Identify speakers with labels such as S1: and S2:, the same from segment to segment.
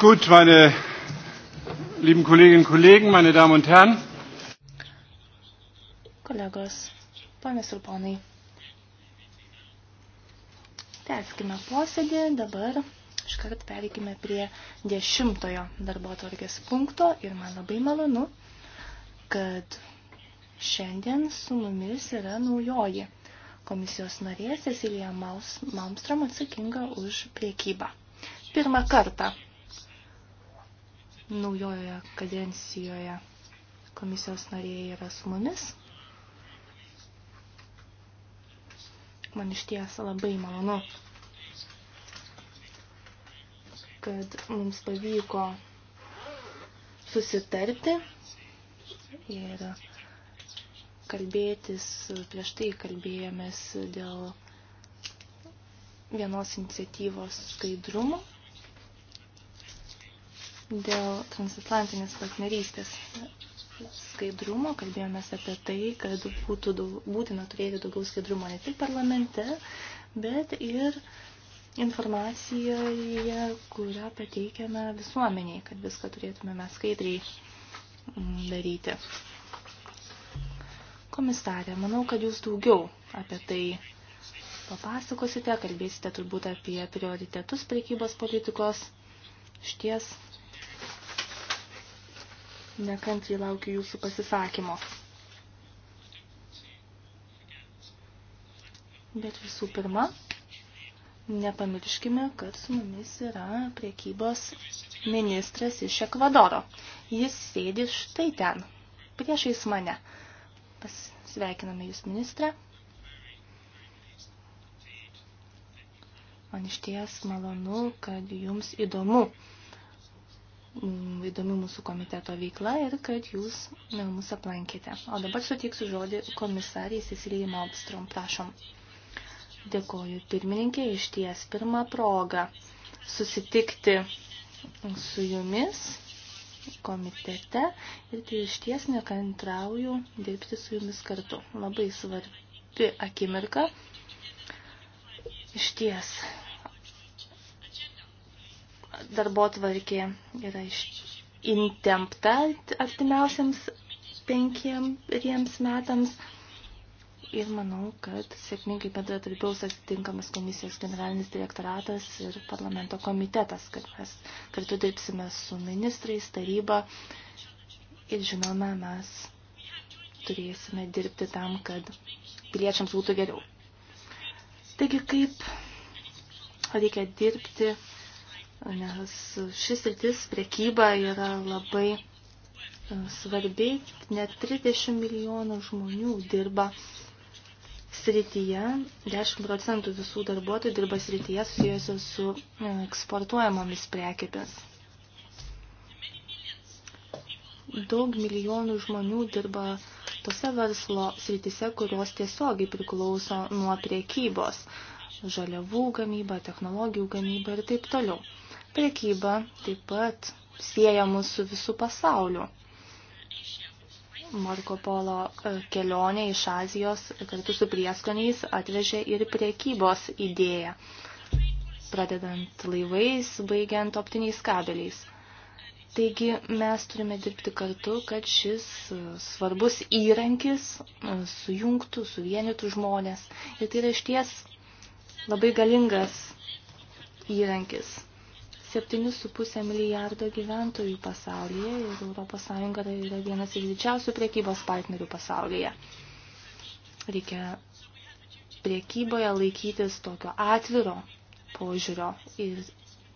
S1: Gut, meine lieben Kolleginnen und Kollegen, meine Damen und Herren.
S2: Kolegos, ponios ir ponai. Tęskime posėdį, dabar iškart pereikime prie dešimtojo darbo tvarkės punkto ir man labai malonu, kad šiandien su mumis yra naujoji komisijos narė Cecilija Malmstrom atsakinga už priekybą. Pirmą kartą naujojoje kadencijoje komisijos nariai yra su mumis. Man iš ties labai malonu, kad mums pavyko susitarti ir kalbėtis, prieš tai kalbėjomės dėl vienos iniciatyvos skaidrumo dėl transatlantinės partnerystės skaidrumo, kalbėjomės apie tai, kad būtų daug, būtina turėti daugiau skaidrumo ne tik parlamente, bet ir informacijoje, kurią pateikiame visuomeniai, kad viską turėtume mes skaidriai mm, daryti. Komisarė, manau, kad jūs daugiau apie tai papasakosite, kalbėsite turbūt apie prioritetus prekybos politikos. Šties Nekantriai laukiu jūsų pasisakymo. Bet visų pirma, nepamirškime, kad su mumis yra priekybos ministras iš Ekvadoro. Jis sėdi štai ten, priešais mane. Pasveikiname jūs, ministrę. Man iš ties malonu, kad jums įdomu įdomi mūsų komiteto veikla ir kad jūs e, mus aplankėte. O dabar suteiksiu žodį komisariai Cecilijai Malmstrom. Prašom. Dėkoju pirmininkė iš ties pirmą progą susitikti su jumis komitete ir tai iš ties nekantrauju dirbti su jumis kartu. Labai svarbi akimirka. Iš ties darbo tvarkė yra intempta artimiausiams penkiems metams. Ir manau, kad sėkmingai bendradarbiaus atitinkamas komisijos generalinis direktoratas ir parlamento komitetas, kad mes kartu dirbsime su ministrais, taryba ir žinoma, mes turėsime dirbti tam, kad piliečiams būtų geriau. Taigi, kaip reikia dirbti nes šis rytis prekyba yra labai e, svarbi, net 30 milijonų žmonių dirba srityje, 10 procentų visų darbuotojų dirba srityje susijusios su e, eksportuojamomis prekėmis. Daug milijonų žmonių dirba tose verslo srityse, kurios tiesiogiai priklauso nuo priekybos – žaliavų gamyba, technologijų gamyba ir taip toliau. Prekyba taip pat sieja mus su visų pasauliu. Marko Polo e, kelionė iš Azijos kartu su prieskoniais atvežė ir priekybos idėją, pradedant laivais, baigiant optiniais kabeliais. Taigi mes turime dirbti kartu, kad šis e, svarbus įrankis e, sujungtų, suvienytų žmonės. Ir tai yra išties labai galingas įrankis. 7,5 milijardo gyventojų pasaulyje ir ES tai yra vienas iš didžiausių priekybos partnerių pasaulyje. Reikia priekyboje laikytis tokio atviro požiūrio ir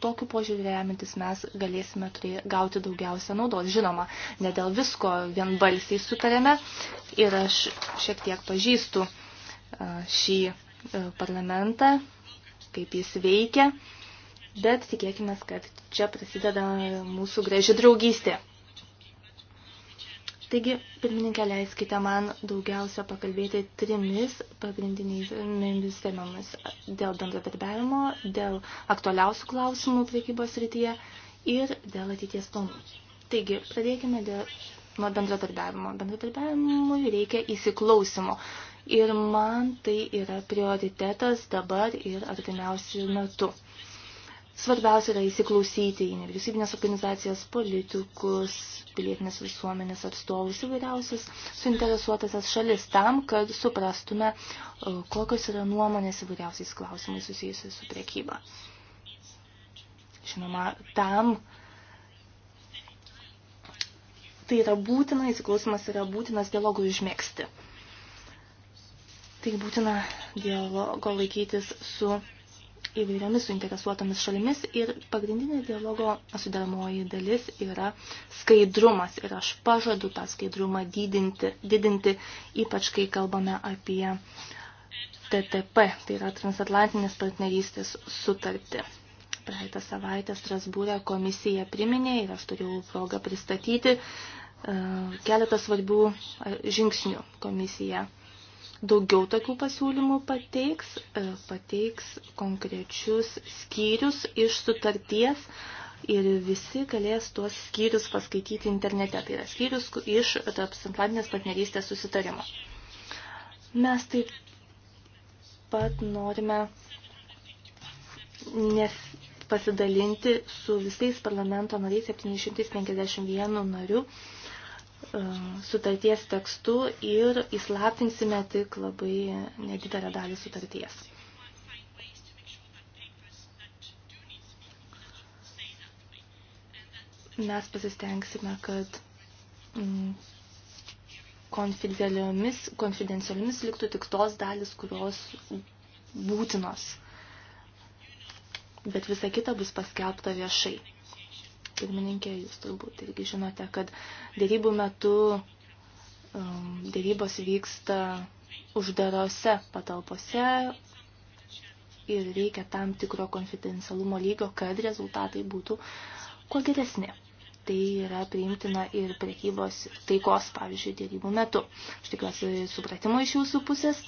S2: tokiu požiūriu remintis mes galėsime turė, gauti daugiausia naudos. Žinoma, ne dėl visko vienbalsiai sutarėme ir aš šiek tiek pažįstu šį e, parlamentą, kaip jis veikia bet tikėkime, kad čia prasideda mūsų graži draugystė. Taigi, pirmininkė, leiskite man daugiausia pakalbėti trimis pagrindiniais temomis dėl bendradarbiavimo, dėl aktualiausių klausimų prekybos rytyje ir dėl ateities planų. Taigi, pradėkime dėl, nuo bendradarbiavimo. Bendradarbiavimui reikia įsiklausimo. Ir man tai yra prioritetas dabar ir artimiausių metų. Svarbiausia yra įsiklausyti į nevyriausybinės organizacijas, politikus, pilietinės visuomenės atstovus, įvairiausias suinteresuotasias šalis tam, kad suprastume, e, kokios yra nuomonės įvairiausiais klausimais susijusiais su priekyba. Žinoma, tam tai yra būtina, įsiklausimas yra būtinas dialogui užmėgsti. Tai būtina dialogo laikytis su įvairiomis suinteresuotomis šalimis ir pagrindinė dialogo sudaromoji dalis yra skaidrumas ir aš pažadu tą skaidrumą didinti, didinti ypač kai kalbame apie TTP, tai yra transatlantinės partnerystės sutartį. Praeitą savaitę Strasbūrė komisija priminė ir aš turėjau progą pristatyti e, keletą svarbių e, žingsnių komisija daugiau tokių pasiūlymų pateiks, e, pateiks konkrečius skyrius iš sutarties ir visi galės tuos skyrius paskaityti internete. Tai yra skyrius iš tarpsanklantinės partnerystės susitarimo. Mes taip pat norime nes pasidalinti su visais parlamento nariais 751 nariu E, sutarties tekstu ir įslaptinsime tik labai nedidelę dalį sutarties. Mes pasistengsime, kad mm, konfidencialiomis liktų tik tos dalis, kurios būtinos. Bet visa kita bus paskelbta viešai pirmininkė, jūs turbūt irgi žinote, kad dėrybų metu um, dėrybos vyksta uždarose patalpose ir reikia tam tikro konfidencialumo lygio, kad rezultatai būtų kuo geresni. Tai yra priimtina ir prekybos ir taikos, pavyzdžiui, dėrybų metu. Aš tikiuosi supratimo iš jūsų pusės.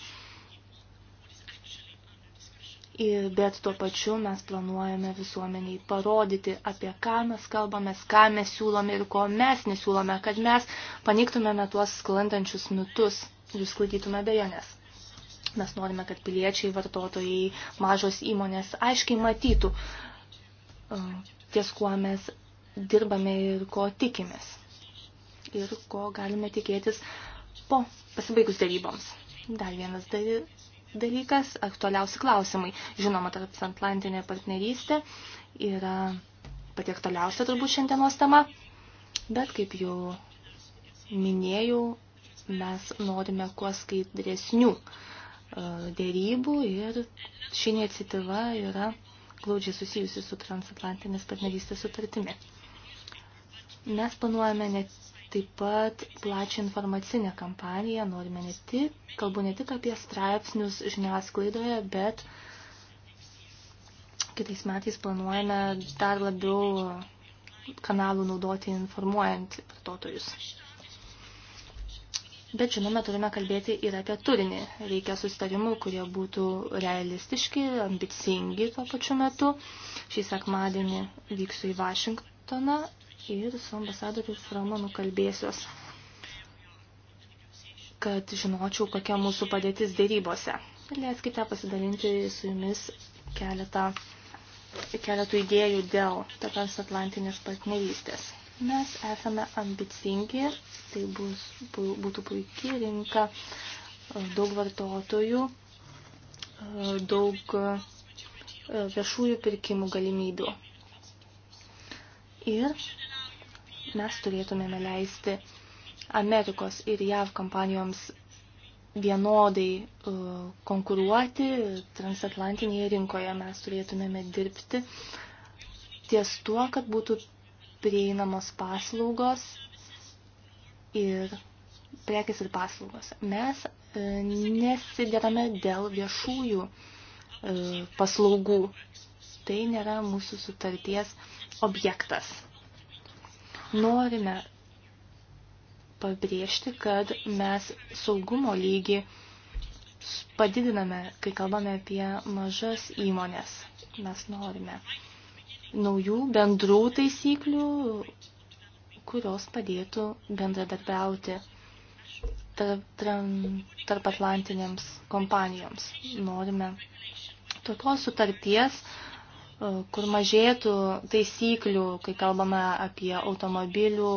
S2: Ir, bet tuo pačiu mes planuojame visuomeniai parodyti, apie ką mes kalbame, ką mes siūlome ir ko mes nesiūlome, kad mes paniktumėme tuos sklandančius mitus ir sklaidytume bejonės. Mes norime, kad piliečiai, vartotojai, mažos įmonės aiškiai matytų e, ties, kuo mes dirbame ir ko tikimės. Ir ko galime tikėtis po pasibaigus daryboms. Dar vienas dalykas, aktualiausi klausimai. Žinoma, transatlantinė partnerystė yra pati aktualiausia turbūt šiandienos tema, bet kaip jau minėjau, mes norime kuo skaidresnių e, dėrybų ir ši iniciatyva yra glaudžiai susijusi su transatlantinės partnerystės sutartimi. Mes planuojame ne taip pat plačią informacinę kampaniją. Norime ne tik, kalbu ne tik apie straipsnius žiniasklaidoje, bet kitais metais planuojame dar labiau kanalų naudoti informuojant vartotojus. Bet žinome, turime kalbėti ir apie turinį. Reikia sustarimų, kurie būtų realistiški, ambicingi tuo pačiu metu. Šį sekmadienį vyksiu į Vašingtoną ir su ambasadorius Ramonu kalbėsiuos, kad žinočiau, kokia mūsų padėtis dėrybose. Leiskite pasidalinti su jumis keletą, keletų idėjų dėl transatlantinės partnerystės mes esame ambicingi, tai bus, būtų puikiai rinka, daug vartotojų, daug viešųjų pirkimų galimybių. Ir mes turėtumėme leisti Amerikos ir JAV kompanijoms vienodai uh, konkuruoti transatlantinėje rinkoje. Mes turėtumėme dirbti ties tuo, kad būtų prieinamos paslaugos ir prekės ir paslaugos. Mes uh, e, nesidėrame dėl viešųjų uh, paslaugų. Tai nėra mūsų sutarties objektas. Norime pabrėžti, kad mes saugumo lygį padidiname, kai kalbame apie mažas įmonės. Mes norime naujų bendrų taisyklių, kurios padėtų bendradarbiauti tarp, tarp atlantinėms kompanijoms. Norime tokios sutarties, E, kur mažėtų taisyklių, kai kalbame apie automobilių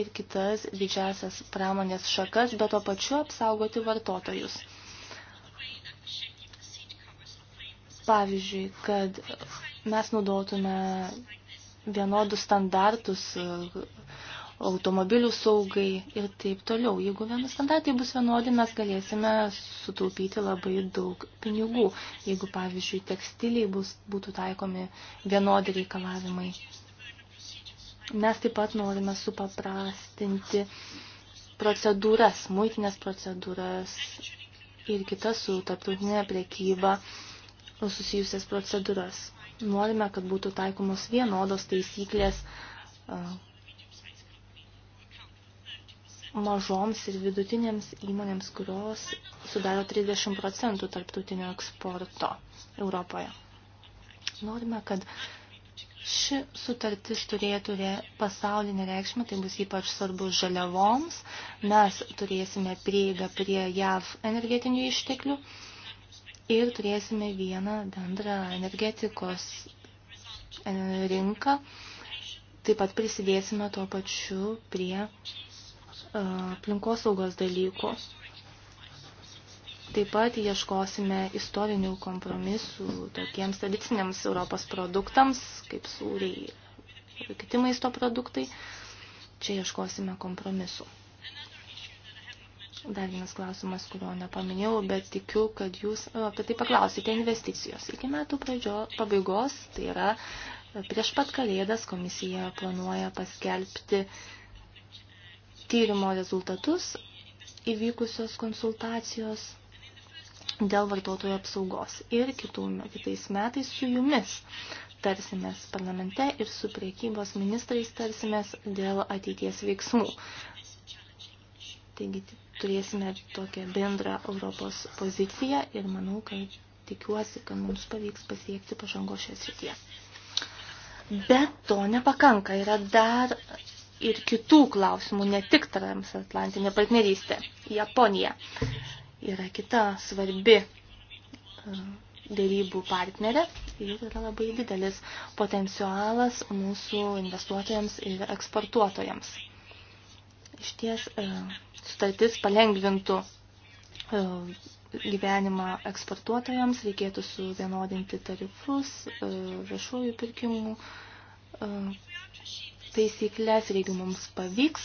S2: ir kitas didžiasias pramonės šakas, bet to pačiu apsaugoti vartotojus. Pavyzdžiui, kad mes naudotume vienodus standartus automobilių saugai ir taip toliau. Jeigu vieni standartai bus vienodi, mes galėsime sutaupyti labai daug pinigų, jeigu, pavyzdžiui, tekstiliai bus, būtų taikomi vienodi reikalavimai. Mes taip pat norime supaprastinti procedūras, muitinės procedūras ir kitas su tarptautinė prekyba susijusias procedūras. Norime, kad būtų taikomos vienodos taisyklės mažoms ir vidutinėms įmonėms, kurios sudaro 30 procentų tarptautinio eksporto Europoje. Norime, kad ši sutartis turėtų pasaulinę reikšmę, tai bus ypač svarbu žaliavoms, mes turėsime prieigą prie JAV energetinių išteklių ir turėsime vieną bendrą energetikos e, rinką, taip pat prisidėsime tuo pačiu prie aplinkosaugos dalykų. Taip pat ieškosime istorinių kompromisų tokiems tradiciniams Europos produktams, kaip sūriai ir kiti maisto produktai. Čia ieškosime kompromisų. Dar vienas klausimas, kurio nepaminėjau, bet tikiu, kad jūs apie tai paklausite investicijos. Iki metų pradžio, pabaigos, tai yra prieš pat kalėdas komisija planuoja paskelbti uh, tyrimo rezultatus įvykusios konsultacijos dėl vartotojų apsaugos ir kitų kitais metais su jumis tarsimės parlamente ir su priekybos ministrais tarsimės dėl ateities veiksmų. Taigi turėsime tokią bendrą Europos poziciją ir manau, kad tikiuosi, kad mums pavyks pasiekti pažangos šią srityje. Bet to nepakanka. Yra dar ir kitų klausimų, ne tik transatlantinė partnerystė. Japonija yra kita svarbi e, dėrybų partnerė ir yra labai didelis potencialas mūsų investuotojams ir eksportuotojams. Iš ties e, sutartis palengvintų e, gyvenimą eksportuotojams, reikėtų suvienodinti tarifus, viešųjų pirkimų taisyklės ir jeigu mums pavyks,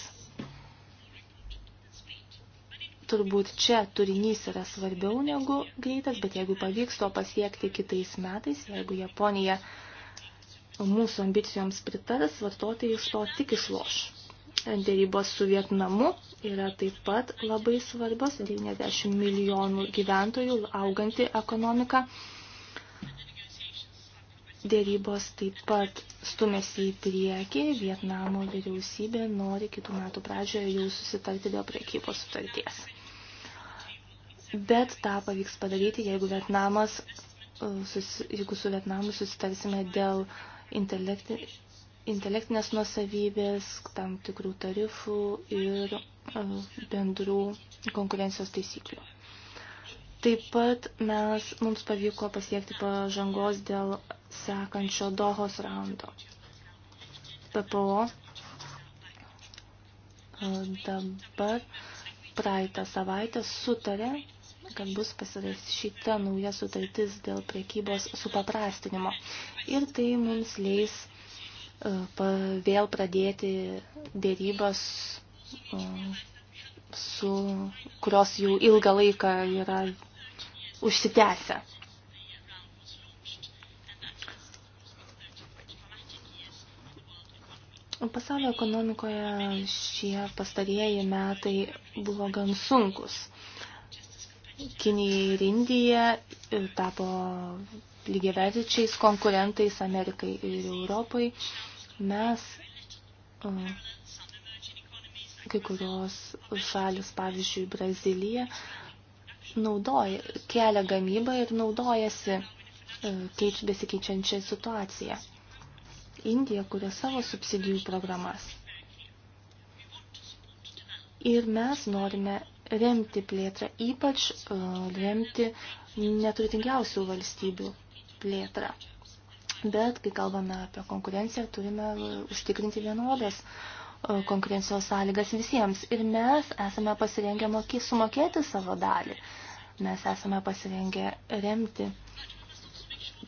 S2: turbūt čia turinys yra svarbiau negu greitas, bet jeigu pavyks to pasiekti kitais metais, jeigu Japonija mūsų ambicijoms pritars, vartotojai iš to tik išloš. Dėrybos su Vietnamu yra taip pat labai svarbios, 90 milijonų gyventojų auganti ekonomika. Dėrybos taip pat stumėsi į priekį. Vietnamo vyriausybė nori kitų metų pradžioje jau susitarti dėl prekybos sutarties. Bet tą pavyks padaryti, jeigu, Vietnamas, e, jeigu su Vietnamu susitarsime dėl intelekti, intelektinės nuosavybės, tam tikrų tarifų ir e, bendrų konkurencijos taisyklių. Taip pat mes, mums pavyko pasiekti pažangos dėl sekančio Dohos raundo. PPO e, dabar praeitą savaitę sutarė, kad bus pasirašyta nauja sutartis dėl prekybos supaprastinimo. Ir tai mums leis e, vėl pradėti dėrybas e, su kurios jau ilgą laiką yra užsitęsę. Pasaulio ekonomikoje šie pastarieji metai buvo gan sunkus. Kinija ir Indija tapo lygiavertičiais konkurentais Amerikai ir Europai. Mes, kai kurios šalis, pavyzdžiui, Brazilija, naudoja, kelia gamybą ir naudojasi e, keič, besikeičiančią situaciją. Indija kuria savo subsidijų programas. Ir mes norime remti plėtrą, ypač e, remti neturtingiausių valstybių plėtrą. Bet, kai kalbame apie konkurenciją, turime e, užtikrinti vienodas konkurencijos sąlygas visiems. Ir mes esame pasirengę mokė, sumokėti savo dalį. Mes esame pasirengę remti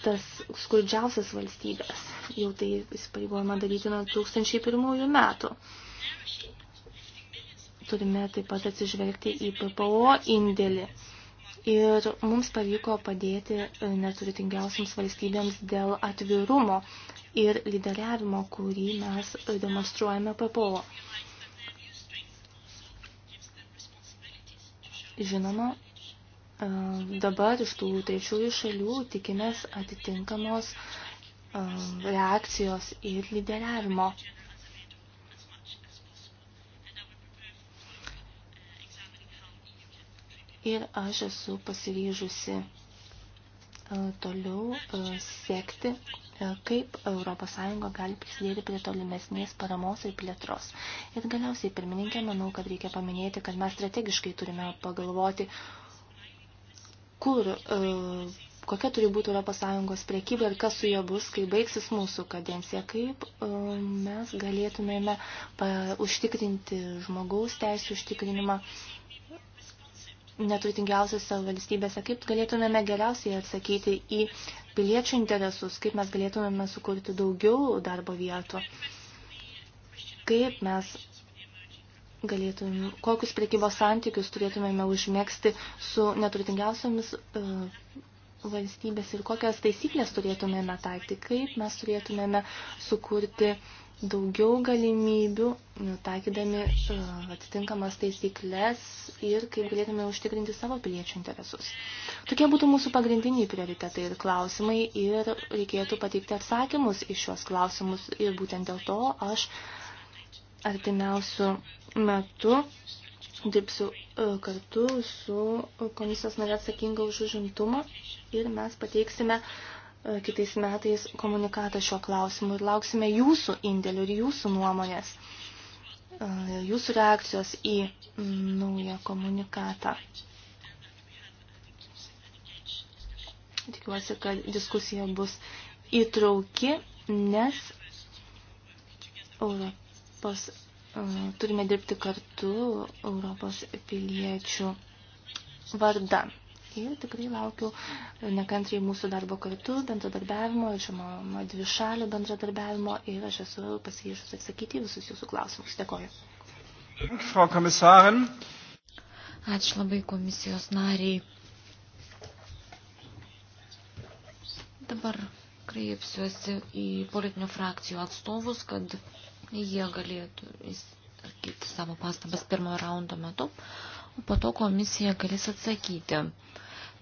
S2: tas skurdžiausias valstybės. Jau tai įsipareigojama daryti nuo 2001 metų. Turime taip pat atsižvelgti į PPO indėlį. Ir mums pavyko padėti neturitingiausiams valstybėms dėl atvirumo ir lyderiavimo, kurį mes demonstruojame PPO. Žinoma, dabar iš tų trečiųjų šalių tikimės atitinkamos reakcijos ir lyderiavimo. Ir aš esu pasiryžusi toliau sekti, kaip ES gali prisidėti prie tolimesnės paramos ir plėtros. Ir galiausiai, pirmininkė, manau, kad reikia paminėti, kad mes strategiškai turime pagalvoti, kur, e, kokia turi būti ES priekyba ir kas su ja bus, kai baigsis mūsų kadencija, kaip e, mes galėtumėme užtikrinti žmogaus teisų užtikrinimą neturtingiausiose valstybėse, kaip galėtumėme geriausiai atsakyti į piliečių interesus, kaip mes galėtumėme sukurti daugiau darbo vietų, kaip mes galėtumėm, kokius prekybos santykius turėtumėme užmėgsti su neturtingiausiamis uh, valstybės ir kokias taisyklės turėtumėme taikyti, kaip mes turėtumėme sukurti daugiau galimybių, taikydami uh, atitinkamas taisyklės ir kaip galėtume užtikrinti savo piliečių interesus. Tokie būtų mūsų pagrindiniai prioritetai ir klausimai ir reikėtų pateikti atsakymus iš šios klausimus ir būtent dėl to aš uh, artimiausių metų dirbsiu e, kartu su komisijos narė atsakinga už užimtumą ir mes pateiksime e, kitais metais komunikatą šiuo klausimu ir lauksime jūsų indėlių ir jūsų nuomonės, e, jūsų reakcijos į naują komunikatą. Tikiuosi, kad diskusija bus įtrauki, nes Europa Europos, turime dirbti kartu Europos piliečių vardą. Ir tikrai laukiu nekantriai mūsų darbo kartu, bendradarbiavimo, žinoma, dvi šalių bendradarbiavimo ir aš esu pasiryžus atsakyti visus jūsų klausimus. Dėkoju.
S3: Frau Komisarin. Ačiū labai komisijos nariai. Dabar kreipsiuosi į politinių frakcijų atstovus, kad jie galėtų įsakyti savo pastabas pirmojo raundo metu, o po to komisija galės atsakyti.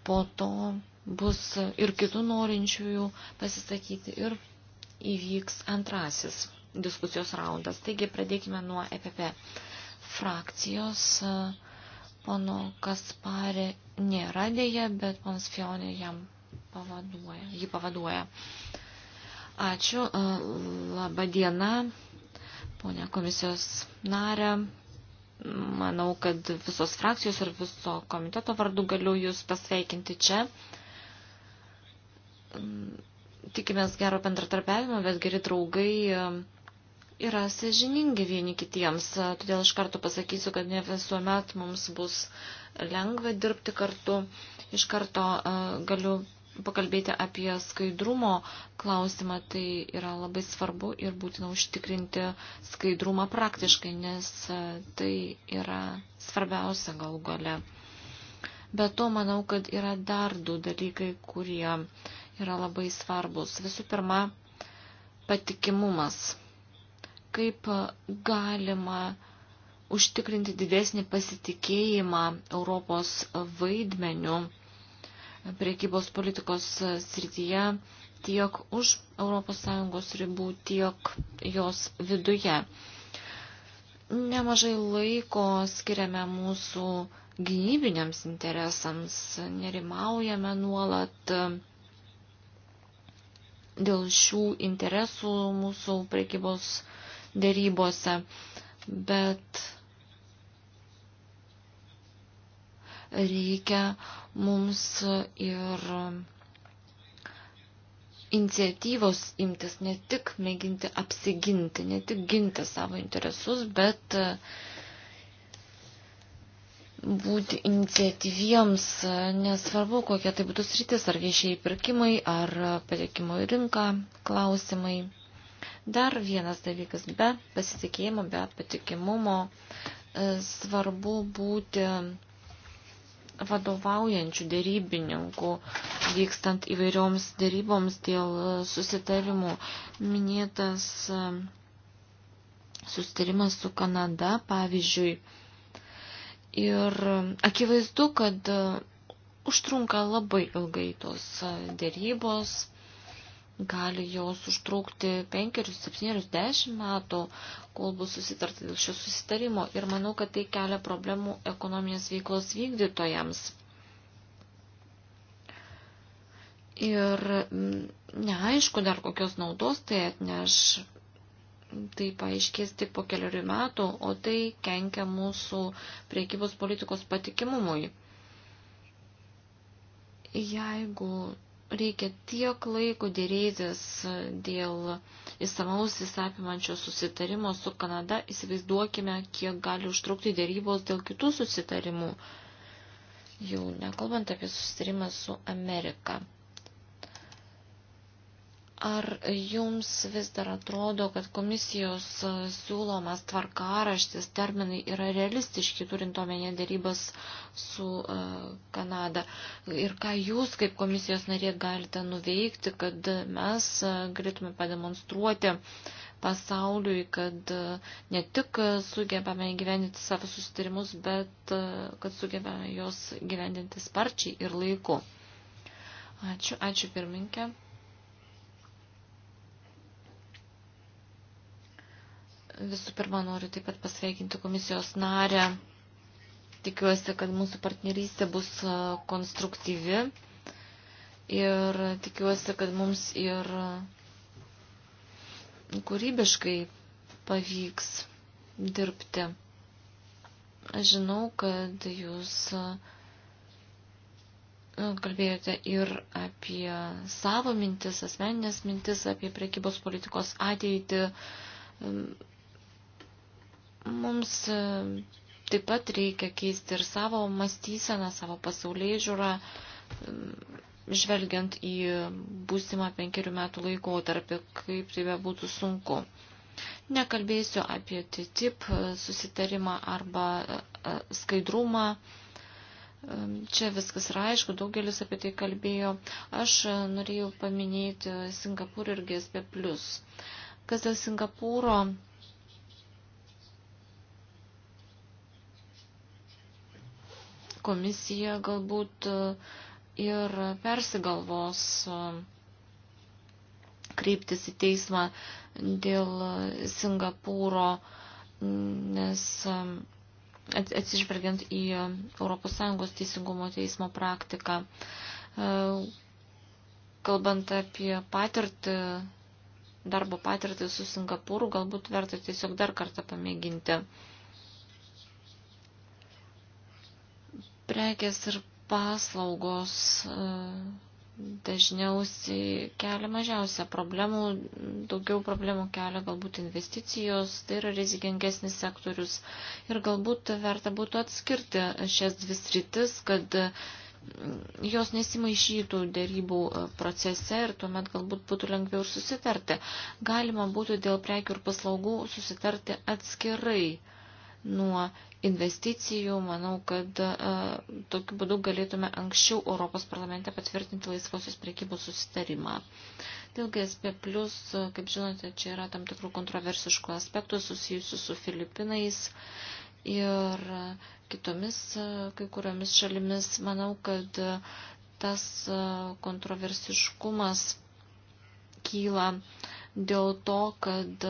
S3: Po to bus ir kitų norinčiųjų pasisakyti ir įvyks antrasis diskusijos raundas. Taigi pradėkime nuo EPP frakcijos. Pono Kasparė nėra dėja, bet ponas Fionė jam pavaduoja, jį pavaduoja. Ačiū, laba diena. Pone komisijos narė, manau, kad visos frakcijos ir viso komiteto vardu galiu Jūs pasveikinti čia. Tikimės gero bendratarpiavimo, bet geri draugai e, yra sėžiningi vieni kitiems. Todėl iš karto pasakysiu, kad ne visuomet mums bus lengva dirbti kartu. Iš karto e, galiu pakalbėti apie skaidrumo klausimą, tai yra labai svarbu ir būtina užtikrinti skaidrumą praktiškai, nes e, tai yra svarbiausia gal gale. Be to, manau, kad yra dar du dalykai, kurie yra labai svarbus. Visų pirma, patikimumas. Kaip galima užtikrinti didesnį pasitikėjimą Europos vaidmeniu priekybos politikos e, srityje tiek už ES ribų, tiek jos viduje. Nemažai laiko skiriame mūsų gynybiniams interesams, nerimaujame nuolat e, dėl šių interesų mūsų priekybos dėrybose, bet reikia mums ir iniciatyvos imtis, ne tik mėginti apsiginti, ne tik ginti savo interesus, bet būti iniciatyviems, nesvarbu, kokie tai būtų sritis, ar viešiai pirkimai, ar patekimo į rinką klausimai. Dar vienas dalykas, be pasitikėjimo, be patikimumo, e, svarbu būti vadovaujančių dėrybininkų vykstant įvairioms dėryboms dėl e, susitarimų. Minėtas e, susitarimas su Kanada, pavyzdžiui. Ir akivaizdu, kad e, užtrunka labai ilgai tos dėrybos, gali jos užtrukti penkerius, septynerius, dešimt metų, kol bus susitarta dėl šio susitarimo. Ir manau, kad tai kelia problemų ekonominės veiklos vykdytojams. Ir neaišku dar kokios naudos tai atneš. Tai paaiškės tik po keliarių metų, o tai kenkia mūsų priekybos politikos patikimumui. Jeigu reikia tiek laiko dėrėtis dėl įsamaus įsapimančio susitarimo su Kanada, įsivaizduokime, kiek gali užtrukti dėrybos dėl kitų susitarimų, jau nekalbant apie susitarimą su Amerika. Ar jums vis dar atrodo, kad komisijos e, siūlomas tvarkaraštis terminai yra realistiški, turint omenyje dėrybas su e, Kanada? Ir ką jūs kaip komisijos narė galite nuveikti, kad mes e, galėtume pademonstruoti pasauliui, kad ne tik sugebame įgyvendinti savo susitarimus, bet kad sugebame juos gyvendinti sparčiai ir laiku? Ačiū, ačiū pirminkė. Visų pirma, noriu taip pat pasveikinti komisijos narę. Tikiuosi, kad mūsų partnerystė bus konstruktyvi ir tikiuosi, kad mums ir kūrybiškai pavyks dirbti. Aš žinau, kad jūs kalbėjote ir apie savo mintis, asmeninės mintis, apie priekybos politikos ateitį. Mums e, taip pat reikia keisti ir savo mąstyseną, savo pasaulyje žiūrą, e, žvelgiant į būsimą penkerių metų laikotarpį, kaip tai bebūtų sunku. Nekalbėsiu apie TTIP e, susitarimą arba skaidrumą. Čia viskas yra aišku, daugelis apie tai kalbėjo. Aš norėjau paminėti Singapūrą ir GSP. Kas dėl Singapūro, komisija galbūt e, ir persigalvos e, kreiptis į teismą dėl Singapūro, nes e, atsižvelgiant į ES teisingumo teismo praktiką, kalbant apie patirtį, darbo patirtį su Singapūru, galbūt verta tiesiog dar kartą pamėginti. prekės ir paslaugos e, dažniausiai kelia mažiausia problemų, daugiau problemų kelia galbūt investicijos, tai yra rizikingesnis sektorius ir galbūt verta būtų atskirti šias dvi sritis, kad mm, jos nesimaišytų dėrybų e, procese ir tuomet galbūt būtų lengviau ir susitarti. Galima būtų dėl prekių ir paslaugų susitarti atskirai nuo investicijų. Manau, kad e, tokiu būdu galėtume anksčiau Europos parlamente patvirtinti laisvosios priekybos susitarimą. Dėl GSP, e, kaip žinote, čia yra tam tikrų kontroversiškų aspektų susijusių su Filipinais ir kitomis e, kai kuriomis šalimis. Manau, kad tas kontroversiškumas kyla dėl to, kad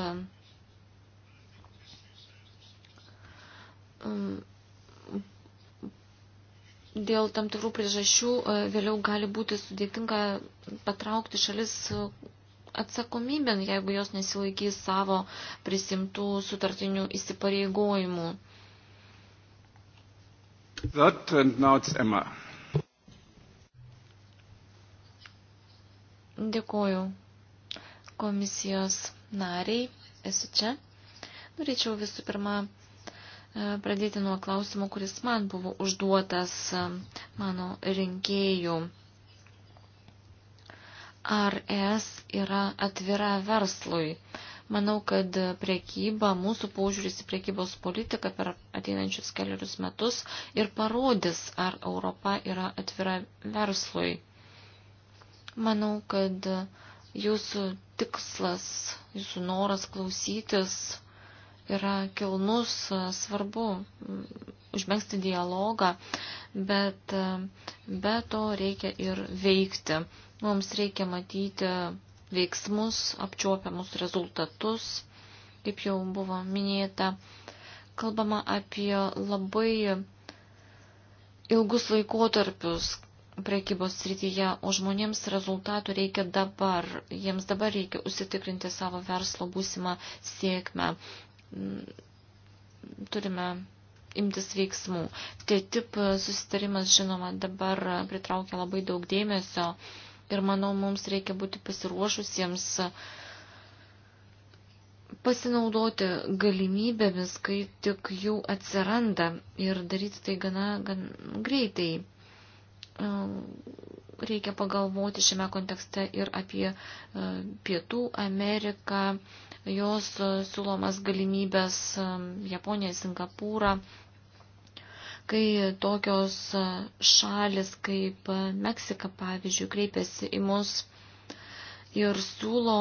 S3: dėl tam tikrų priežasčių e, vėliau gali būti sudėtinga patraukti šalis e, atsakomybėn, jeigu jos nesilaikys savo prisimtų sutartinių įsipareigojimų.
S1: That and now it's Emma.
S3: Dėkuoju komisijos nariai, esu čia. Norėčiau visų pirma E, pradėti nuo klausimo, kuris man buvo užduotas e, mano rinkėjų. Ar es yra atvira verslui? Manau, kad priekyba, mūsų požiūris į priekybos politiką per ateinančius keliarius metus ir parodys, ar Europa yra atvira verslui. Manau, kad jūsų tikslas, jūsų noras klausytis yra kilnus, svarbu užmėgsti dialogą, bet be to reikia ir veikti. Mums reikia matyti veiksmus, apčiuopiamus rezultatus, kaip jau buvo minėta. Kalbama apie labai ilgus laikotarpius, prekybos srityje, o žmonėms rezultatų reikia dabar. Jiems dabar reikia užsitikrinti savo verslo būsimą sėkmę. Mm, turime imtis veiksmų. Tai tip susitarimas, žinoma, dabar pritraukia labai daug dėmesio ir manau, mums reikia būti pasiruošusiems pasinaudoti galimybėmis, kai tik jų atsiranda ir daryti tai gana, gan greitai reikia pagalvoti šiame kontekste ir apie e, Pietų Ameriką, jos e, siūlomas galimybės e, Japoniją, Singapūrą, kai tokios šalis kaip Meksika, pavyzdžiui, kreipiasi į mus ir siūlo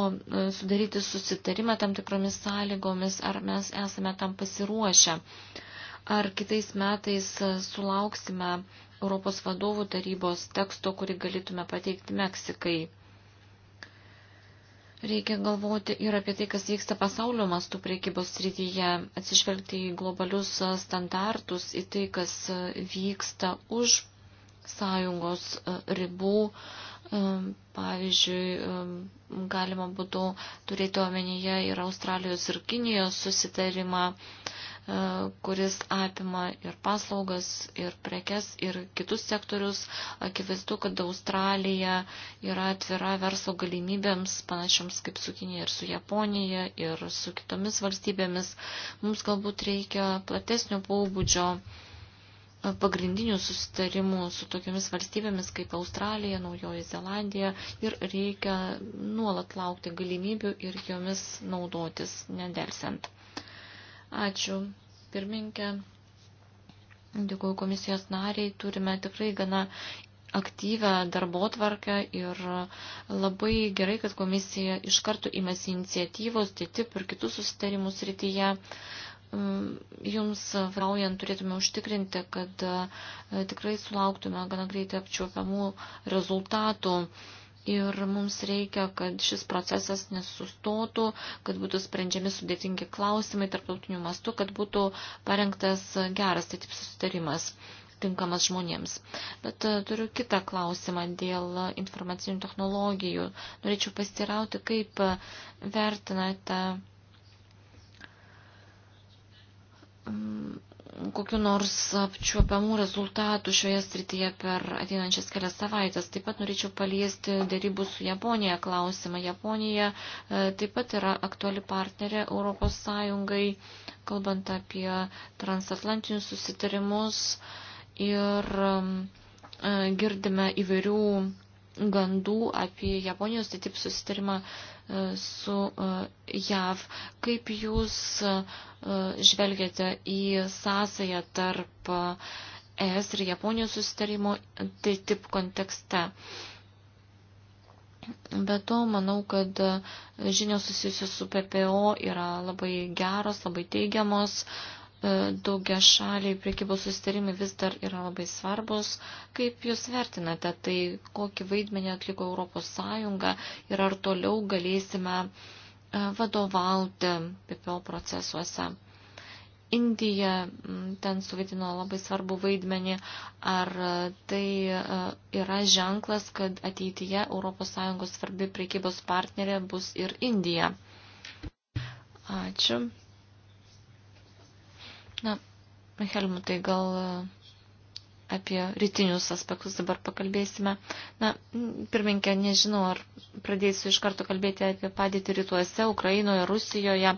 S3: sudaryti susitarimą tam tikromis sąlygomis, ar mes esame tam pasiruošę. Ar kitais metais e, sulauksime Europos vadovų tarybos teksto, kurį galėtume pateikti Meksikai? Reikia galvoti ir apie tai, kas vyksta pasaulio mastų priekybos srityje, atsižvelgti į globalius e, standartus, į tai, kas e, vyksta už sąjungos ribų. Pavyzdžiui, galima būtų turėti omenyje ir Australijos ir Kinijos susitarimą. E, kuris apima ir paslaugas, ir prekes, ir kitus sektorius. Akivaizdu, kad Australija yra atvira verslo galimybėms, panašiams kaip su Kinija ir su Japonija, ir su kitomis valstybėmis. Mums galbūt reikia platesnio pobūdžio e, pagrindinių susitarimų su tokiamis valstybėmis kaip Australija, Naujoji Zelandija ir reikia nuolat laukti galimybių ir jomis naudotis nedelsiant. Ačiū, pirminkė. Dėkuoju komisijos nariai. Turime tikrai gana aktyvę darbo tvarkę ir labai gerai, kad komisija iš karto imasi iniciatyvos, tai tip ir kitus susitarimus rytyje mm, jums vraujant turėtume užtikrinti, kad e, tikrai sulauktume gana greitai apčiuopiamų rezultatų Ir mums reikia, kad šis procesas nesustotų, kad būtų sprendžiami sudėtingi klausimai tarptautiniu mastu, kad būtų parengtas geras tai taip susitarimas tinkamas žmonėms. Bet e, turiu kitą klausimą dėl informacinių technologijų. Norėčiau pastirauti, kaip e, vertinate kokiu nors apčiuopiamų rezultatų šioje srityje per ateinančias kelias savaitės. Taip pat norėčiau paliesti dėrybų su Japonija klausimą. Japonija e, taip pat yra aktuali partnerė Europos Sąjungai, kalbant apie transatlantinius susitarimus ir e, girdime įvairių gandų apie Japonijos tai taip susitarimą su e, JAV. Kaip Jūs e, žvelgiate į sąsąją tarp ES ir Japonijos susitarimo tai tip kontekste? Be to, manau, kad e, žinios susijusios su PPO yra labai geros, labai teigiamos. Uh, E, daugia šaliai priekybos susitarimai vis dar yra labai svarbus. Kaip Jūs vertinate, tai kokį vaidmenį atliko Europos Sąjunga ir ar toliau galėsime e, vadovauti PPO procesuose? Indija ten suvaidino labai svarbu vaidmenį. Ar e, tai yra ženklas, kad ateityje ES svarbi priekybos partnerė bus ir Indija? Ačiū. Na, Helmutai, gal e, apie rytinius aspektus dabar pakalbėsime. Na, pirminkė, nežinau, ar pradėsiu iš karto kalbėti apie padėtį rytuose, Ukrainoje, Rusijoje.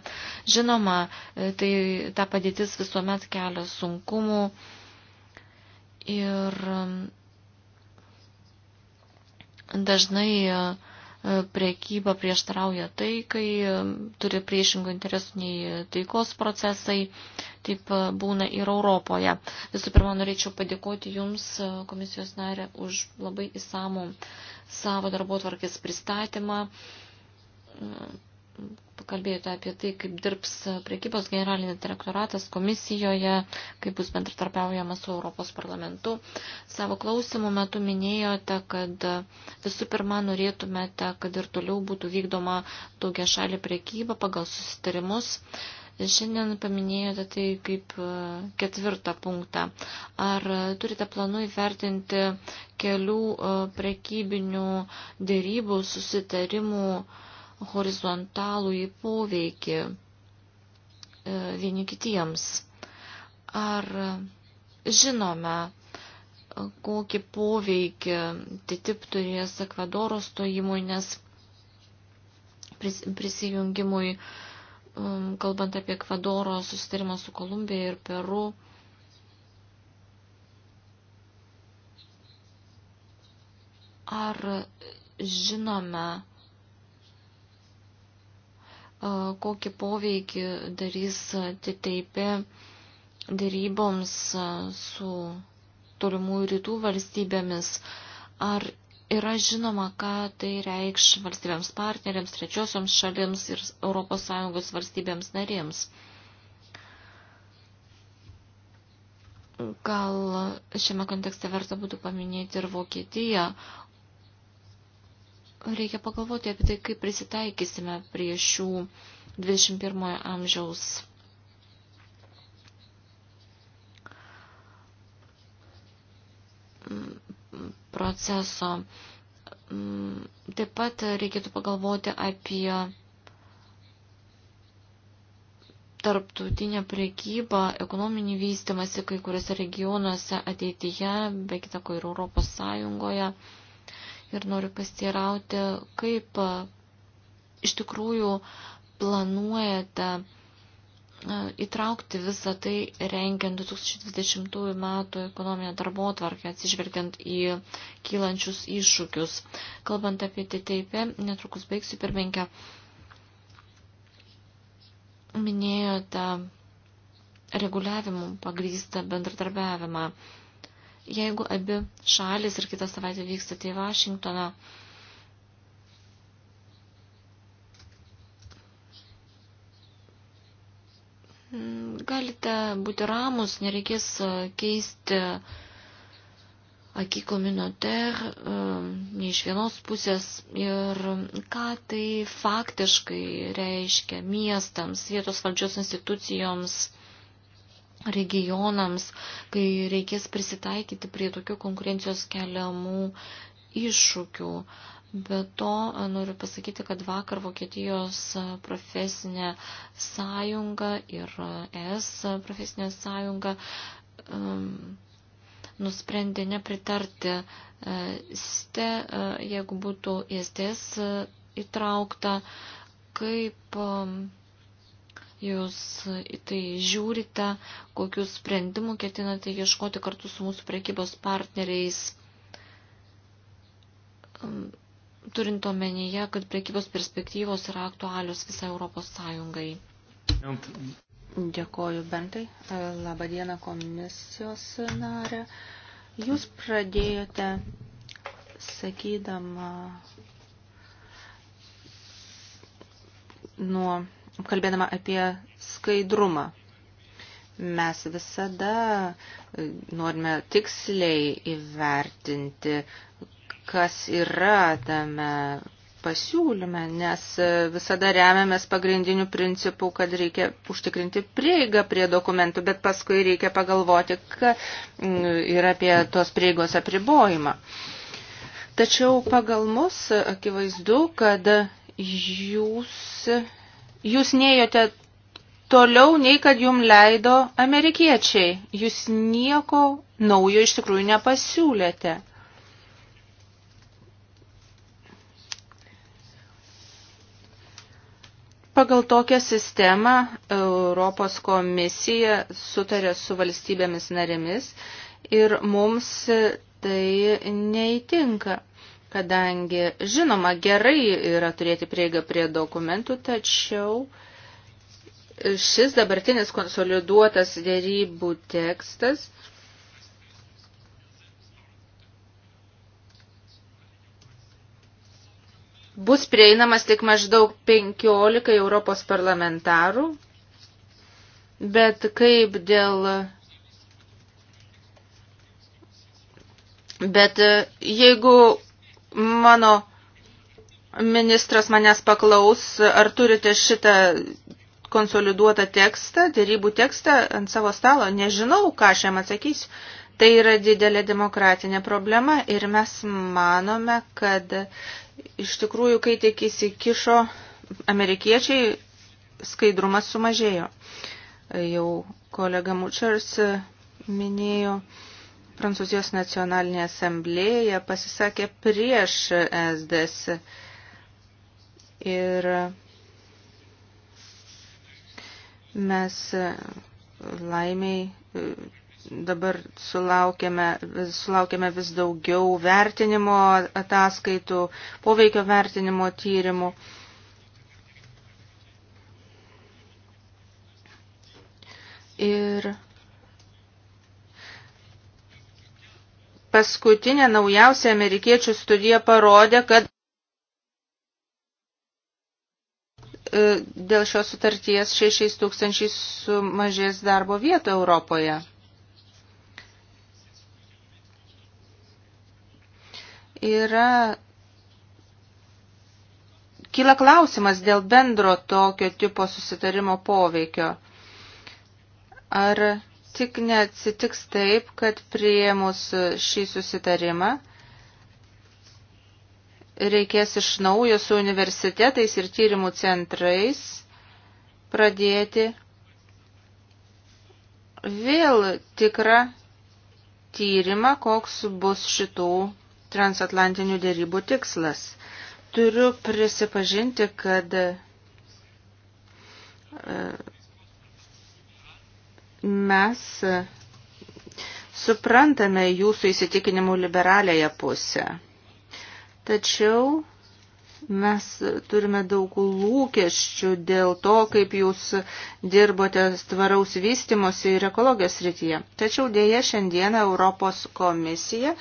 S3: Žinoma, e, tai ta padėtis visuomet kelia sunkumų. Ir dažnai uh, priekyba prieštarauja taikai, turi priešingų interesų nei taikos procesai, taip būna ir Europoje. Visų pirma, norėčiau padėkoti Jums, komisijos narė, už labai įsamų savo darbo tvarkės pristatymą pakalbėjote apie tai, kaip dirbs priekybos generalinė direktoratas komisijoje, kaip bus bendratarpiaujama su Europos parlamentu. Savo klausimų metu minėjote, kad visų pirma norėtumėte, kad ir toliau būtų vykdoma daugia šalį priekyba pagal susitarimus. Šiandien paminėjote tai kaip ketvirtą punktą. Ar turite planų įvertinti kelių e, prekybinių dėrybų susitarimų? horizontalų į poveikį e, vieni kitiems. Ar žinome, kokį poveikį TTIP turės Ekvadoro stojimui, nes prisijungimui, um, kalbant apie Ekvadoro susitarimą su Kolumbija ir Peru, ar žinome, kokį poveikį darys TTIP daryboms su tolimųjų rytų valstybėmis. Ar yra žinoma, ką tai reikš valstybėms partneriams, trečiosioms šalims ir ES valstybėms narėms? Gal šiame kontekste verta būtų paminėti ir Vokietiją, reikia pagalvoti apie tai, kaip prisitaikysime prie šių 21 amžiaus proceso. Taip pat reikėtų pagalvoti apie tarptautinę priekybą, ekonominį vystimąsi kai kuriuose regionuose ateityje, be kitako ir Europos Sąjungoje ir noriu pastirauti, kaip iš tikrųjų planuojate įtraukti visą tai rengiant 2020 metų ekonominę darbo tvarkę, atsižvelgiant į kylančius iššūkius. Kalbant apie TTIP, netrukus baigsiu pirmininkę, minėjote reguliavimų pagrįstą bendradarbiavimą. Jeigu abi šalis ir kitą savaitę vykstate tai į Vašingtoną, mm, galite būti ramus, nereikės e, keisti akiko minoter e, nei iš vienos pusės ir ką tai faktiškai reiškia miestams, vietos valdžios institucijoms, regionams, kai reikės prisitaikyti prie tokių konkurencijos keliamų iššūkių. Be to, noriu pasakyti, kad vakar Vokietijos profesinė sąjunga ir ES profesinė sąjunga um, nusprendė nepritarti uh, ste, uh, jeigu būtų ISTS uh, įtraukta, kaip um, jūs į tai žiūrite, kokius sprendimų ketinate ieškoti kartu su mūsų prekybos partneriais, turint omenyje, kad prekybos perspektyvos yra aktualios visai Europos Sąjungai. Dėkoju, Bentai. Labadiena
S4: komisijos narė. Jūs pradėjote sakydama nuo kalbėdama apie skaidrumą. Mes visada e, norime tiksliai įvertinti, kas yra tame pasiūlyme, nes e, visada remiamės pagrindiniu principu, kad reikia užtikrinti prieigą prie dokumentų, bet paskui reikia pagalvoti, kad yra apie tos prieigos apribojimą. Tačiau pagal mus akivaizdu, kad jūs jūs nejote toliau nei kad jum leido amerikiečiai. Jūs nieko naujo iš tikrųjų nepasiūlėte. Pagal tokią sistemą Europos komisija sutarė su valstybėmis narėmis ir mums tai neįtinka kadangi, žinoma, gerai yra turėti prieigą prie dokumentų, tačiau šis dabartinis konsoliduotas dėrybų tekstas bus prieinamas tik maždaug 15 Europos parlamentarų, bet kaip dėl Bet jeigu Mano ministras manęs paklaus, ar turite šitą konsoliduotą tekstą, dėrybų tekstą ant savo stalo. Nežinau, ką aš jam atsakysiu. Tai yra didelė demokratinė problema ir mes manome, kad iš tikrųjų, kai tik įsikišo amerikiečiai, skaidrumas sumažėjo. Jau kolega Mučers minėjo Prancūzijos nacionalinė asamblėja pasisakė prieš SDS ir mes e, laimiai e, dabar sulaukėme, sulaukėme vis daugiau vertinimo ataskaitų, poveikio vertinimo tyrimų. Ir paskutinė naujausia amerikiečių studija parodė, kad e, dėl šios sutarties 6 tūkstančiai sumažės darbo vietų Europoje. Yra kyla klausimas dėl bendro tokio tipo susitarimo poveikio. Ar tik neatsitiks taip, kad prieimus šį susitarimą reikės iš naujo su universitetais ir tyrimų centrais pradėti vėl tikrą tyrimą, koks bus šitų transatlantinių dėrybų tikslas. Turiu prisipažinti, kad e, Mes suprantame jūsų įsitikinimų liberalėje pusę. Tačiau mes turime daug lūkesčių dėl to, kaip jūs dirbote tvaraus vystimosi ir ekologijos rytyje. Tačiau dėja šiandieną Europos komisija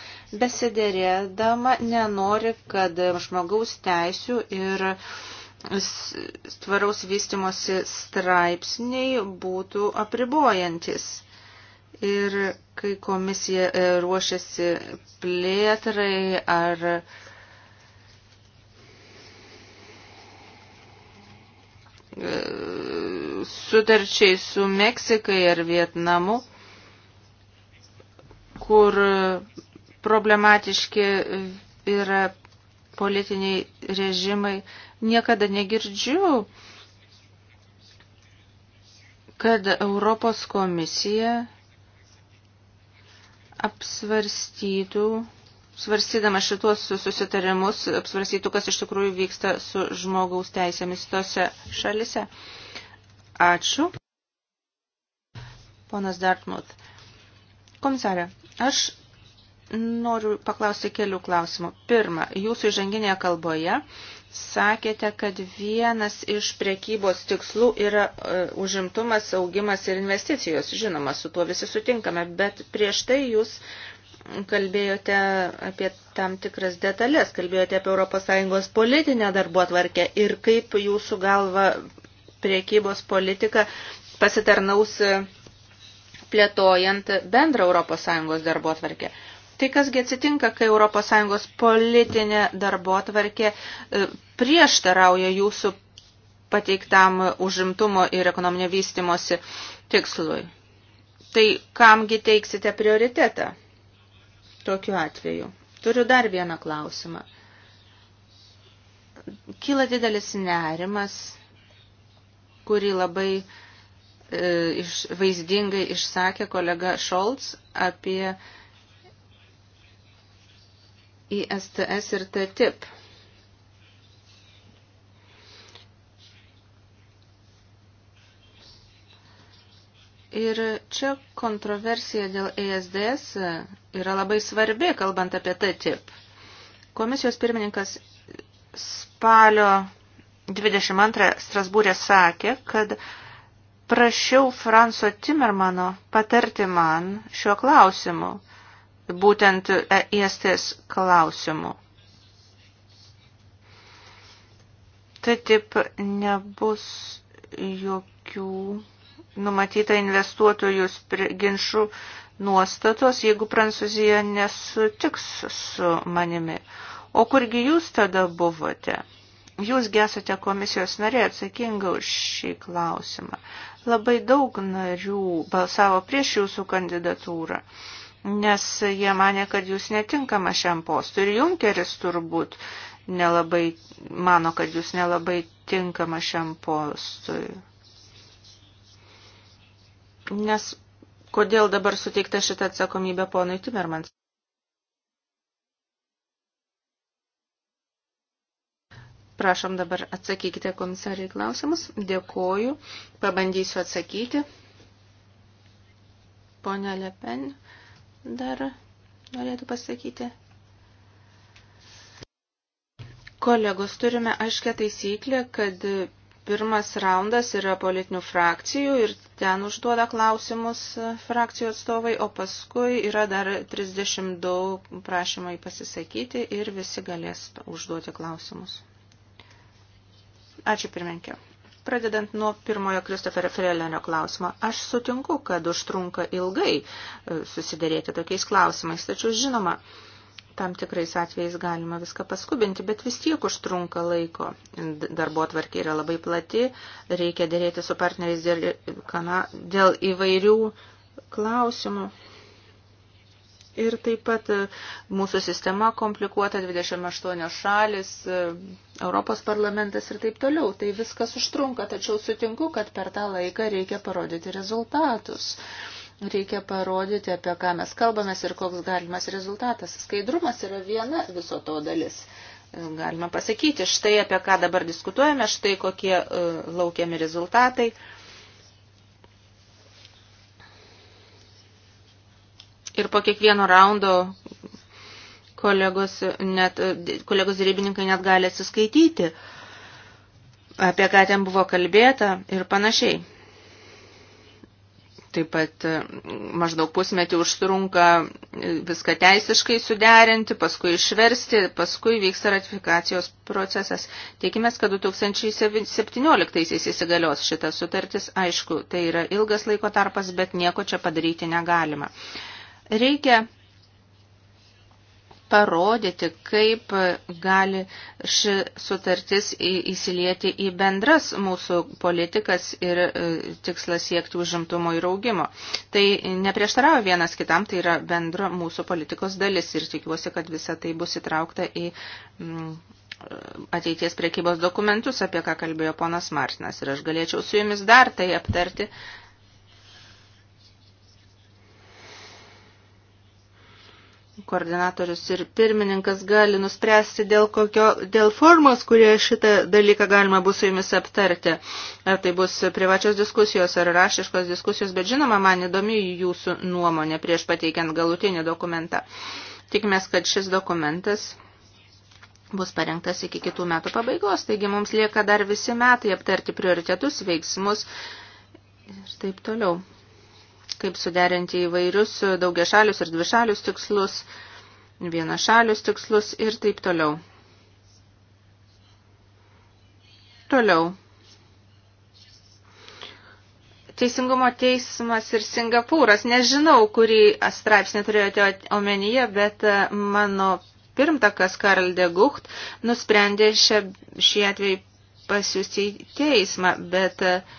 S4: besidėrėdama nenori, kad žmogaus teisų ir uh, tvaraus vystimosi straipsniai būtų apribojantis. Ir kai komisija e, ruošiasi plėtrai ar e, sutarčiai su Meksikai ar Vietnamu, kur problematiški yra politiniai režimai, niekada negirdžiu, kad Europos komisija apsvarstytų, svarstydama šituos susitarimus, apsvarstytų, kas iš tikrųjų vyksta su žmogaus teisėmis tose šalise. Ačiū. Ponas Dartmouth. Komisarė, aš noriu paklausti kelių klausimų. Pirma, jūsų įžanginėje kalboje sakėte, kad vienas iš prekybos tikslų yra e, užimtumas, augimas ir investicijos. Žinoma, su tuo visi sutinkame, bet prieš tai jūs kalbėjote apie tam tikras detalės, kalbėjote apie ES politinę darbuotvarkę ir kaip jūsų galva priekybos politika pasitarnaus e, plėtojant bendrą ES darbuotvarkę. Tai kasgi atsitinka, kai ES politinė darbo atvarkė e, prieštarauja jūsų pateiktam užimtumo ir ekonominio vystimosi tikslui. Tai kamgi teiksite prioritetą tokiu atveju? Turiu dar vieną klausimą. Kyla didelis nerimas, kurį labai e, iš, vaizdingai išsakė kolega Šolts apie e, ISTS ir TTIP. Ir čia kontroversija dėl ESDS yra labai svarbi, kalbant apie TTIP. Komisijos pirmininkas spalio 22 Strasbūrė sakė, kad prašiau Franso Timermano patarti man šiuo klausimu, būtent EISTS klausimų. Tai taip nebus jokių numatyta investuotojus ginčių nuostatos, jeigu Prancūzija nesutiks su manimi. O kurgi jūs tada buvote? Jūs gesate komisijos narė atsakinga už šį klausimą. Labai daug narių balsavo prieš jūsų kandidatūrą nes jie mane, kad jūs netinkama šiam postui. Ir Junkeris turbūt nelabai, mano, kad jūs nelabai tinkama šiam postui. Nes kodėl dabar suteikta šitą atsakomybę ponui Timermans? Prašom dabar atsakykite komisariai klausimus. Dėkoju. Pabandysiu atsakyti. Pone Lepen. Uh, dar norėtų pasakyti. Kolegos, turime aiškę taisyklę, kad pirmas raundas yra politinių frakcijų ir ten užduoda klausimus frakcijų atstovai, o paskui yra dar 32 prašymai pasisakyti ir visi galės užduoti klausimus. Ačiū pirmenkė. Pradedant nuo pirmojo Kristoferio Frelenio klausimo, aš sutinku, kad užtrunka ilgai e, susidėrėti tokiais klausimais, tačiau žinoma, tam tikrais atvejais galima viską paskubinti, bet vis tiek užtrunka laiko. Darbo atvarkė yra labai plati, reikia dėrėti su partneriais dėl, kana, dėl įvairių klausimų. Ir taip pat e, mūsų sistema komplikuota, 28 šalis, e, Europos parlamentas ir taip toliau. Tai viskas užtrunka, tačiau sutinku, kad per tą laiką reikia parodyti rezultatus. Reikia parodyti, apie ką mes kalbamės ir koks galimas rezultatas. Skaidrumas yra viena viso to dalis. E, galima pasakyti, štai apie ką dabar diskutuojame, štai kokie laukiami rezultatai. Uh, Ir po kiekvieno raundo kolegos, net, kolegos dėrybininkai net gali atsiskaityti, apie ką ten buvo kalbėta ir panašiai. Taip pat mm, maždaug pusmetį užtrunka viską teisiškai suderinti, paskui išversti, paskui vyksta ratifikacijos procesas. Tikimės, kad 2017 įsigalios šitas sutartis. Aišku, tai yra ilgas laiko tarpas, bet nieko čia padaryti negalima. Reikia parodyti, kaip gali ši sutartis įsilieti į bendras mūsų politikas ir e, tikslas siekti užimtumo ir augimo. Tai neprieštarauja vienas kitam, tai yra bendra mūsų politikos dalis ir tikiuosi, kad visa tai bus įtraukta į mm, ateities priekybos dokumentus, apie ką kalbėjo ponas Martinas. Ir aš galėčiau su jumis dar tai aptarti, koordinatorius ir pirmininkas gali nuspręsti dėl, kokio, dėl formos, kurie šitą dalyką galima bus su jumis aptarti. Ar tai bus privačios diskusijos ar rašiškos diskusijos, bet žinoma, man įdomi jūsų nuomonė prieš pateikiant galutinį dokumentą. Tikimės, kad šis dokumentas bus parengtas iki kitų metų pabaigos, taigi mums lieka dar visi metai aptarti prioritetus, veiksmus ir taip toliau kaip suderinti įvairius daugiašalius ir dvišalius tikslus, vienašalius tikslus ir taip toliau. Toliau. Teisingumo teismas ir Singapūras. Nežinau, kurį straipsnį turėjote omenyje, bet e, mano pirmtakas Karl de Gucht nusprendė šią, šį atvejį pasiūsti į teismą, bet uh,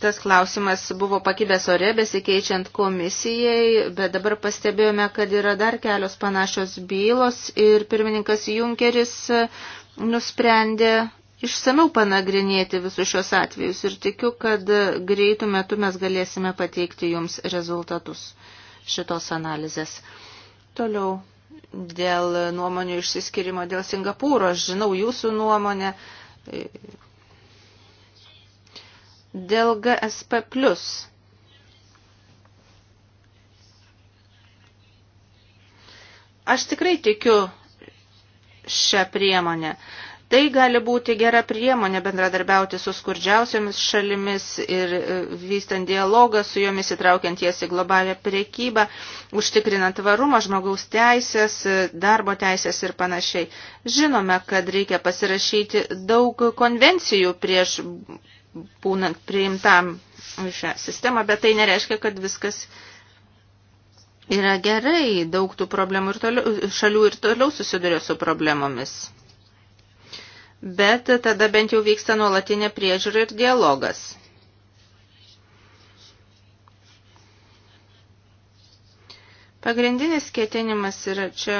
S4: tas klausimas buvo pakibęs ore, besikeičiant komisijai, bet dabar pastebėjome, kad yra dar kelios panašios bylos ir pirmininkas Junkeris e, nusprendė išsameu panagrinėti visus šios atvejus ir tikiu, kad greitų metų mes galėsime pateikti jums rezultatus šitos analizės. Toliau dėl nuomonių išsiskirimo dėl Singapūro. Aš žinau jūsų nuomonę Dėl GSP plus. Aš tikrai tikiu šią priemonę. Tai gali būti gera priemonė bendradarbiauti su skurdžiausiomis šalimis ir e, vystant dialogą su jomis, įtraukiant jas į globalę priekybą, užtikrinant tvarumą, žmogaus teisės, e, darbo teisės ir panašiai. Žinome, kad reikia pasirašyti daug konvencijų prieš būnant priimtam šią sistemą, bet tai nereiškia, kad viskas yra gerai. Daug tų problemų ir toliau, šalių ir toliau susiduria su problemomis. Bet tada bent jau vyksta nuolatinė priežiūra ir dialogas. Pagrindinis ketinimas yra čia,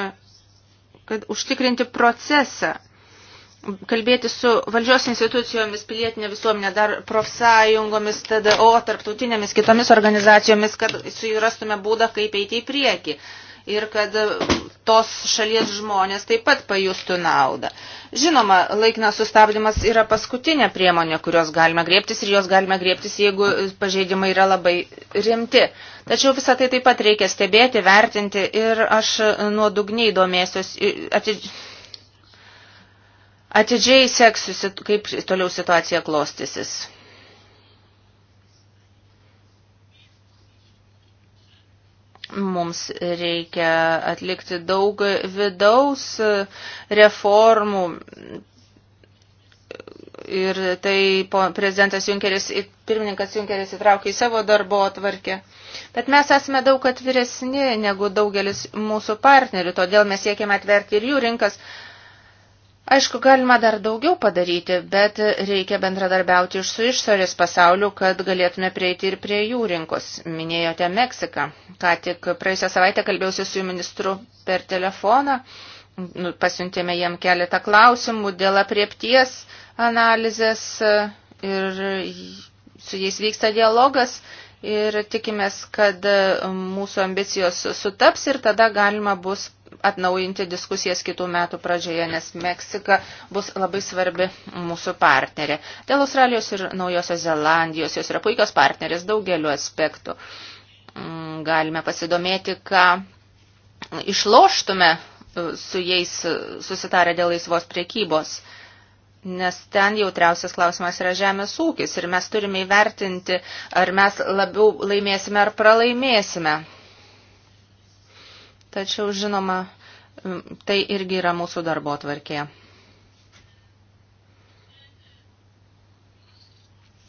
S4: kad užtikrinti procesą kalbėti su valdžios institucijomis, pilietinė visuomenė, dar profsąjungomis, TDO, tarptautinėmis kitomis organizacijomis, kad surastume būdą, kaip eiti į priekį. Ir kad tos šalies žmonės taip pat pajustų naudą. Žinoma, laikinas sustabdymas yra paskutinė priemonė, kurios galime griebtis ir jos galime griebtis, jeigu pažeidimai yra labai rimti. Tačiau visą tai taip pat reikia stebėti, vertinti ir aš nuodugniai domėsiuosi Atidžiai seksiu, kaip toliau situacija klostysis. Mums reikia atlikti daug vidaus reformų, ir tai prezidentas Junkeris, pirmininkas Junkeris įtraukė į savo darbo atvarkę. Bet mes esame daug atviresni negu daugelis mūsų partnerių, todėl mes siekime atverti ir jų rinkas, Aišku, galima dar daugiau padaryti, bet reikia bendradarbiauti iš su išsorės pasauliu, kad galėtume prieiti ir prie jų rinkos. Minėjote Meksiką. Ką tik praėjusią savaitę kalbėjausi su jų ministru per telefoną. Nu, pasiuntėme jiem keletą klausimų dėl apriepties analizės ir su jais vyksta dialogas ir tikimės, kad mūsų ambicijos sutaps ir tada galima bus atnaujinti diskusijas kitų metų pradžioje, nes Meksika bus labai svarbi mūsų partnerė. Dėl Australijos ir Naujosios Zelandijos jos yra puikios partnerės daugeliu aspektų. Mm, galime pasidomėti, ką išloštume e, su jais e, susitarę dėl laisvos priekybos, nes ten jautriausias klausimas yra žemės ūkis ir mes turime įvertinti, ar mes labiau laimėsime ar pralaimėsime Tačiau, žinoma, tai irgi yra mūsų darbo tvarkė.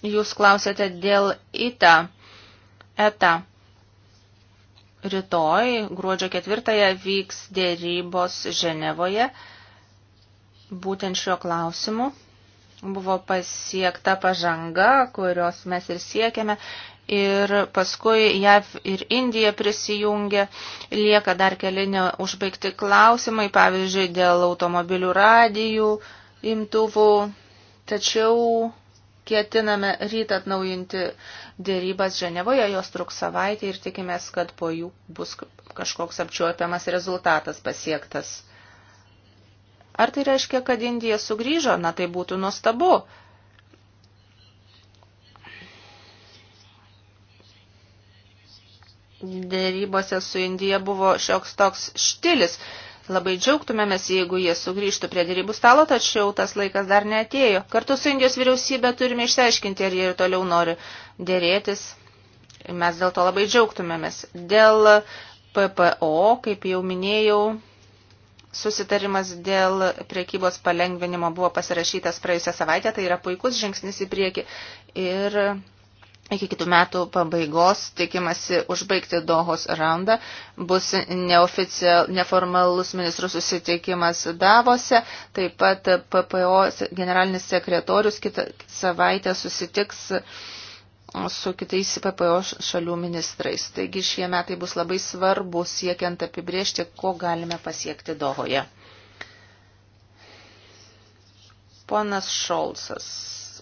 S4: Jūs klausėte dėl ITA, ETA. Rytoj, gruodžio ketvirtąją, vyks dėrybos Ženevoje. Būtent šiuo klausimu buvo pasiekta pažanga, kurios mes ir siekiame ir paskui JAV ir Indija prisijungia. Lieka dar keli neužbaigti klausimai, pavyzdžiui, dėl automobilių radijų, imtuvų. Tačiau ketiname ryt atnaujinti dėrybas Ženevoje, jos truks savaitę ir tikimės, kad po jų bus kažkoks apčiuopiamas rezultatas pasiektas. Ar tai reiškia, kad Indija sugrįžo? Na tai būtų nuostabu. dėrybose su Indija buvo šioks toks štilis. Labai džiaugtumėmės, jeigu jie sugrįžtų prie dėrybų stalo, tačiau tas laikas dar neatėjo. Kartu su Indijos vyriausybė turime išsiaiškinti, ar jie ir toliau nori dėrėtis. Mes dėl to labai džiaugtumėmės. Dėl PPO, kaip jau minėjau, susitarimas dėl priekybos palengvinimo buvo pasirašytas praėjusią savaitę, tai yra puikus žingsnis į priekį. Ir Iki kitų metų pabaigos tikimasi užbaigti Dohos raundą. Bus neformalus ministrų susitikimas Davose. Taip pat PPO generalinis sekretorius kitą savaitę susitiks su kitais PPO šalių ministrais. Taigi šie metai bus labai svarbu siekiant apibriežti, ko galime pasiekti Dohoje. Ponas Šolsas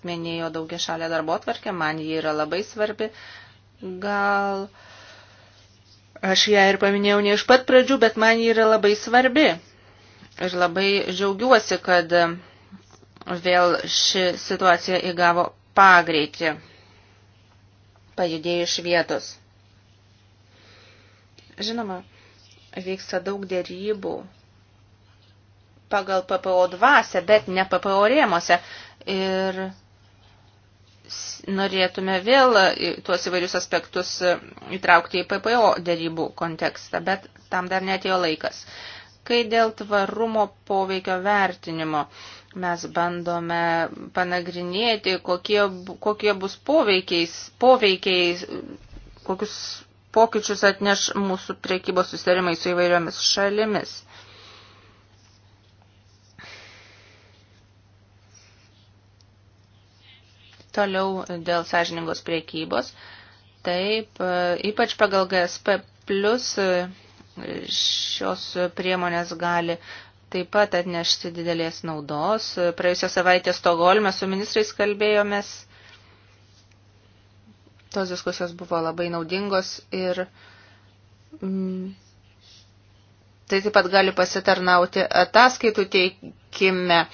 S4: Ponas minėjo daugia šalę darbo tvarkę, man ji yra labai svarbi. Gal aš ją ir paminėjau ne iš pat pradžių, bet man ji yra labai svarbi. Ir labai džiaugiuosi, kad vėl ši situacija įgavo pagreitį, pajudėjo iš vietos. Žinoma, vyksta daug dėrybų pagal PPO dvasę, bet ne PPO rėmose. Ir norėtume vėl tuos įvairius aspektus įtraukti į PPO dėrybų kontekstą, bet tam dar netėjo laikas. Kai dėl tvarumo poveikio vertinimo mes bandome panagrinėti, kokie, kokie bus poveikiais, poveikiais, kokius pokyčius atneš mūsų priekybos susitarimai su įvairiomis šalimis. Toliau dėl sąžiningos priekybos. Taip, e, ypač pagal GSP plus e, šios priemonės gali taip pat atnešti didelės naudos. Praėjusią savaitę Stogolme su ministrais kalbėjomės. Tos diskusijos buvo labai naudingos ir mm, tai taip pat gali pasitarnauti ataskaitų teik, sakykime,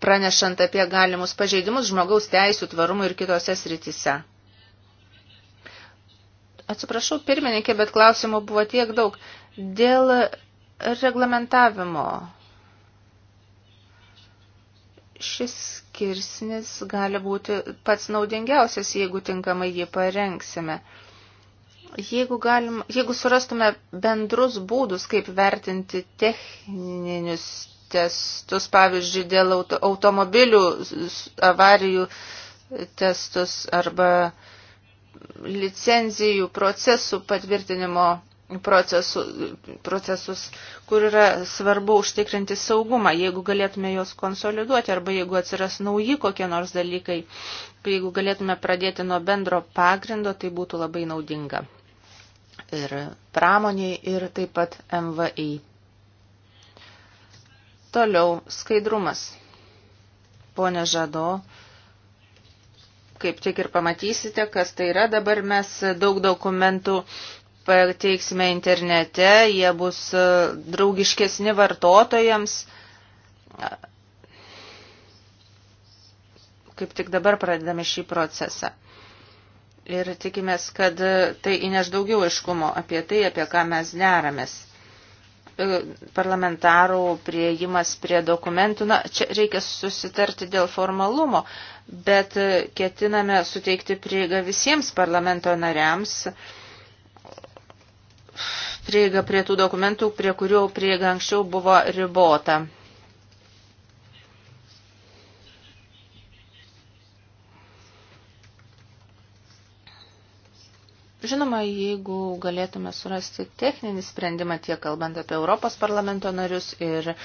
S4: pranešant apie galimus pažeidimus žmogaus teisų tvarumų ir kitose srityse. Atsiprašau, pirmininkė, bet klausimų buvo tiek daug. Dėl reglamentavimo šis skirsnis gali būti pats naudingiausias, jeigu tinkamai jį parengsime. Jeigu, galim, jeigu surastume bendrus būdus, kaip vertinti techninius testus, pavyzdžiui, dėl auto, automobilių avarijų testus arba licenzijų procesų patvirtinimo procesu, procesus, kur yra svarbu užtikrinti saugumą, jeigu galėtume juos konsoliduoti arba jeigu atsiras nauji kokie nors dalykai, jeigu galėtume pradėti nuo bendro pagrindo, tai būtų labai naudinga ir pramoniai, ir taip pat MVI. Toliau skaidrumas. Pone Žado, kaip tik ir pamatysite, kas tai yra. Dabar mes daug dokumentų pateiksime internete, jie bus e, draugiškesni vartotojams. Kaip tik dabar pradedame šį procesą. Ir tikimės, kad tai įneš daugiau aiškumo apie tai, apie ką mes deramės. E, parlamentarų prieimas prie dokumentų. Na, čia reikia susitarti dėl formalumo, bet e, ketiname suteikti prieigą visiems parlamento nariams, prieigą prie tų dokumentų, prie kurių prieiga anksčiau buvo ribota. Žinoma, jeigu galėtume surasti techninį sprendimą tiek kalbant apie Europos parlamento narius ir e,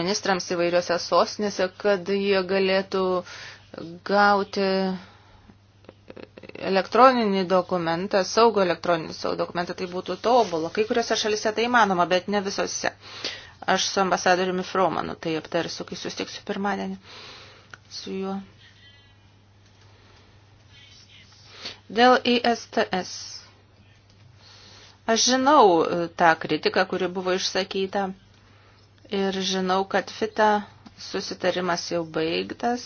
S4: ministrams įvairiose sostinėse, kad jie galėtų gauti elektroninį dokumentą, saugo elektroninį saugo dokumentą, tai būtų tobulo. Kai kuriuose šalise tai įmanoma, bet ne visose. Aš su ambasadoriumi Fromanu tai aptarsiu, kai susitiksiu pirmadienį su juo. Dėl ISTS. Aš žinau e, tą kritiką, kuri buvo išsakyta ir žinau, kad FITA susitarimas jau baigtas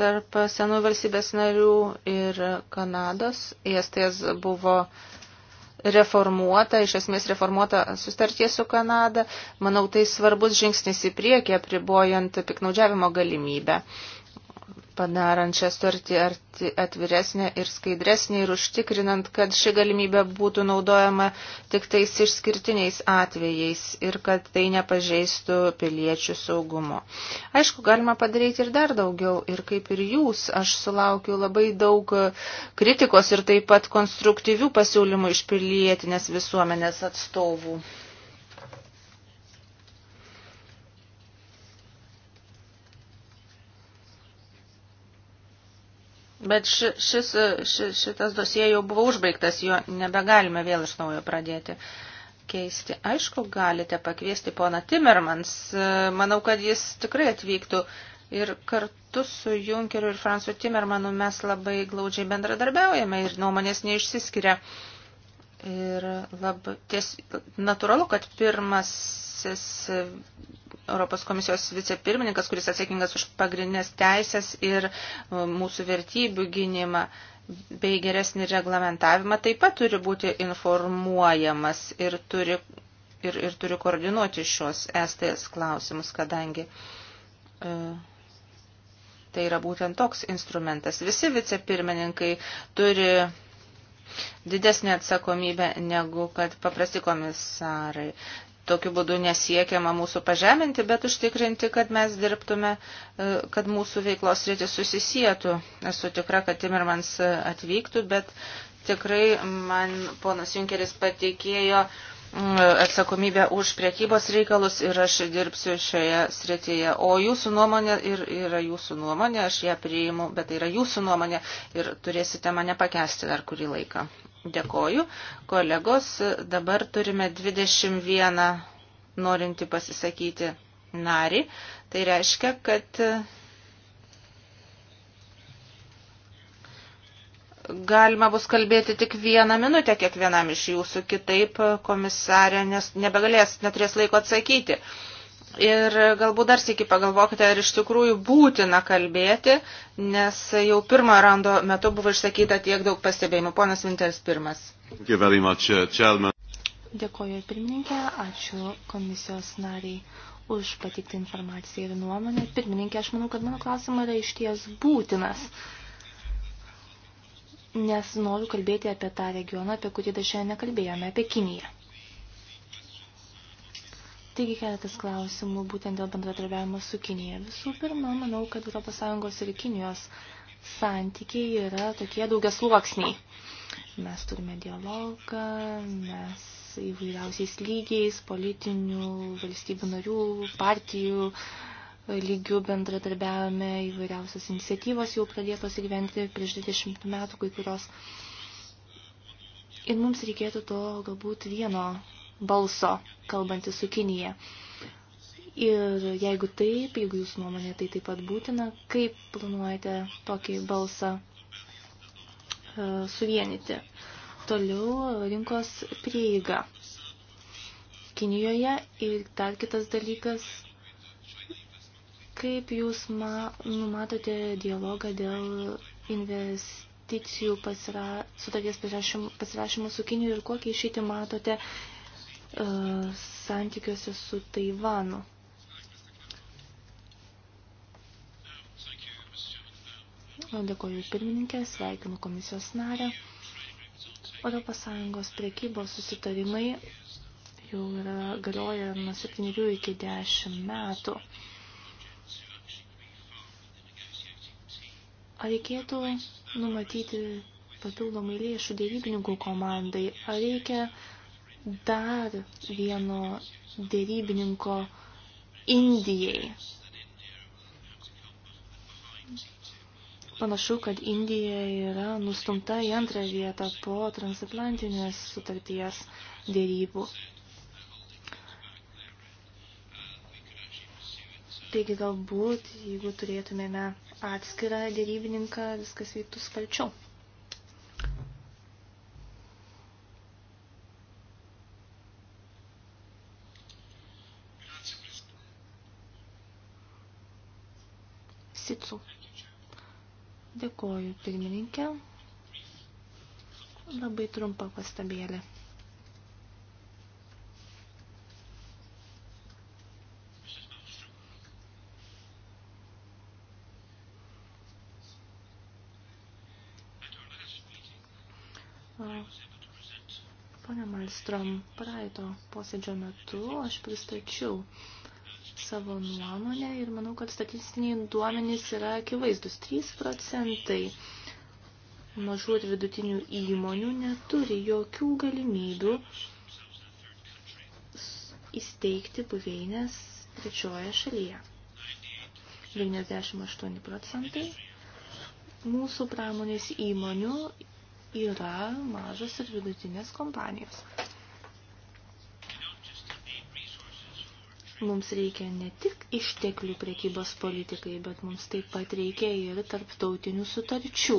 S4: tarp senų valstybės narių ir Kanados. ISTS buvo reformuota, iš esmės reformuota sustartie su Kanada. Manau, tai svarbus žingsnis į priekį, apribojant piknaudžiavimo galimybę padarant šią sutartį atviresnę ir skaidresnę ir užtikrinant, kad ši galimybė būtų naudojama tik tais išskirtiniais atvejais ir kad tai nepažeistų piliečių saugumo. Aišku, galima padaryti ir dar daugiau ir kaip ir jūs, aš sulaukiu labai daug kritikos ir taip pat konstruktyvių pasiūlymų iš pilietinės visuomenės atstovų. Bet ši, šis, ši, šitas dosie jau buvo užbaigtas, jo nebegalime vėl iš naujo pradėti keisti. Aišku, galite pakviesti poną Timmermans. Manau, kad jis tikrai atvyktų. Ir kartu su Junkeriu ir Fransu Timmermanu mes labai glaudžiai bendradarbiaujame ir nuomonės neišsiskiria. Ir labai ties, natūralu, kad pirmasis Europos komisijos vicepirmininkas, kuris atsakingas už pagrindinės teisės ir e, mūsų vertybių gynimą bei geresnį reglamentavimą, taip pat turi būti informuojamas ir turi, ir, ir turi koordinuoti šios STS klausimus, kadangi e, tai yra būtent toks instrumentas. Visi vicepirmininkai turi didesnė atsakomybė negu kad paprasti komisarai tokiu būdu nesiekiama mūsų pažeminti, bet užtikrinti, kad mes dirbtume, e, kad mūsų veiklos rytis susisietų. Esu tikra, kad Timirmans atvyktų, bet tikrai man ponas Junkeris patikėjo atsakomybę už priekybos reikalus ir aš dirbsiu šioje srityje. O jūsų nuomonė ir yra jūsų nuomonė, aš ją priimu, bet tai yra jūsų nuomonė ir turėsite mane pakesti dar kurį laiką. Dėkoju. Kolegos, dabar turime 21 norinti pasisakyti narį. Tai reiškia, kad galima bus kalbėti tik vieną minutę kiekvienam iš jūsų, kitaip komisarė nes nebegalės, neturės laiko atsakyti. Ir galbūt dar sėki pagalvokite, ar iš tikrųjų būtina kalbėti, nes jau pirmo rando metu buvo išsakyta tiek daug pastebėjimų. Ponas Vinters pirmas.
S1: Uh,
S2: Dėkoju pirmininkė, ačiū komisijos nariai už patiktą informaciją ir nuomonę. Pirmininkė, aš manau, kad mano klausimas yra išties būtinas. Uh, nes noriu kalbėti apie tą regioną, apie kurį dar šiandien nekalbėjome, apie Kiniją. Taigi keletas klausimų būtent dėl bendradarbiavimo su Kinija. Visų pirma, manau, kad ES ir Kinijos santykiai yra tokie daugias luoksniai. Mes turime dialogą, mes įvairiausiais lygiais, politinių, valstybių narių, partijų, uh, lygių bendradarbiavome įvairiausias iniciatyvas jau pradėtos įgyventi prieš 20 metų kai kurios. Ir mums reikėtų to galbūt vieno balso, kalbantį su Kinija. Ir jeigu taip, jeigu jūsų nuomonė tai taip pat būtina, kaip planuojate tokį balsą e, suvienyti? Toliau rinkos prieiga Kinijoje ir dar kitas dalykas Kaip Jūs ma, numatote dialogą dėl investicijų pasira, sutarties pasirašymo su Kiniju ir kokį išeitį matote uh, santykiuose su Taivanu? Dėkoju pirmininkė, sveikinu komisijos narę. Europos Sąjungos priekybos susitarimai jau yra galioja nuo 7 iki 10 metų. Ar reikėtų numatyti papildomai lėšų dėrybininkų komandai? Ar reikia dar vieno dėrybininko Indijai? Panašu, kad Indija yra nustumta į antrą vietą po transatlantinės sutarties dėrybų. Taigi galbūt, jeigu turėtumėme atskirą dėrybininką, viskas vyktų sparčiau. Sicu. Dėkoju pirmininkė. Labai trumpa pastabėlė. Vikstrom praeito posėdžio metu aš pristačiau savo nuomonę ir manau, kad statistiniai duomenys yra akivaizdus. 3 procentai mažų ir vidutinių įmonių neturi jokių galimybių įsteigti buveinės trečioje šalyje. 98 procentai mūsų pramonės įmonių yra mažos ir vidutinės kompanijos. Mums reikia ne tik išteklių prekybos politikai, bet mums taip pat reikia ir tarptautinių sutarčių,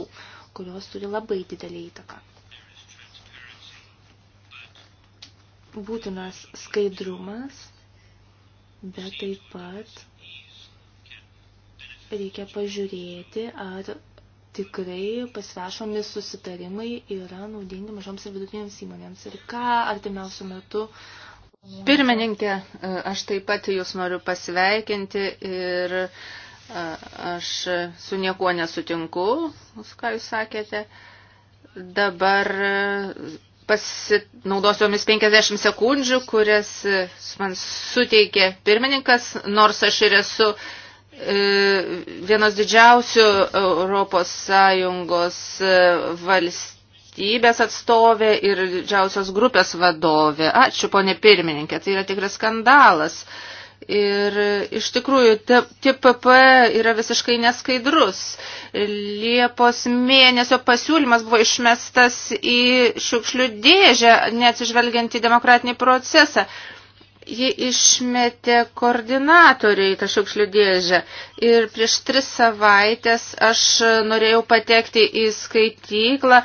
S2: kurios turi labai didelį įtaką. Būtinas skaidrumas, bet taip pat reikia pažiūrėti, ar tikrai pasirašomi susitarimai yra naudingi mažoms ir vidutinėms įmonėms ir ką artimiausiu metu uh, Pirmininkė, e, aš taip pat jūs noriu
S4: pasveikinti ir e, aš su niekuo nesutinku, ką jūs sakėte. Dabar e, pasinaudosiu jomis 50 sekundžių, kurias man suteikė pirmininkas, nors aš ir esu vienos didžiausių Europos Sąjungos valstybės valstybės atstovė ir didžiausios grupės vadovė. Ačiū, ponė pirmininkė, tai yra tikras skandalas. Ir iš tikrųjų, TPP yra visiškai neskaidrus. Liepos mėnesio pasiūlymas buvo išmestas į šiukšlių dėžę, neatsižvelgiant į demokratinį procesą ji išmetė koordinatoriai tą šiukšlių dėžę. Ir prieš tris savaitės aš norėjau patekti į skaityklą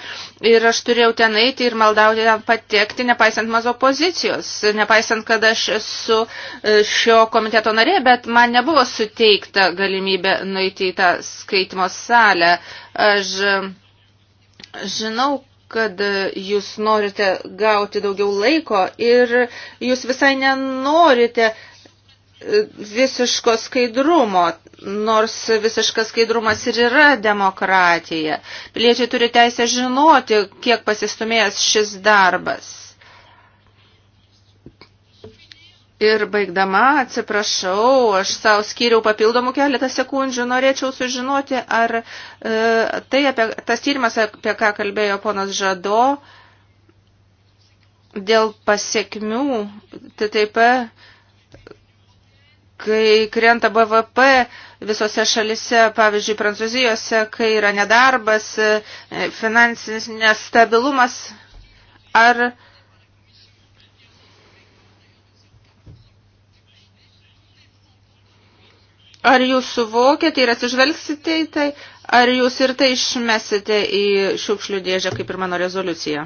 S4: ir aš turėjau ten eiti ir maldauti ten patekti, nepaisant mazo pozicijos, nepaisant, kad aš esu e, šio komiteto narė, bet man nebuvo suteikta galimybė nueiti į tą skaitimo salę. Aš e, žinau, kad jūs norite gauti daugiau laiko ir jūs visai nenorite e, visiško skaidrumo, nors visiškas skaidrumas ir yra demokratija. Piliečiai turi teisę žinoti, kiek pasistumėjęs šis darbas. Ir baigdama, atsiprašau, aš savo skyriau papildomų keletą sekundžių, norėčiau sužinoti, ar e, tai apie, tas tyrimas, apie ką kalbėjo ponas Žado, dėl pasiekmių TTIP, tai kai krenta BVP visose šalise, pavyzdžiui, Prancūzijose, kai yra nedarbas, e, finansinis nestabilumas, ar e, Ar jūs suvokėte ir atsižvelgsite į tai, ar jūs ir tai išmesite į šiukšlių dėžę, kaip ir mano rezoliucija?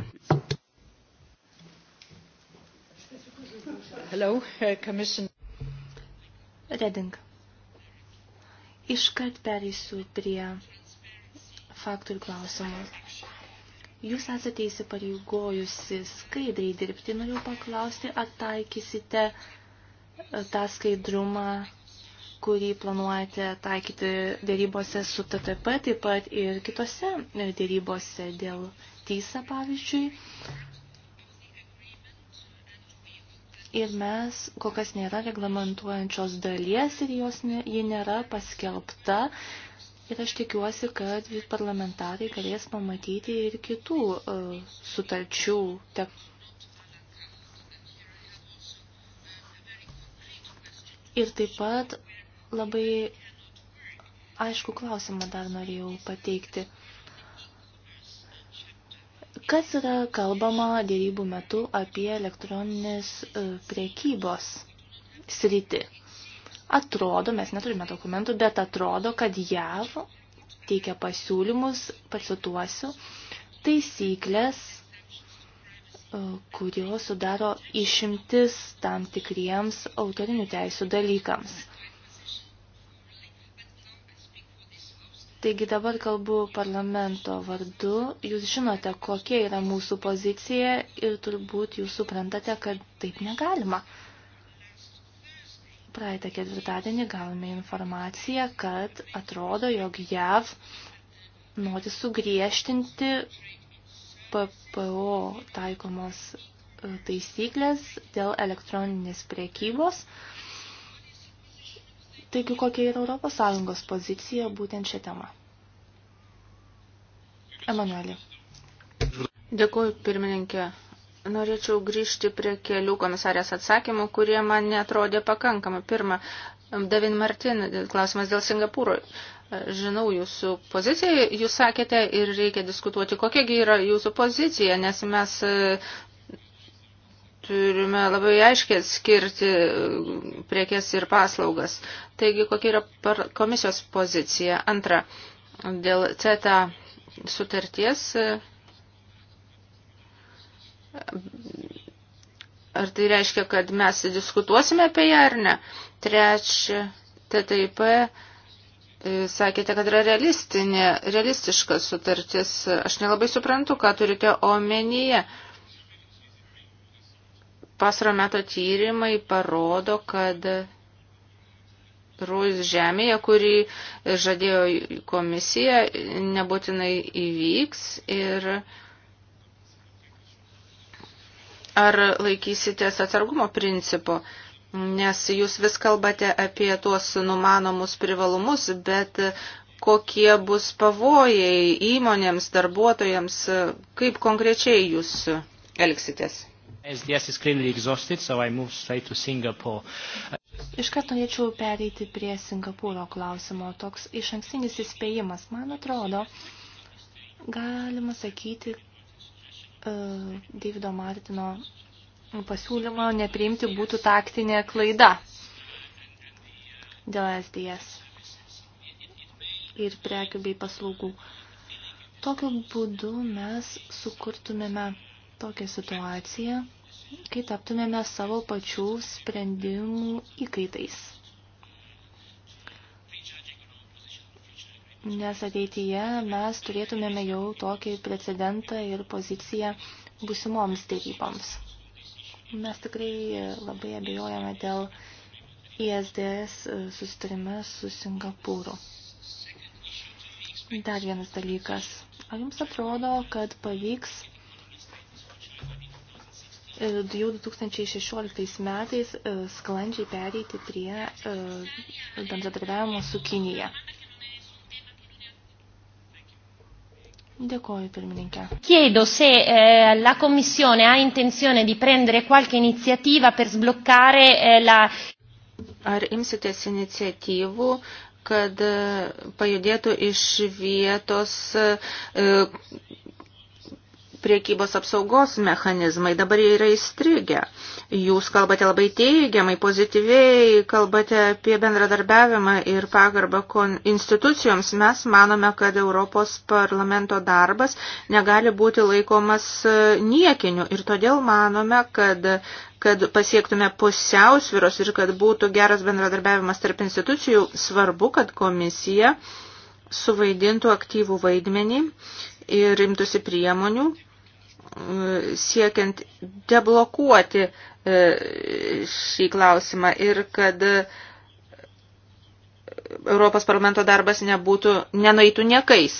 S1: Hello,
S2: uh, commission. Reding. Iškart perėsiu prie faktų ir klausimų. Jūs esate įsipareigojusi skaidriai dirbti, noriu paklausti, ar taikysite tą skaidrumą kurį planuojate taikyti dėrybose su TTP, taip pat ir kitose e, dėrybose dėl TISA, pavyzdžiui. Ir mes kol kas nėra reglamentuojančios dalies ir jos ne, ji nėra paskelbta. Ir aš tikiuosi, kad parlamentarai galės pamatyti ir kitų uh, sutarčių tek, Ir taip pat labai aišku klausimą dar norėjau pateikti. Kas yra kalbama dėrybų metu apie elektroninės e, priekybos sritį? Atrodo, mes neturime dokumentų, bet atrodo, kad JAV teikia pasiūlymus, pacituosiu, taisyklės, e, kurios sudaro išimtis tam tikriems autorinių teisų dalykams. Taigi dabar kalbu parlamento vardu. Jūs žinote, kokia yra mūsų pozicija ir turbūt jūs suprantate, kad taip negalima. Praeitą ketvirtadienį gavome informaciją, kad atrodo, jog JAV nori sugriežtinti PPO taikomos e, taisyklės dėl elektroninės priekybos. Taigi, kokia yra ES pozicija būtent šią temą? Emanuelį. Dėkuoju, pirmininkė. Norėčiau
S4: grįžti prie kelių komisarės atsakymų, kurie man netrodė pakankama. Pirma, Davin Martin, klausimas dėl Singapūro. Žinau jūsų poziciją, jūs sakėte ir reikia diskutuoti, kokiagi yra jūsų pozicija, nes mes turime labai aiškiai atskirti priekės ir paslaugas. Taigi, kokia yra komisijos pozicija? Antra, dėl CETA sutarties. Ar tai reiškia, kad mes diskutuosime apie ją ar ne? Trečia, TTIP e, sakėte, kad yra realistinė, realistiška sutartis. Aš nelabai suprantu, ką turite omenyje pasro meto tyrimai parodo, kad rojus žemėje, kurį žadėjo komisija, nebūtinai įvyks ir ar laikysitės atsargumo principo, nes jūs vis kalbate apie tuos numanomus privalumus, bet kokie bus pavojai įmonėms, darbuotojams, kaip konkrečiai jūs elgsitės.
S1: SDS is clearly exhausted, so I move straight to Singapore.
S2: Iš karto norėčiau pereiti prie Singapūro klausimo. Toks iš ankstinis įspėjimas, man atrodo, galima sakyti, uh, Davido Martino pasiūlymo nepriimti būtų taktinė klaida dėl SDS ir prekių bei paslaugų. Tokiu būdu mes sukurtumėme tokią situaciją, kai taptumėme savo pačių sprendimų įkaitais. Nes ateityje mes turėtumėme jau tokį precedentą ir poziciją busimoms dėryboms. Mes tikrai labai abejojame dėl ISDS susitarime su Singapūru. Dar vienas dalykas. Ar jums atrodo, kad pavyks E, jau 2016 metais e, sklandžiai pereiti prie e, bendradarbiavimo su Kinija.
S3: Dėkoju, pirmininkė. Chiedo se eh, la Commissione ha intenzione di prendere qualche iniziativa per sbloccare eh, la. Ar imsitės
S4: iniciatyvų, kad pajudėtų iš vietos eh, priekybos apsaugos mechanizmai dabar yra įstrigę. Jūs kalbate labai teigiamai, pozityviai, kalbate apie bendradarbiavimą ir pagarbą institucijoms. Mes manome, kad Europos parlamento darbas negali būti laikomas e, niekiniu ir todėl manome, kad kad pasiektume pusiausviros ir kad būtų geras bendradarbiavimas tarp institucijų, svarbu, kad komisija suvaidintų aktyvų vaidmenį ir imtųsi priemonių, siekiant deblokuoti e, šį klausimą ir kad Europos parlamento darbas nebūtų, nenaitų niekais.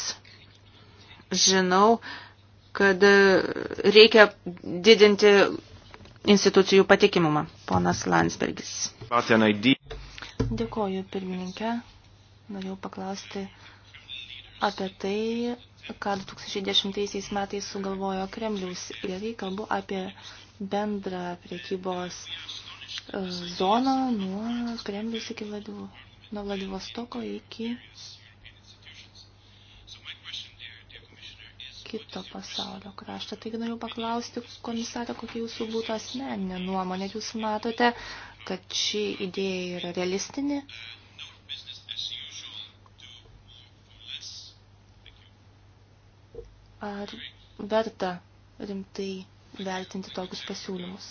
S4: Žinau, kad reikia didinti institucijų patikimumą. Ponas Landsbergis.
S2: Dėkoju, pirmininkė. Norėjau paklausti apie tai, ką 2010 metais sugalvojo Kremliaus. Ir tai kalbu apie bendrą priekybos e, zoną nuo Kremliaus iki Vladivo, nuo Vladivostoko iki kito pasaulio kraštą. Taigi noriu paklausti, komisarė, kokia jūsų būtų asmeninė nuomonė. Jūs matote, kad ši idėja yra realistinė? Uh, ar verta rimtai vertinti tokius pasiūlymus.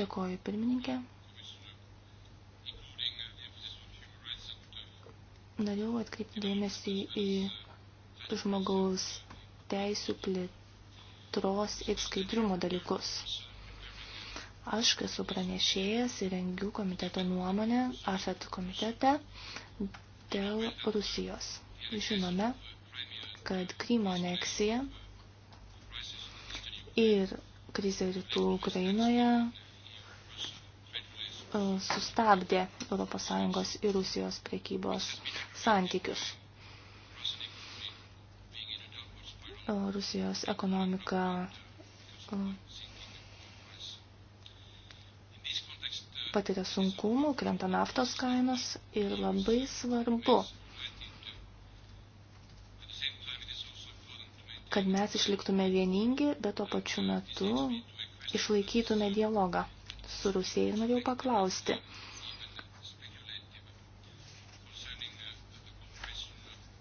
S2: Dėkoju pirmininkė. Norėjau atkreipti dėmesį į žmogaus teisų plėtros ir skaidrumo dalykus. Aš, kai esu pranešėjas ir rengiu komiteto nuomonę AFET komitete dėl Rusijos. Žinome, kad Krymo aneksija ir krizė rytų Ukrainoje e, sustabdė ES ir Rusijos prekybos santykius. E, Rusijos ekonomika e, patiria sunkumų, krenta naftos kainos ir labai svarbu kad mes išliktume vieningi, bet tuo pačiu metu išlaikytume dialogą su Rusija ir norėjau paklausti.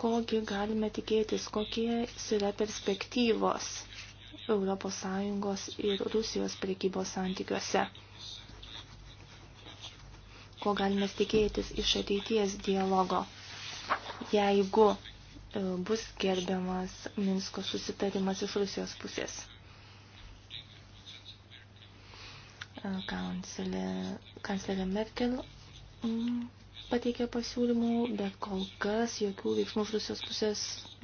S2: Kogi galime tikėtis, kokie yra perspektyvos Europos Sąjungos ir Rusijos prekybos santykiuose? Ko galime tikėtis iš ateities dialogo, jeigu E, bus gerbiamas Minsko susitarimas iš Rusijos pusės. E, kanclerė, kanclerė Merkel mm, pateikė pasiūlymų, bet kol kas jokių veiksmų iš Rusijos pusės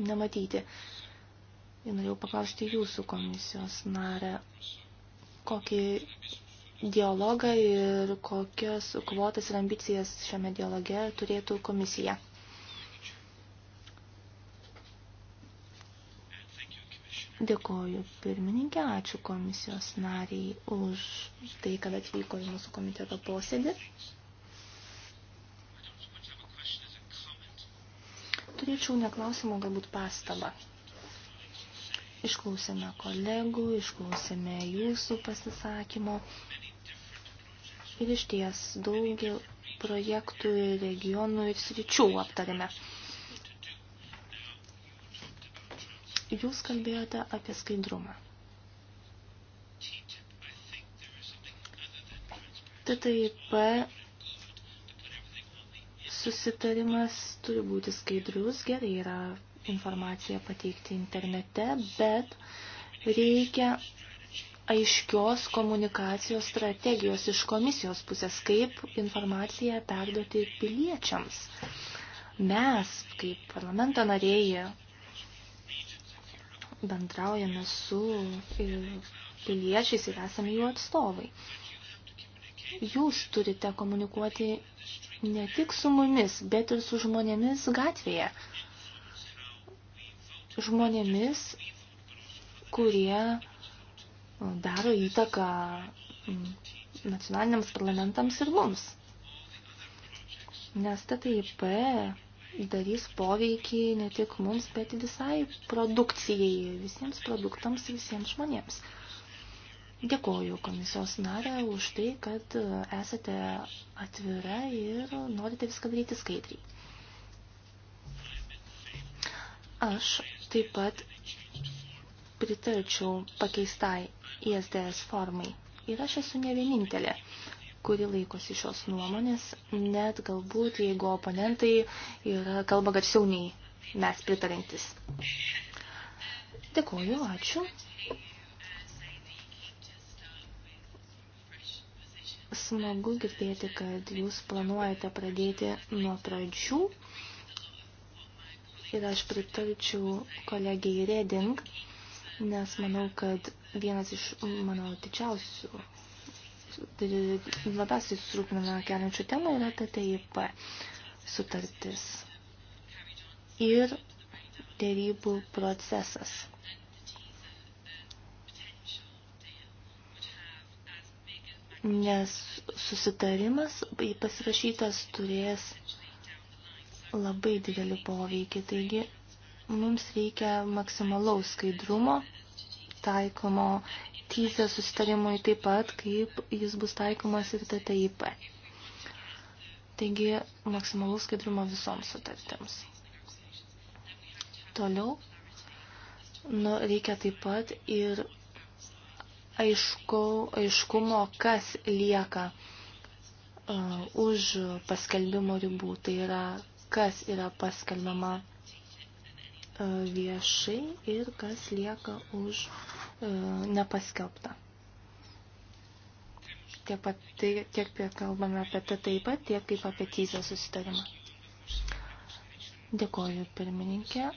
S2: nematyti. Ir norėjau paklausti jūsų komisijos narę, kokį dialogą ir kokias kvotas ir ambicijas šiame dialoge turėtų komisija. Dėkoju pirmininkė, ačiū komisijos nariai už tai, kad atvyko į mūsų komiteto posėdį. Turėčiau neklausimų, galbūt pastabą. Išklausėme kolegų, išklausėme jūsų pasisakymo. Ir iš ties daugį projektų, regionų ir sričių aptarėme. Jūs kalbėjote apie skaidrumą. TTIP susitarimas turi būti skaidrus, gerai yra informaciją pateikti internete, bet reikia aiškios komunikacijos strategijos iš komisijos pusės, kaip informaciją perduoti piliečiams. Mes, kaip parlamento narėjai, bendraujame su e, piliečiais ir esame jų atstovai. Jūs turite komunikuoti ne tik su mumis, bet ir su žmonėmis gatvėje. Žmonėmis, kurie e, daro įtaką nacionaliniams parlamentams ir mums. Nes TTIP darys poveikį ne tik mums, bet visai produkcijai, visiems produktams, visiems žmonėms. Dėkoju komisijos narę už tai, kad esate atvira ir norite viską daryti skaidriai. Aš taip pat pritarčiau pakeistai ISDS formai. Ir aš esu ne vienintelė kuri laikosi šios nuomonės, net galbūt jeigu oponentai yra kalba garsiau nei mes pritarintis. Dėkuoju, ačiū. Smagu girdėti, kad jūs planuojate pradėti nuo pradžių. Ir aš pritarčiau kolegijai Reding, nes manau, kad vienas iš mano didžiausių Tai labiausiai susirūpinimą keliančių temų yra TTIP sutartis ir dėrybų procesas. Nes susitarimas pasirašytas turės labai didelį poveikį, taigi mums reikia maksimalaus skaidrumo taikomo teisės susitarimui taip pat, kaip jis bus taikomas ir TTIP. Taigi, maksimalus skaidrumo visoms sutartims. Toliau, nu, reikia taip pat ir aišku, aiškumo, kas lieka uh, už paskelbimo ribų. Tai yra, kas yra paskelbama e, viešai ir kas lieka už E, nepaskelbta. Tiek, pat, tai, tiek kalbame apie tai taip pat, tiek kaip apie tyzę susitarimą. Dėkoju, pirmininkė.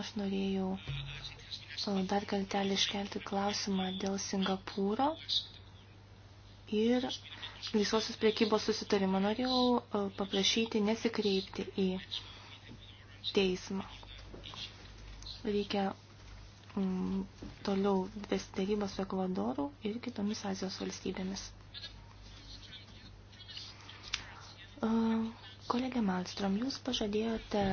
S2: Aš norėjau e, dar kartelį iškelti klausimą dėl Singapūro ir laisvosios priekybos susitarimą. Norėjau e, paprašyti nesikreipti į teismą. Reikia m, toliau vesti darybas su Ekvadoru ir kitomis Azijos valstybėmis. Kolegė Malstrom, jūs pažadėjote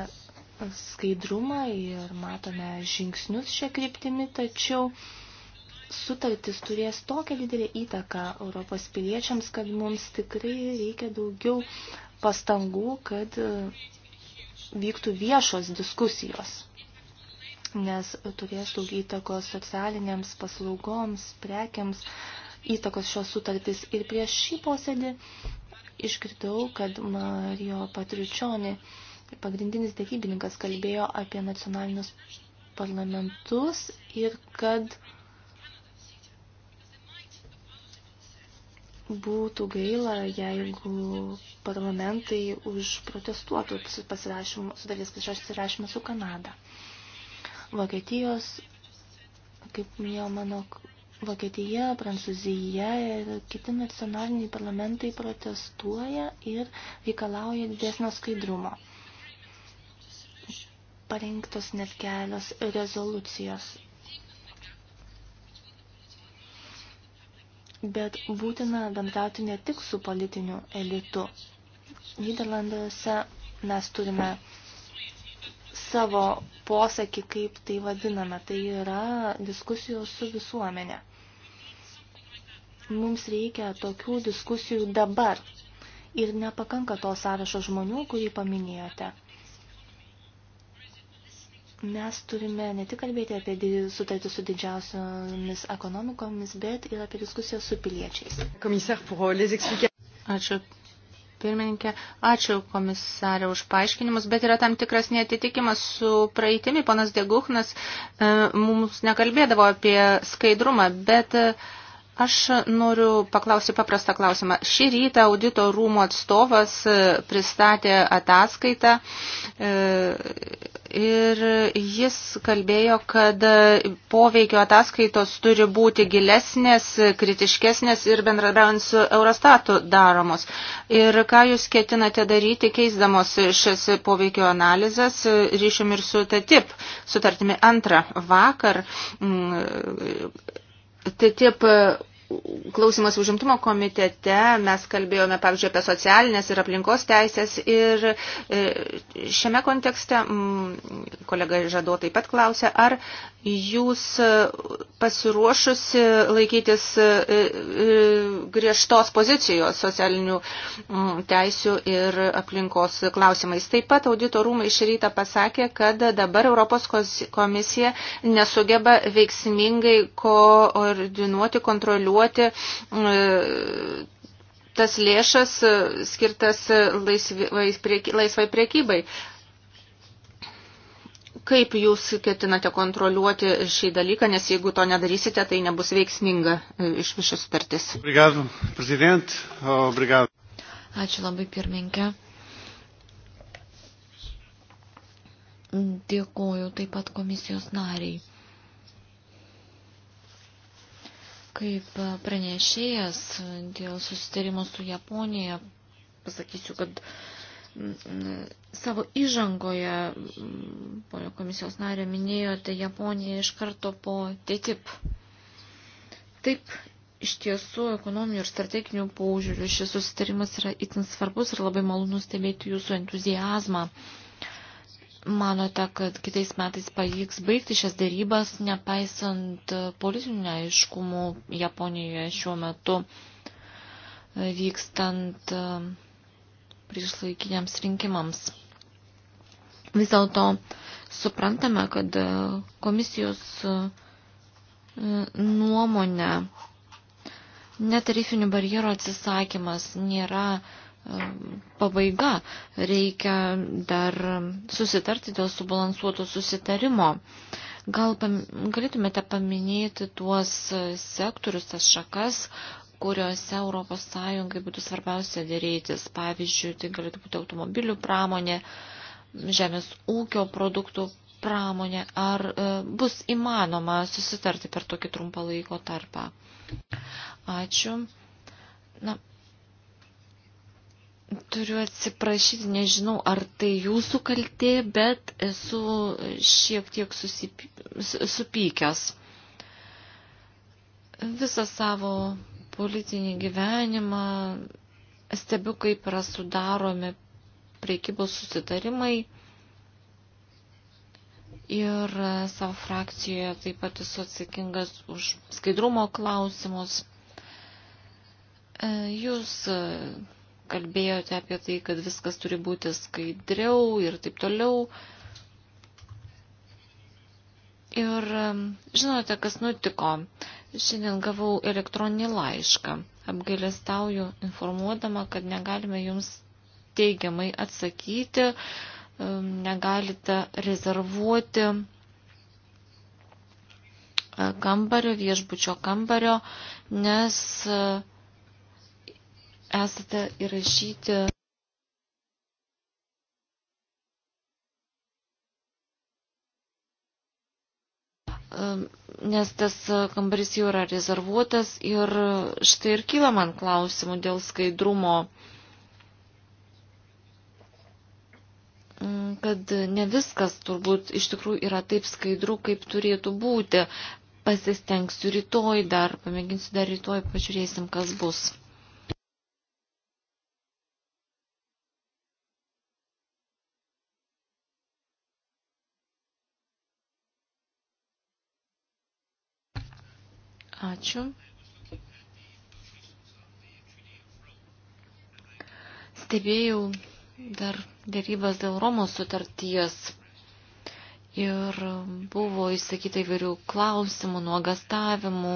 S2: skaidrumą ir matome žingsnius šią kryptimį, tačiau sutartis turės tokią didelę įtaką Europos piliečiams, kad mums tikrai reikia daugiau pastangų, kad e, vyktų viešos diskusijos nes turės daug įtakos socialinėms paslaugoms, prekiams, įtakos šios sutartys. Ir prieš šį posėdį išgirdau, kad Mario Patriučioni, pagrindinis dėrybininkas, kalbėjo apie nacionalinius parlamentus ir kad būtų gaila, jeigu parlamentai užprotestuotų pasirašymą, sudarys pasirašymą su Kanada. Vokietijos, kaip minėjo mano Vokietija, Prancūzija ir kiti nacionaliniai parlamentai protestuoja ir reikalauja didesnio skaidrumo. Parengtos net kelios rezoliucijos. Bet būtina bendrauti ne tik su politiniu elitu. Niderlanduose mes turime savo posakį, kaip tai vadiname. Tai yra diskusijos su visuomenė. Mums reikia tokių diskusijų dabar. Ir nepakanka to sąrašo žmonių, kurį paminėjote. Mes turime ne tik kalbėti apie sutartį su didžiausiomis ekonomikomis, bet ir apie diskusiją su piliečiais.
S1: Euh, Ačiū
S4: Pirmininkė, ačiū komisarė už paaiškinimus, bet yra tam tikras netitikimas su praeitimi. Ponas Deguchnas e, mums nekalbėdavo apie skaidrumą, bet uh, Aš noriu paklausti paprastą klausimą. Šį rytą audito rūmų atstovas e, pristatė ataskaitą e, ir jis kalbėjo, kad poveikio ataskaitos turi būti gilesnės, kritiškesnės ir bendradarbiaujant su Eurostatu daromos. Ir ką jūs ketinate daryti, keisdamos šias poveikio analizas ryšium ir su TTIP sutartimi antrą vakar. M, TTIP tai klausimas užimtumo komitete mes kalbėjome, pavyzdžiui, apie socialinės ir aplinkos teisės ir e, šiame kontekste mm, kolega Žado taip pat klausė, ar jūs pasiruošusi laikytis e, e, griežtos pozicijos socialinių mm, teisių ir aplinkos klausimais. Taip pat auditorumai iš ryto pasakė, kad dabar Europos komisija nesugeba veiksmingai koordinuoti, kontroliuoti panaudoti e, tas lėšas e, skirtas e, laisvai, laisvai priekybai. Kaip jūs ketinate kontroliuoti šį dalyką, nes jeigu to nedarysite, tai nebus veiksminga
S3: iš viso sutartis.
S1: Obrigado, prezident. Obrigado.
S3: Ačiū labai pirmininkė. Dėkuoju taip pat komisijos nariai. Kaip pranešėjas dėl susitarimo su Japonija, pasakysiu, kad savo įžangoje, ponio komisijos narė, minėjote Japoniją iš karto po TTIP. Taip, iš tiesų, ekonominių ir strateginių paužiūrių šis susitarimas yra itin svarbus ir labai malonu stebėti jūsų entuzijazmą. Uh, manote, kad kitais metais pavyks baigti šias dėrybas, nepaisant politinių neaiškumų Japonijoje šiuo metu vykstant e, priešlaikiniams rinkimams? Vis dėlto suprantame, kad e, komisijos e, nuomonė netarifinių barjerų atsisakymas nėra uh, pabaiga. Reikia dar susitarti dėl subalansuoto susitarimo. Gal pam, galėtumėte paminėti tuos sektorius, tas šakas, kuriuose Europos Sąjungai būtų svarbiausia dėrėtis. Pavyzdžiui, tai galėtų būti automobilių pramonė, žemės ūkio produktų pramonė. Ar e, bus įmanoma susitarti per tokį trumpą laiko tarpą? Ačiū. Na, Turiu atsiprašyti, nežinau, ar tai jūsų kaltė, bet esu šiek tiek susipy... supykęs. Visą savo politinį gyvenimą stebiu, kaip yra sudaromi priekybos susitarimai. Ir savo frakcijoje taip pat esu atsakingas už skaidrumo klausimus. Jūs kalbėjote apie tai, kad viskas turi būti skaidriau ir taip toliau. Ir žinote, kas nutiko. Šiandien gavau elektroninį laišką. Apgailestauju informuodama, kad negalime jums teigiamai atsakyti, negalite rezervuoti e, kambario, viešbučio kambario, nes uh, esate įrašyti. Nes tas kambarys jau yra rezervuotas ir štai ir kyla man klausimų dėl skaidrumo, kad ne viskas turbūt iš tikrųjų yra taip skaidru, kaip turėtų būti. Pasistengsiu rytoj dar, pamėginsiu dar rytoj, pažiūrėsim, kas bus. Ačiū. Stebėjau dar dėrybas dėl Romos sutarties ir buvo įsakyta įvairių klausimų, nuogastavimų.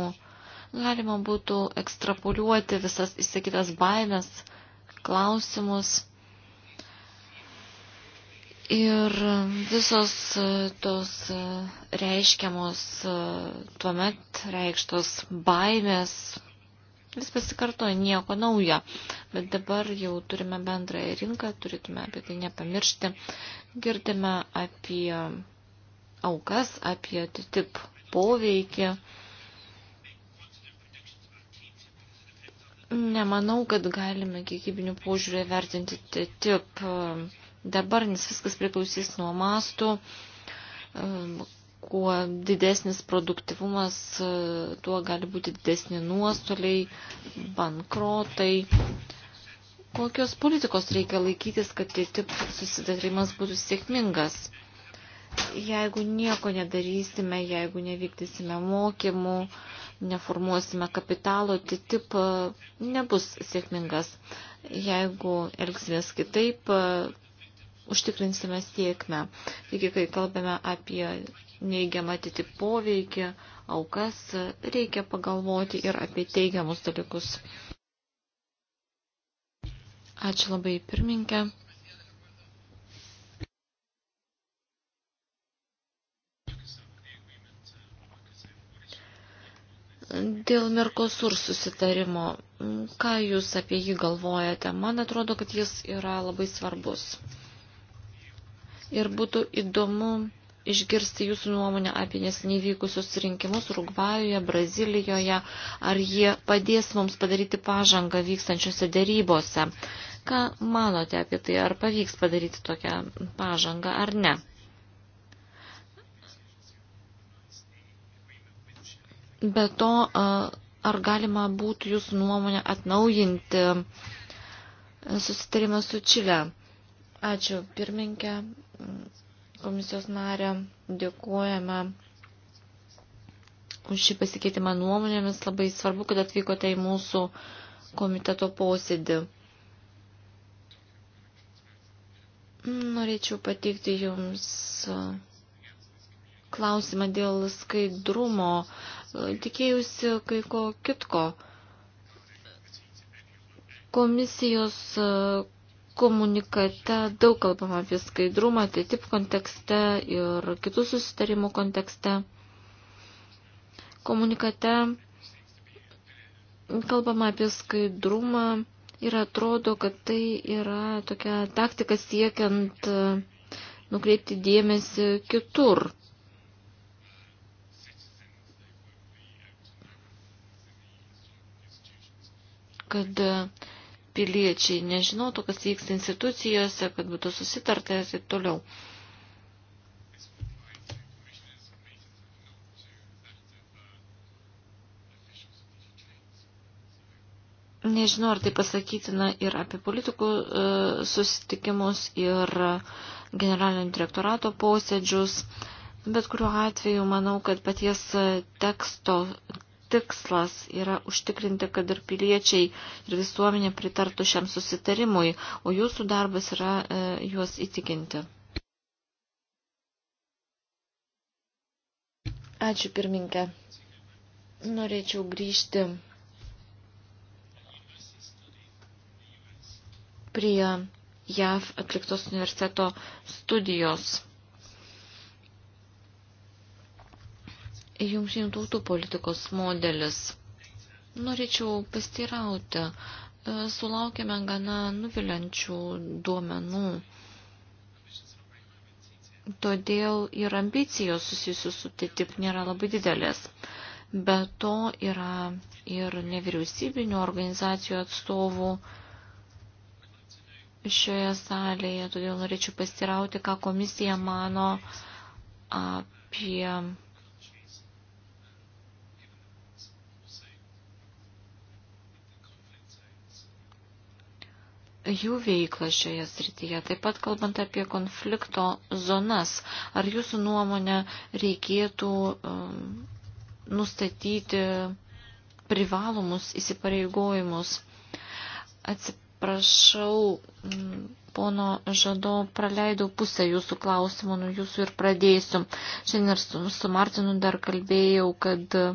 S3: Galima būtų ekstrapoliuoti visas įsakytas baimės, klausimus. Ir visos e, tos e, reiškiamos e, tuomet reikštos baimės vis pasikartoja nieko naujo. Bet dabar jau turime bendrąją rinką, turėtume apie tai nepamiršti. Girdime apie aukas, apie tip poveikį. Nemanau, kad galime kiekybinių požiūrį vertinti tip. Uh, dabar, nes viskas priklausys nuo mastų. Kuo didesnis produktivumas, e, tuo gali būti didesni nuostoliai, bankrotai. Kokios politikos reikia laikytis, kad tai tip susidarimas būtų sėkmingas? Jeigu nieko nedarysime, jeigu nevykdysime mokymų, neformuosime kapitalo, tai tip e, nebus sėkmingas. Jeigu elgsimės kitaip, e, užtikrinsime sėkmę. Taigi, kai kalbame apie neigiamą atitį poveikį, aukas, reikia pagalvoti ir apie teigiamus dalykus. Ačiū labai pirminkę. Dėl Merkosur susitarimo, ką Jūs apie jį galvojate? Man atrodo, kad jis yra labai svarbus ir būtų įdomu išgirsti jūsų nuomonę apie neseniai vykusius rinkimus Urugvajoje, Brazilijoje, ar jie padės mums padaryti pažangą vykstančiose dėrybose. Ką manote apie tai, ar pavyks padaryti tokią pažangą ar ne? Be to, ar galima būtų jūsų nuomonę atnaujinti susitarimą su Čile? Ačiū, pirminkė komisijos narę, dėkojame už šį pasikeitimą nuomonėmis. Labai svarbu, kad atvykote į mūsų komiteto posėdį. Norėčiau pateikti Jums klausimą dėl skaidrumo. Tikėjusi kai ko kitko. Komisijos Komunikate daug kalbama apie skaidrumą, tai tip kontekste ir kitų susitarimų kontekste. Komunikate kalbama apie skaidrumą ir atrodo, kad tai yra tokia taktika siekiant e, nukreipti dėmesį kitur. Kad e, piliečiai nežinotų, kas vyksta institucijose, kad būtų susitarta ir taip toliau. Nežinau, ar tai pasakytina ir apie politikų e, susitikimus, ir generalinio direktorato posėdžius, bet kuriuo atveju manau, kad paties teksto tikslas yra užtikrinti, kad ir piliečiai ir visuomenė pritartų šiam susitarimui, o jūsų darbas yra e, juos įtikinti. Ačiū pirminkė. Norėčiau grįžti prie JAV atliktos universiteto studijos. jungtinių tautų politikos modelis. Norėčiau pastirauti, e, sulaukėme gana nuviliančių duomenų. Todėl ir ambicijos susijusių su TTIP nėra labai didelės. Be to yra ir nevyriausybinių organizacijų atstovų šioje salėje, todėl norėčiau pastirauti, ką komisija mano apie jų veiklą šioje srityje, taip pat kalbant apie konflikto zonas. Ar jūsų nuomonė reikėtų um, nustatyti privalomus įsipareigojimus? Atsiprašau, um, pono Žado, praleidau pusę jūsų klausimų, nuo jūsų ir pradėsiu. Šiandien ir su, su Martinu dar kalbėjau, kad uh,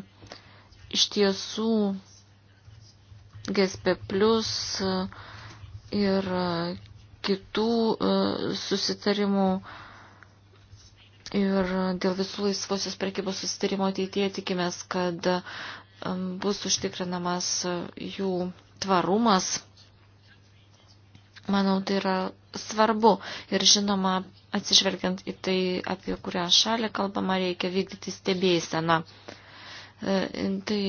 S3: iš tiesų GSP plus uh, ir e, kitų e, susitarimų ir dėl visų laisvosios prekybos susitarimo ateityje tikimės, kad e, bus užtikrinamas jų tvarumas. Manau, tai yra svarbu ir žinoma, atsižvelgiant į tai, apie kurią šalį kalbama, reikia vykdyti stebėseną. Na, E, tai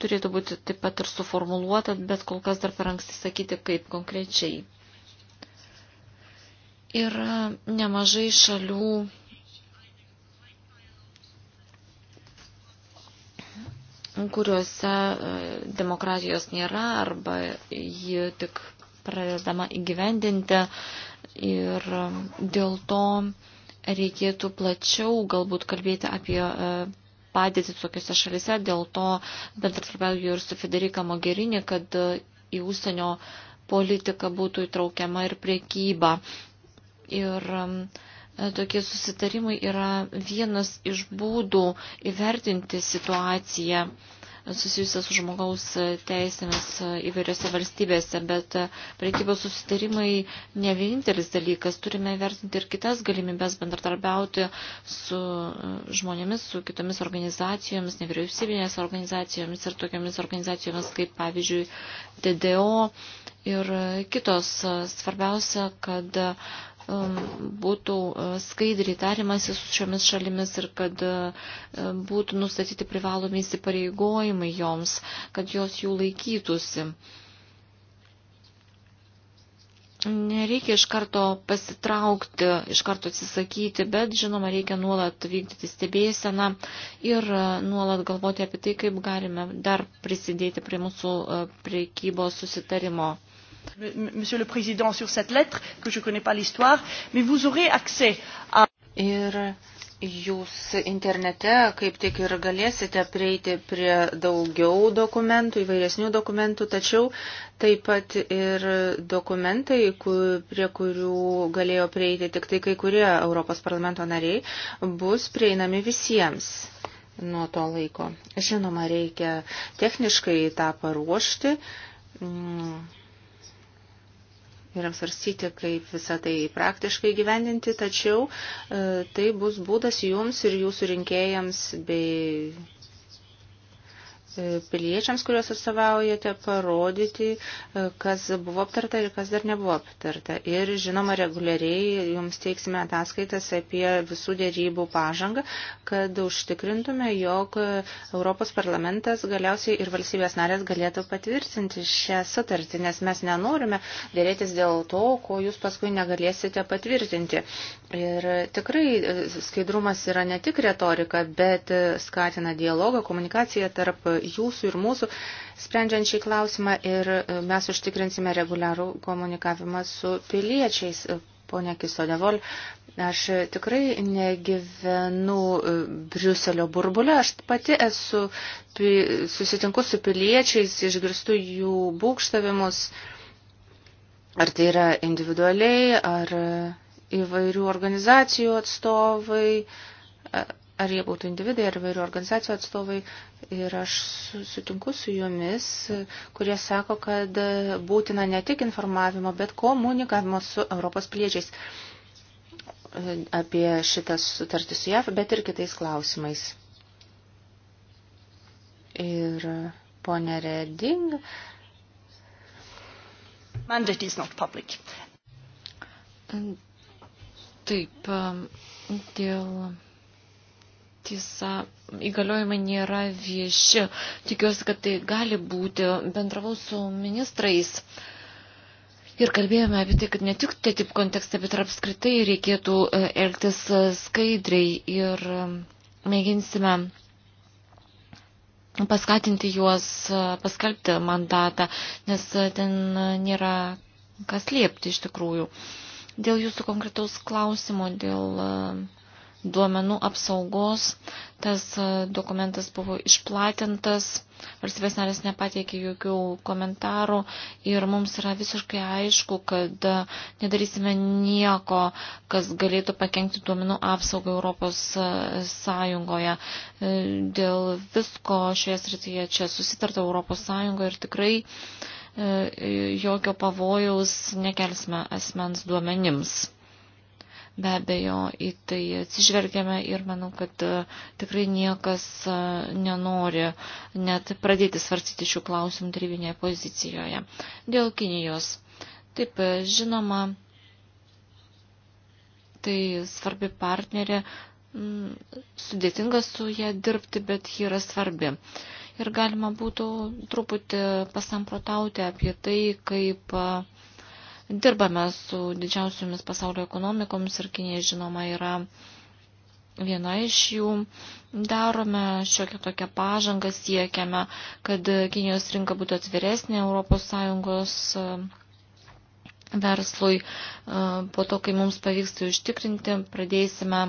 S3: turėtų būti taip pat ir suformuluota, bet kol kas dar per anksti sakyti, kaip konkrečiai. Yra nemažai šalių, kuriuose e, demokratijos nėra arba ji tik pradedama įgyvendinti ir e, dėl to reikėtų plačiau galbūt kalbėti apie padėtį tokiuose šalise, dėl to bendradarbiauju ir su Federika Mogherini, kad e, į užsienio politiką būtų įtraukiama ir priekyba. Ir e, tokie susitarimai yra vienas iš būdų įvertinti situaciją susijusias su žmogaus teisėmis įvairiose valstybėse, bet prekybos susitarimai ne vienintelis dalykas. Turime vertinti ir kitas galimybės bendradarbiauti su žmonėmis, su kitomis organizacijomis, nevyriausybinės organizacijomis ir tokiamis organizacijomis kaip pavyzdžiui TDO ir kitos. Svarbiausia, kad Um, būtų uh, skaidriai tarimasi su šiomis šalimis ir kad uh, um, būtų nustatyti privalomi įsipareigojimai joms, kad jos jų laikytųsi. Nereikia iš karto pasitraukti, iš karto atsisakyti, bet žinoma, reikia nuolat vykdyti stebėseną ir uh, nuolat galvoti apie tai, kaip galime dar prisidėti prie mūsų priekybos susitarimo.
S2: Monsieur le Président, sur cette lettre, que je ne connais pas l'histoire, mais vous aurez accès à. Ir jūs
S4: internete kaip tik ir galėsite prieiti prie daugiau dokumentų, įvairesnių dokumentų, tačiau taip pat ir dokumentai, prie kurių galėjo prieiti tik tai kai kurie Europos parlamento nariai, bus prieinami visiems. Nuo to laiko. Žinoma, reikia techniškai tą paruošti. Mm ir apsvarstyti, kaip visą tai praktiškai gyvendinti, tačiau e, tai bus būdas jums ir jūsų rinkėjams bei piliečiams, kuriuos atstovaujate, parodyti, e, kas buvo aptarta ir kas dar nebuvo aptarta. Ir, žinoma, reguliariai jums teiksime ataskaitas apie visų dėrybų pažangą, kad užtikrintume, jog Europos parlamentas galiausiai ir valstybės narės galėtų patvirtinti šią sutartį, nes mes nenorime dėrėtis dėl to, ko jūs paskui negalėsite patvirtinti. Ir tikrai e, skaidrumas yra ne tik retorika, bet e, skatina dialogą, komunikaciją tarp jūsų ir mūsų, sprendžiant šį klausimą ir e, mes užtikrinsime reguliarų komunikavimą su piliečiais. E, Pone Kisodevol, aš e, tikrai negyvenu Briuselio burbulę, aš pati esu, susitinku su piliečiais, išgirstu jų būkštavimus, ar tai yra individualiai, ar įvairių organizacijų atstovai, ar jie būtų individai, ar vairių organizacijų atstovai. Ir aš sutinku su jumis, kurie sako, kad būtina ne tik informavimo, bet komunikavimo su Europos piliečiais apie šitą sutartį su JAF, bet ir kitais klausimais. Ir ponė
S2: Reding. Mandate is not public.
S3: Taip, dėl Tiesa, įgaliojimai nėra vieši. Tikiuosi, kad tai gali būti. Bendravau su ministrais ir kalbėjome apie tai, kad ne tik TTIP tai kontekste, bet ir apskritai reikėtų e, elgtis e, skaidriai ir e, mėginsime paskatinti juos paskelbti mandatą, nes ten nėra kas liepti iš tikrųjų. Dėl jūsų konkretaus klausimo, dėl duomenų apsaugos. Tas e, dokumentas buvo išplatintas, valstybės narės nepateikė jokių komentarų ir mums yra visiškai aišku, kad e, nedarysime nieko, kas galėtų pakengti duomenų apsaugą Europos e, Sąjungoje. Dėl visko šioje srityje čia susitarta Europos Sąjungoje ir tikrai jokio pavojaus nekelsime asmens duomenims. Be abejo, į tai atsižvelgiame ir manau, kad e, tikrai niekas e, nenori net pradėti svarstyti šių klausimų tarybinėje pozicijoje. Dėl Kinijos. Taip, e, žinoma, tai svarbi partnerė, sudėtinga su ją dirbti, bet ji yra svarbi. Ir galima būtų truputį pasamprotauti apie tai, kaip Dirbame su didžiausiomis pasaulio ekonomikomis ir Kinė, žinoma, yra viena iš jų. Darome šiokią tokią pažangą, siekiame, kad Kinijos rinka būtų atviresnė Europos Sąjungos e, verslui. E, po to, kai mums pavyks tai užtikrinti, pradėsime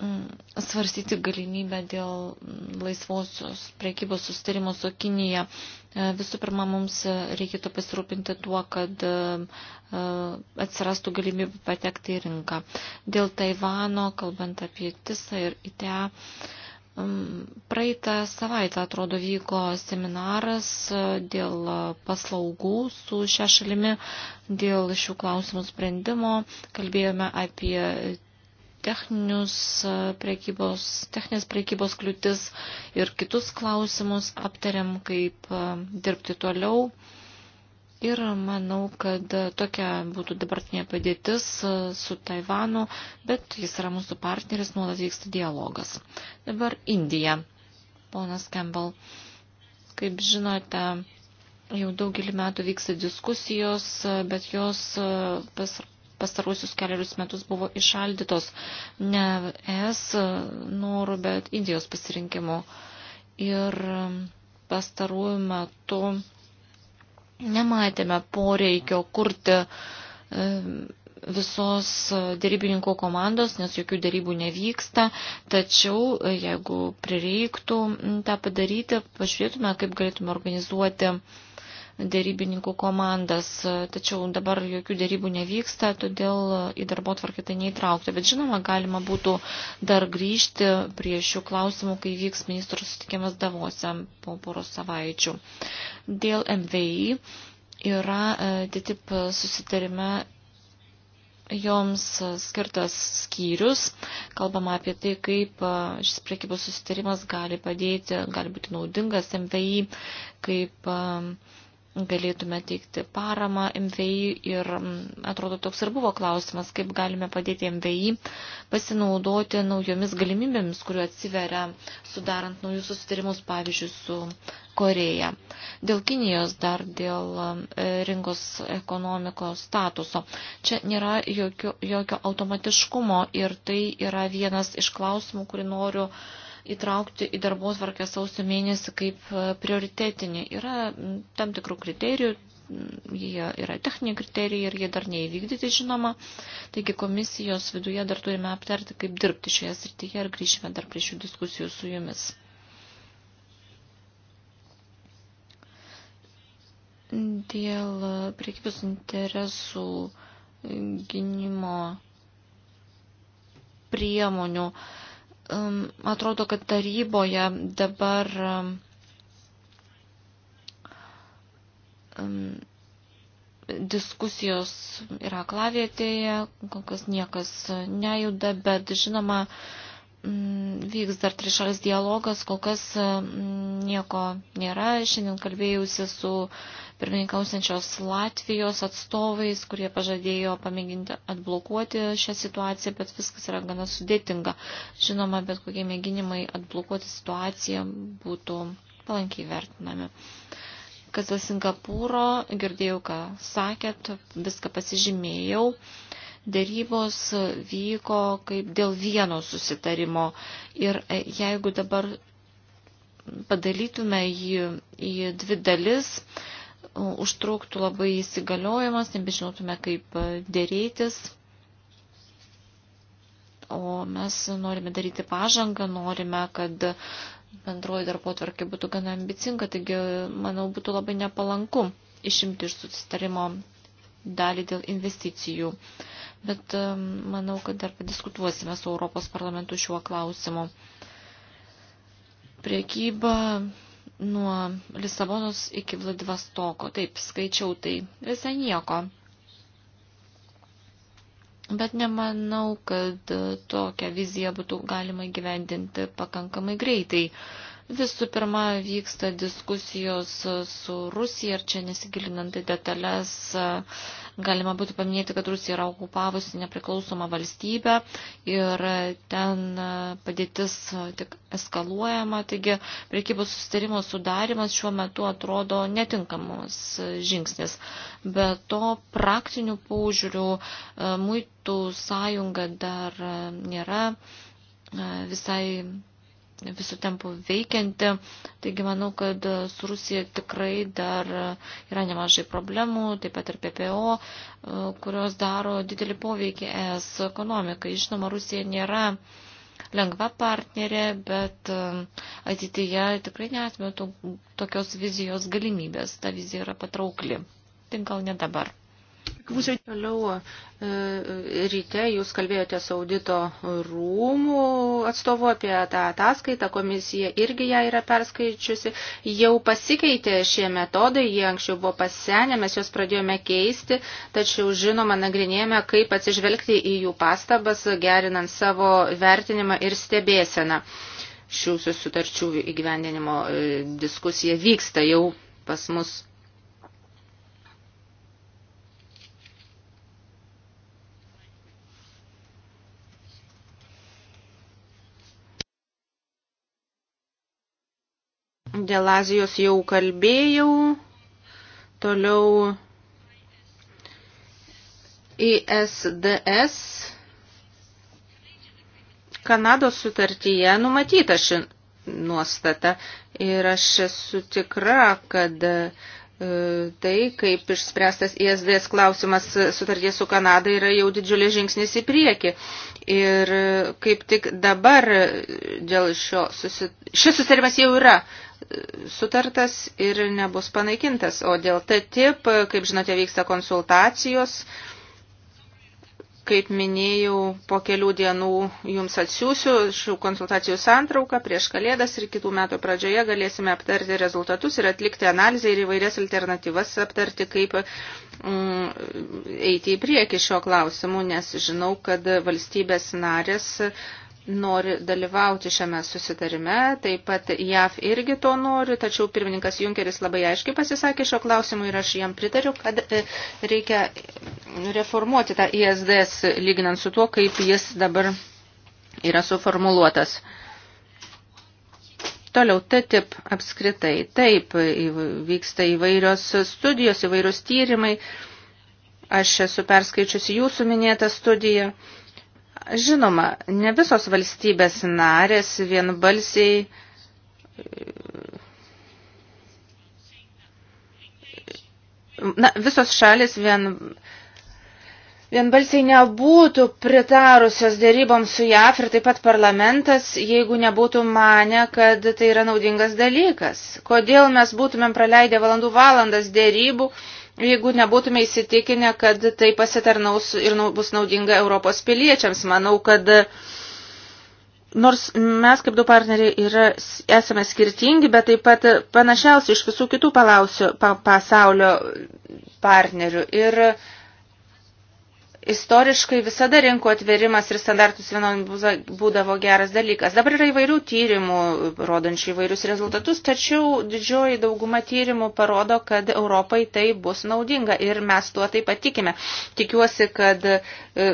S3: Mm, svarstyti galimybę dėl laisvosios priekybos sustarimo su Kinija. E, visų pirma, mums reikėtų pasirūpinti tuo, kad e, e, atsirastų galimybę patekti į rinką. Dėl Taivano, kalbant apie TISA ir ITE, mm, praeitą savaitę, atrodo, vyko seminaras dėl paslaugų su šia šalimi, dėl šių klausimų sprendimo. Kalbėjome apie E, prekybos, techninės prekybos kliūtis ir kitus klausimus aptariam, kaip e, dirbti toliau. Ir manau, kad e, tokia būtų dabartinė padėtis su Taivanu, bet jis yra mūsų partneris, nuolat vyksta dialogas. Dabar Indija. Ponas Campbell, kaip žinote, jau daugelį metų vyksta diskusijos, bet jos pas, pastarusius keliarius metus buvo išaldytos ne ES norų, bet Indijos pasirinkimo. Ir pastaruoju metu nematėme poreikio kurti e, visos dėrybininkų komandos, nes jokių dėrybų nevyksta, tačiau e, jeigu prireiktų tą padaryti, pažiūrėtume, kaip galėtume organizuoti uh, dėrybininkų komandas, tačiau dabar jokių dėrybų nevyksta, todėl į darbo tvarkį tai neįtraukta. Bet žinoma, galima būtų dar grįžti prie šių klausimų, kai vyks ministrų susitikimas Davose po poros savaičių. Dėl MVI yra e, TTIP susitarime joms skirtas skyrius. Kalbama apie tai, kaip e, šis priekybos susitarimas gali padėti, gali būti naudingas MVI, kaip e, galėtume teikti paramą MVI ir mm, atrodo toks ir buvo klausimas, kaip galime padėti MVI pasinaudoti naujomis galimybėmis, kuriuo atsiveria sudarant naujus susitarimus, pavyzdžiui, su Koreja. Dėl Kinijos dar dėl e, rinkos ekonomikos statuso. Čia nėra jokio, jokio automatiškumo ir tai yra vienas iš klausimų, kurį noriu uh, įtraukti į darbos varkę sausio mėnesį kaip e, prioritetinį. Yra tam tikrų kriterijų, jie yra techniniai kriterijai ir jie dar neįvykdyti, žinoma. Taigi komisijos viduje dar turime aptarti, kaip dirbti šioje srityje ir grįšime dar prie šių diskusijų su jumis. Dėl priekybės interesų gynimo priemonių. Uh, Um, atrodo, kad taryboje dabar um, um, diskusijos yra klavietėje, kol kas niekas nejuda, bet žinoma, Mm, vyks dar trišalis dialogas, kol kas mm, nieko nėra. Šiandien kalbėjausi su pirmininkausiančios Latvijos atstovais, kurie pažadėjo pamėginti atblokuoti šią situaciją, bet viskas yra gana sudėtinga. Žinoma, bet kokie mėginimai atblokuoti situaciją būtų palankiai vertinami. Kas dėl Singapūro, girdėjau, ką sakėt, viską pasižymėjau. Uh, Dėrybos vyko kaip dėl vieno susitarimo ir e, jeigu dabar padalytume jį į dvi dalis, e, užtruktų labai įsigaliojimas, nebežinotume kaip e, dėrėtis. O mes norime daryti pažangą, norime, kad bendroji darbo tvarkė būtų gana ambicinga, taigi, manau, būtų labai nepalanku išimti iš susitarimo dalį dėl investicijų. Bet um, manau, kad dar padiskutuosime su Europos parlamentu šiuo klausimu. Priekyba nuo Lisabonos iki Vladivostoko. Taip, skaičiau tai visai nieko. Bet nemanau, kad tokią viziją būtų galima gyvendinti pakankamai greitai. Uh, Visų pirma, vyksta diskusijos e, su Rusija ir čia nesigilinant į detalės, e, galima būtų paminėti, kad Rusija yra okupavusi nepriklausomą valstybę ir e, ten padėtis tik eskaluojama, taigi priekybos sustarimo sudarimas šiuo metu atrodo netinkamas žingsnis. Be to, praktinių paužiūrių muitų sąjunga dar nėra visai visų tempų veikianti. Taigi manau, kad su Rusija tikrai dar yra nemažai problemų, taip pat ir PPO, kurios daro didelį poveikį ES ekonomikai. Žinoma, Rusija nėra lengva partnerė, bet um, ateityje tikrai netmetu tokios vizijos galimybės. Ta vizija yra patraukli. Tik gal ne dabar.
S4: Toliau e, e, ryte jūs kalbėjote su audito rūmų atstovu apie tą ataskaitą, komisija irgi ją yra perskaičiusi. Jau pasikeitė šie metodai, jie anksčiau buvo pasenę, mes juos pradėjome keisti, tačiau žinoma nagrinėjame, kaip atsižvelgti į jų pastabas, gerinant savo vertinimą ir stebėseną. Šių sutarčių įgyvendinimo e, diskusija vyksta jau pas mus Dėl Azijos jau kalbėjau. Toliau ISDS. Kanados sutartyje numatyta ši nuostata ir aš esu tikra, kad e, tai, kaip išspręstas ISDS klausimas sutarties su Kanada, yra jau didžiulis žingsnis į priekį. Ir e, kaip tik dabar e, dėl šio susit... šis susitarimas jau yra sutartas ir nebus panaikintas. O dėl TTIP, kaip žinote, vyksta konsultacijos. Kaip minėjau, po kelių dienų jums atsiųsiu šių konsultacijų santrauką prieš kalėdas ir kitų metų pradžioje galėsime aptarti rezultatus ir atlikti analizę ir įvairias alternatyvas aptarti, kaip mm, eiti į priekį šio klausimu, nes žinau, kad valstybės narės nori dalyvauti šiame susitarime, taip pat JAV irgi to nori, tačiau pirmininkas Junkeris labai aiškiai pasisakė šio klausimu ir aš jam pritariu, kad e, reikia reformuoti tą ISDS lyginant su tuo, kaip jis dabar yra suformuluotas. Toliau TTIP apskritai. Taip, vyksta įvairios studijos, įvairios tyrimai. Aš esu perskaičiusi jūsų minėtą studiją. Žinoma, ne visos valstybės narės vienbalsiai na, visos šalis vien, vienbalsiai nebūtų pritarusios dėryboms su JAF ir taip pat parlamentas, jeigu nebūtų mane, kad tai yra naudingas dalykas. Kodėl mes būtumėm praleidę valandų valandas dėrybų, jeigu nebūtume įsitikinę, kad tai pasitarnaus ir bus naudinga Europos piliečiams. Manau, kad nors mes kaip du partneriai yra, esame skirtingi, bet taip pat panašiausi iš visų kitų palausio, pa, pasaulio partnerių. Ir Istoriškai visada rinkų atverimas ir standartus vienodin būdavo geras dalykas. Dabar yra įvairių tyrimų, rodančių įvairius rezultatus, tačiau didžioji dauguma tyrimų parodo, kad Europai tai bus naudinga ir mes tuo taip patikime. Tikiuosi, kad e,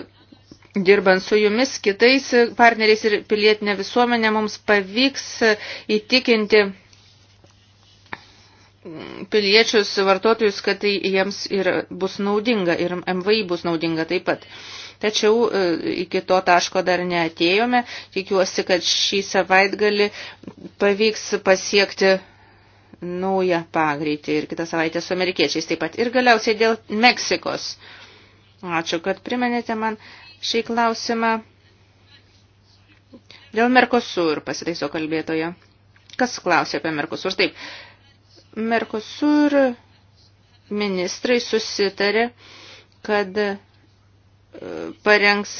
S4: dirbant su jumis, kitais e, partneriais ir pilietinė visuomenė mums pavyks e, įtikinti piliečius, vartotojus, kad tai jiems ir bus naudinga ir MVI bus naudinga taip pat. Tačiau e, iki to taško dar neatėjome. Tikiuosi, kad šį savaitgalį pavyks pasiekti naują pagreitį ir kitą savaitę su amerikiečiais taip pat. Ir galiausiai dėl Meksikos. Ačiū, kad primenėte man šį klausimą. Dėl Merkosur pasitaiso kalbėtoje. Kas klausė apie Merkosur? Taip, Merkosur ministrai susitarė, kad e, parengs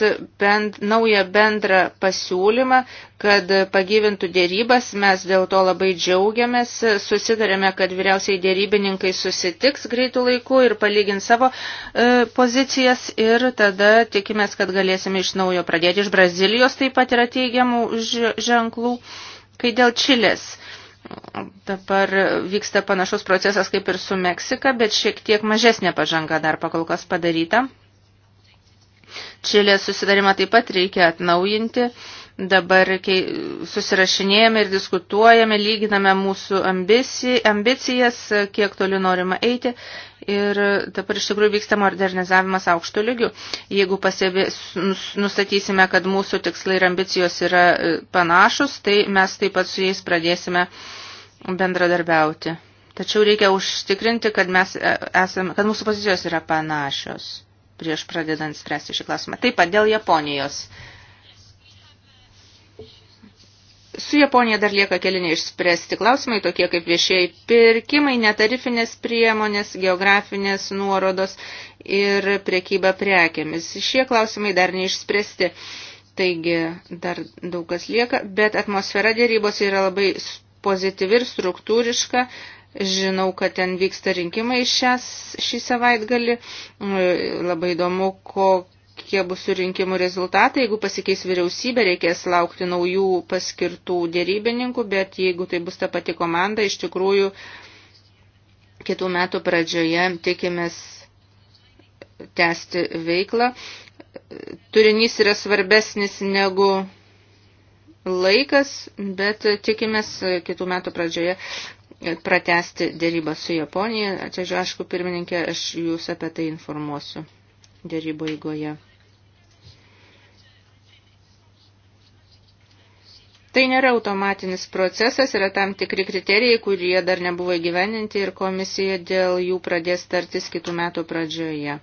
S4: bend, naują bendrą pasiūlymą, kad pagyvintų dėrybas, mes dėl to labai džiaugiamės, susitarėme, kad vyriausiai dėrybininkai susitiks greitų laikų ir palygins savo e, pozicijas ir tada tikimės, kad galėsime iš naujo pradėti. Iš Brazilijos taip pat yra teigiamų ženklų, kai dėl Čilės. E, Dabar vyksta panašus procesas kaip ir su Meksika, bet šiek tiek mažesnė pažanga dar pakol kas padaryta. Čilės susidarimą taip pat reikia atnaujinti dabar susirašinėjame ir diskutuojame, lyginame mūsų ambicijas, kiek toli norima eiti. Ir dabar iš tikrųjų vyksta modernizavimas aukšto lygių. Jeigu pasibė, nustatysime, kad mūsų tikslai ir ambicijos yra e, panašus, tai mes taip pat su jais pradėsime bendradarbiauti. Tačiau reikia užtikrinti, kad, mes e, esame, kad mūsų pozicijos yra panašios prieš pradedant spręsti šį klausimą. Taip pat dėl Japonijos. Su Japonija dar lieka keli neišspręsti klausimai, tokie kaip viešieji pirkimai, netarifinės priemonės, geografinės nuorodos ir priekyba prekiamis. Šie klausimai dar neišspręsti, taigi dar daug kas lieka, bet atmosfera dėrybos yra labai pozityvi ir struktūriška. Žinau, kad ten vyksta rinkimai šias, šį savaitgalį. Labai įdomu, kokia kokie bus surinkimų rezultatai. Jeigu pasikeis vyriausybė, reikės laukti naujų paskirtų dėrybininkų, bet jeigu tai bus ta pati komanda, iš tikrųjų kitų metų pradžioje tikimės tęsti veiklą. Turinys yra svarbesnis negu laikas, bet tikimės kitų metų pradžioje pratesti dėrybą su Japonija. Čia, aišku, pirmininkė, aš jūs apie tai informuosiu dėrybo įgoje. Tai nėra automatinis procesas, yra tam tikri kriterijai, kurie dar nebuvo įgyveninti ir komisija dėl jų pradės tartis kitų metų pradžioje.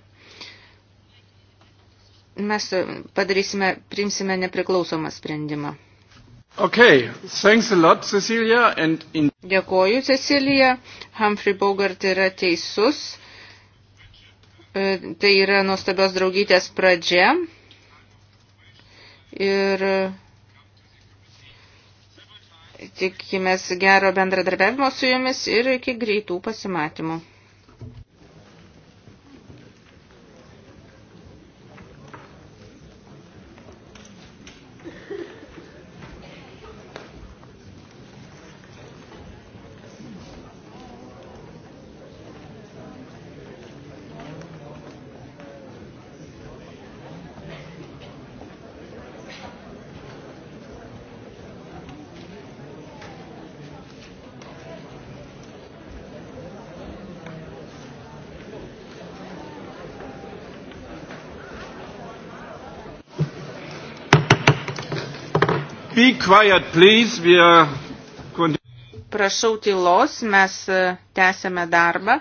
S4: Mes padarysime, primsime nepriklausomą sprendimą. Okay, thanks a lot, Cecilia. And in... Dėkoju, Cecilija. Humphrey Bogart yra teisus. E, tai yra nuostabios draugytės pradžia. Ir Tikimės gero bendradarbiavimo su jumis ir iki greitų pasimatymų.
S1: quiet, please. We are...
S4: Prašau tylos, mes e, tęsėme darbą.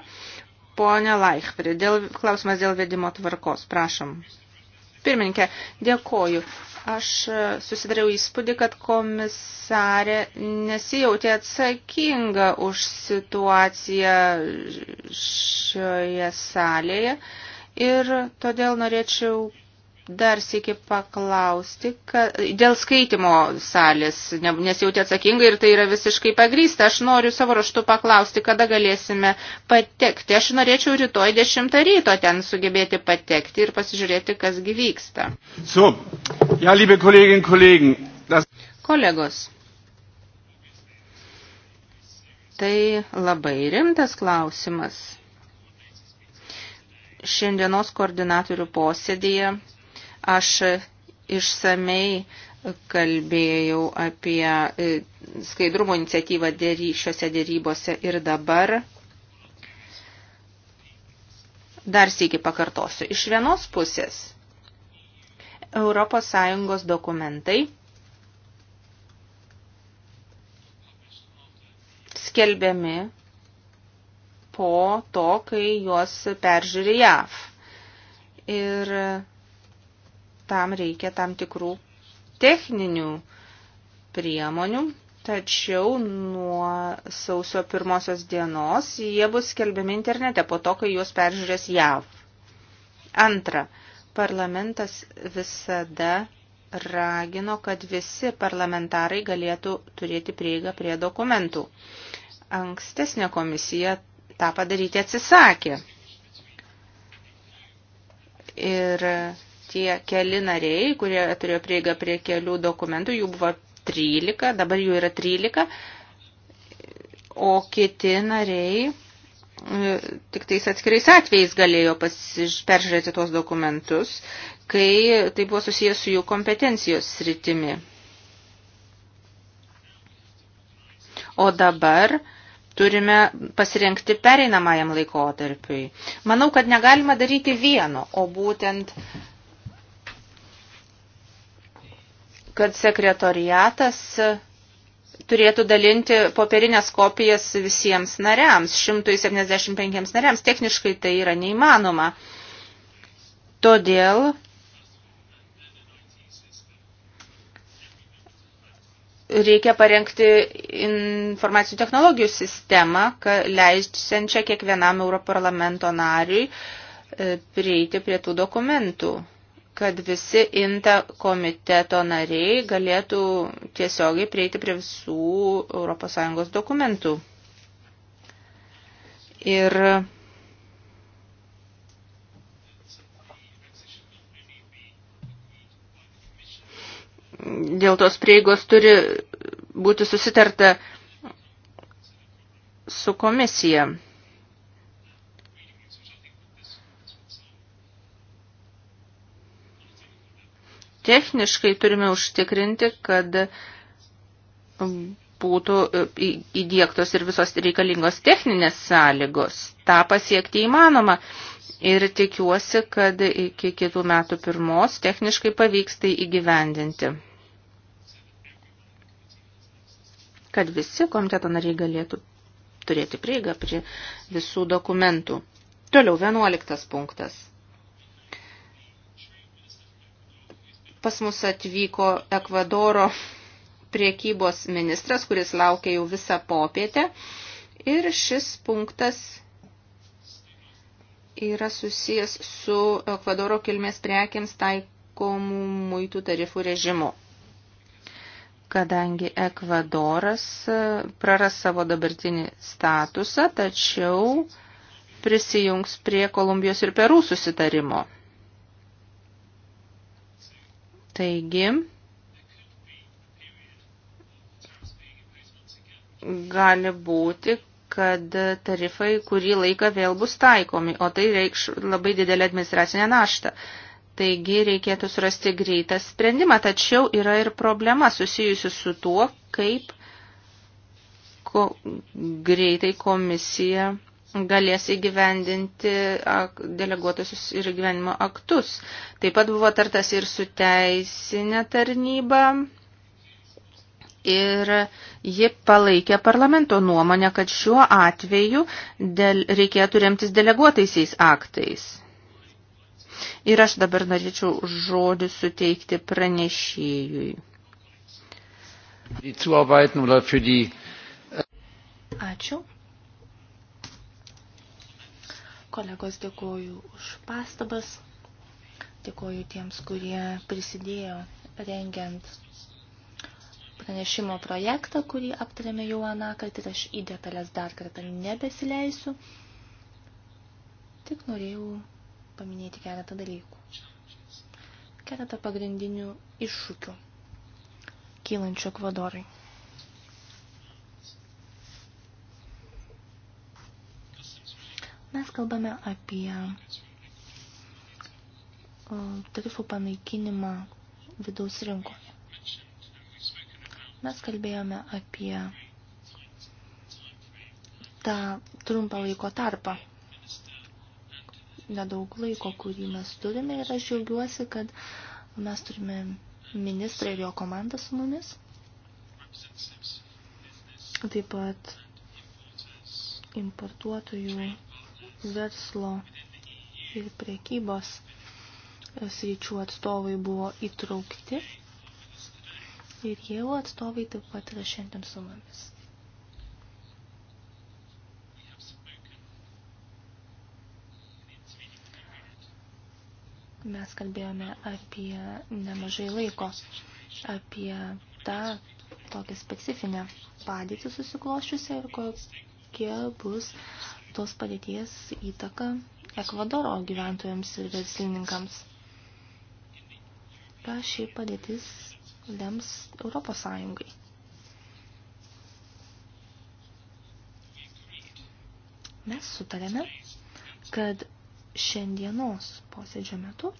S4: Pone Laichfri, dėl, klausimas dėl vedimo tvarkos, prašom. Pirmininkė, dėkoju. Aš e, susidariau įspūdį, kad komisarė nesijautė atsakinga už situaciją šioje salėje ir todėl norėčiau dar sėki paklausti, kad, dėl skaitimo salės, nesijauti atsakingai ir tai yra visiškai pagrysta. Aš noriu savo raštu paklausti, kada galėsime patekti. Aš norėčiau rytoj 10 ryto ten sugebėti patekti ir pasižiūrėti, kas gyvyksta.
S1: So, ja, liebe Kolleginnen, Kollegen, das...
S4: Kolegos. Tai labai rimtas klausimas. Šiandienos koordinatorių posėdėje Aš išsamei kalbėjau apie e, skaidrumo iniciatyvą dėry, šiuose dėrybose ir dabar. Dar sėki pakartosiu. Iš vienos pusės ES dokumentai skelbiami po to, kai juos peržiūri JAV. Ir tam reikia tam tikrų techninių priemonių, tačiau nuo sausio pirmosios dienos jie bus skelbiami internete po to, kai juos peržiūrės JAV. Antra, parlamentas visada ragino, kad visi parlamentarai galėtų turėti prieigą prie dokumentų. Ankstesnė komisija tą padaryti atsisakė. Ir tie keli nariai, kurie turėjo prieigą prie kelių dokumentų, jų buvo 13, dabar jų yra 13, o kiti nariai e, tik tais atskirais atvejais galėjo peržiūrėti tuos dokumentus, kai tai buvo susijęs su jų kompetencijos sritimi. O dabar turime pasirinkti pereinamajam laikotarpiui. Manau, kad negalima daryti vieno, o būtent uh, kad sekretoriatas turėtų dalinti popierinės kopijas visiems nariams, 175 nariams. Techniškai tai yra neįmanoma. Todėl reikia parengti informacijų technologijų sistemą, leidžiančią kiekvienam Europarlamento nariui e, prieiti prie tų dokumentų kad visi INTA komiteto nariai galėtų tiesiogiai prieiti prie visų ES dokumentų. Ir dėl tos prieigos turi būti susitarta su komisija. techniškai turime užtikrinti, kad būtų įdėktos ir visos reikalingos techninės sąlygos. Ta pasiekti įmanoma. Ir tikiuosi, kad iki kitų metų pirmos techniškai pavyks tai įgyvendinti. Kad visi komiteto nariai galėtų turėti prieigą prie visų dokumentų. Toliau, vienuoliktas punktas. Pas mus atvyko Ekvadoro priekybos ministras, kuris laukia jau visą popietę. Ir šis punktas yra susijęs su Ekvadoro kilmės prekiams taikomų muitų tarifų režimu. Kadangi Ekvadoras praras savo dabartinį statusą, tačiau prisijungs prie Kolumbijos ir Perų susitarimo. Taigi, gali būti, kad tarifai kurį laiką vėl bus taikomi, o tai reikš labai didelę administracinę naštą. Taigi reikėtų surasti greitą sprendimą, tačiau yra ir problema susijusi su tuo, kaip ko, greitai komisija galės įgyvendinti deleguotusius ir gyvenimo aktus. Taip pat buvo tartas ir su teisinė tarnyba ir ji palaikė parlamento nuomonę, kad šiuo atveju del, reikėtų remtis deleguotaisiais aktais. Ir aš dabar norėčiau žodį suteikti pranešėjui.
S2: Ačiū. Kolegos, dėkoju už pastabas, dėkoju tiems, kurie prisidėjo rengiant pranešimo projektą, kurį aptarėme jau anakart ir aš į detalės dar kartą nebesileisiu. Tik norėjau paminėti keletą dalykų. Keletą pagrindinių iššūkių kylančių Ekvadorui. Mes kalbame apie tarifų panaikinimą vidaus rinkoje. Mes kalbėjome apie tą trumpą laiko tarpą. Nedaug laiko, kurį mes turime ir aš džiaugiuosi, kad mes turime ministrą ir jo komandą su mumis. Taip pat importuotojų verslo ir prekybos e, sričių atstovai buvo įtraukti ir jau atstovai taip pat yra šiandien su mumis. Mes kalbėjome apie nemažai laiko, apie tą tokią specifinę padėtį susikloščiusią ir kokie bus tos padėties įtaką Ekvadoro gyventojams ir verslininkams. Ką ši padėtis lems Europos Sąjungai? Mes sutarėme, kad šiandienos posėdžio metu,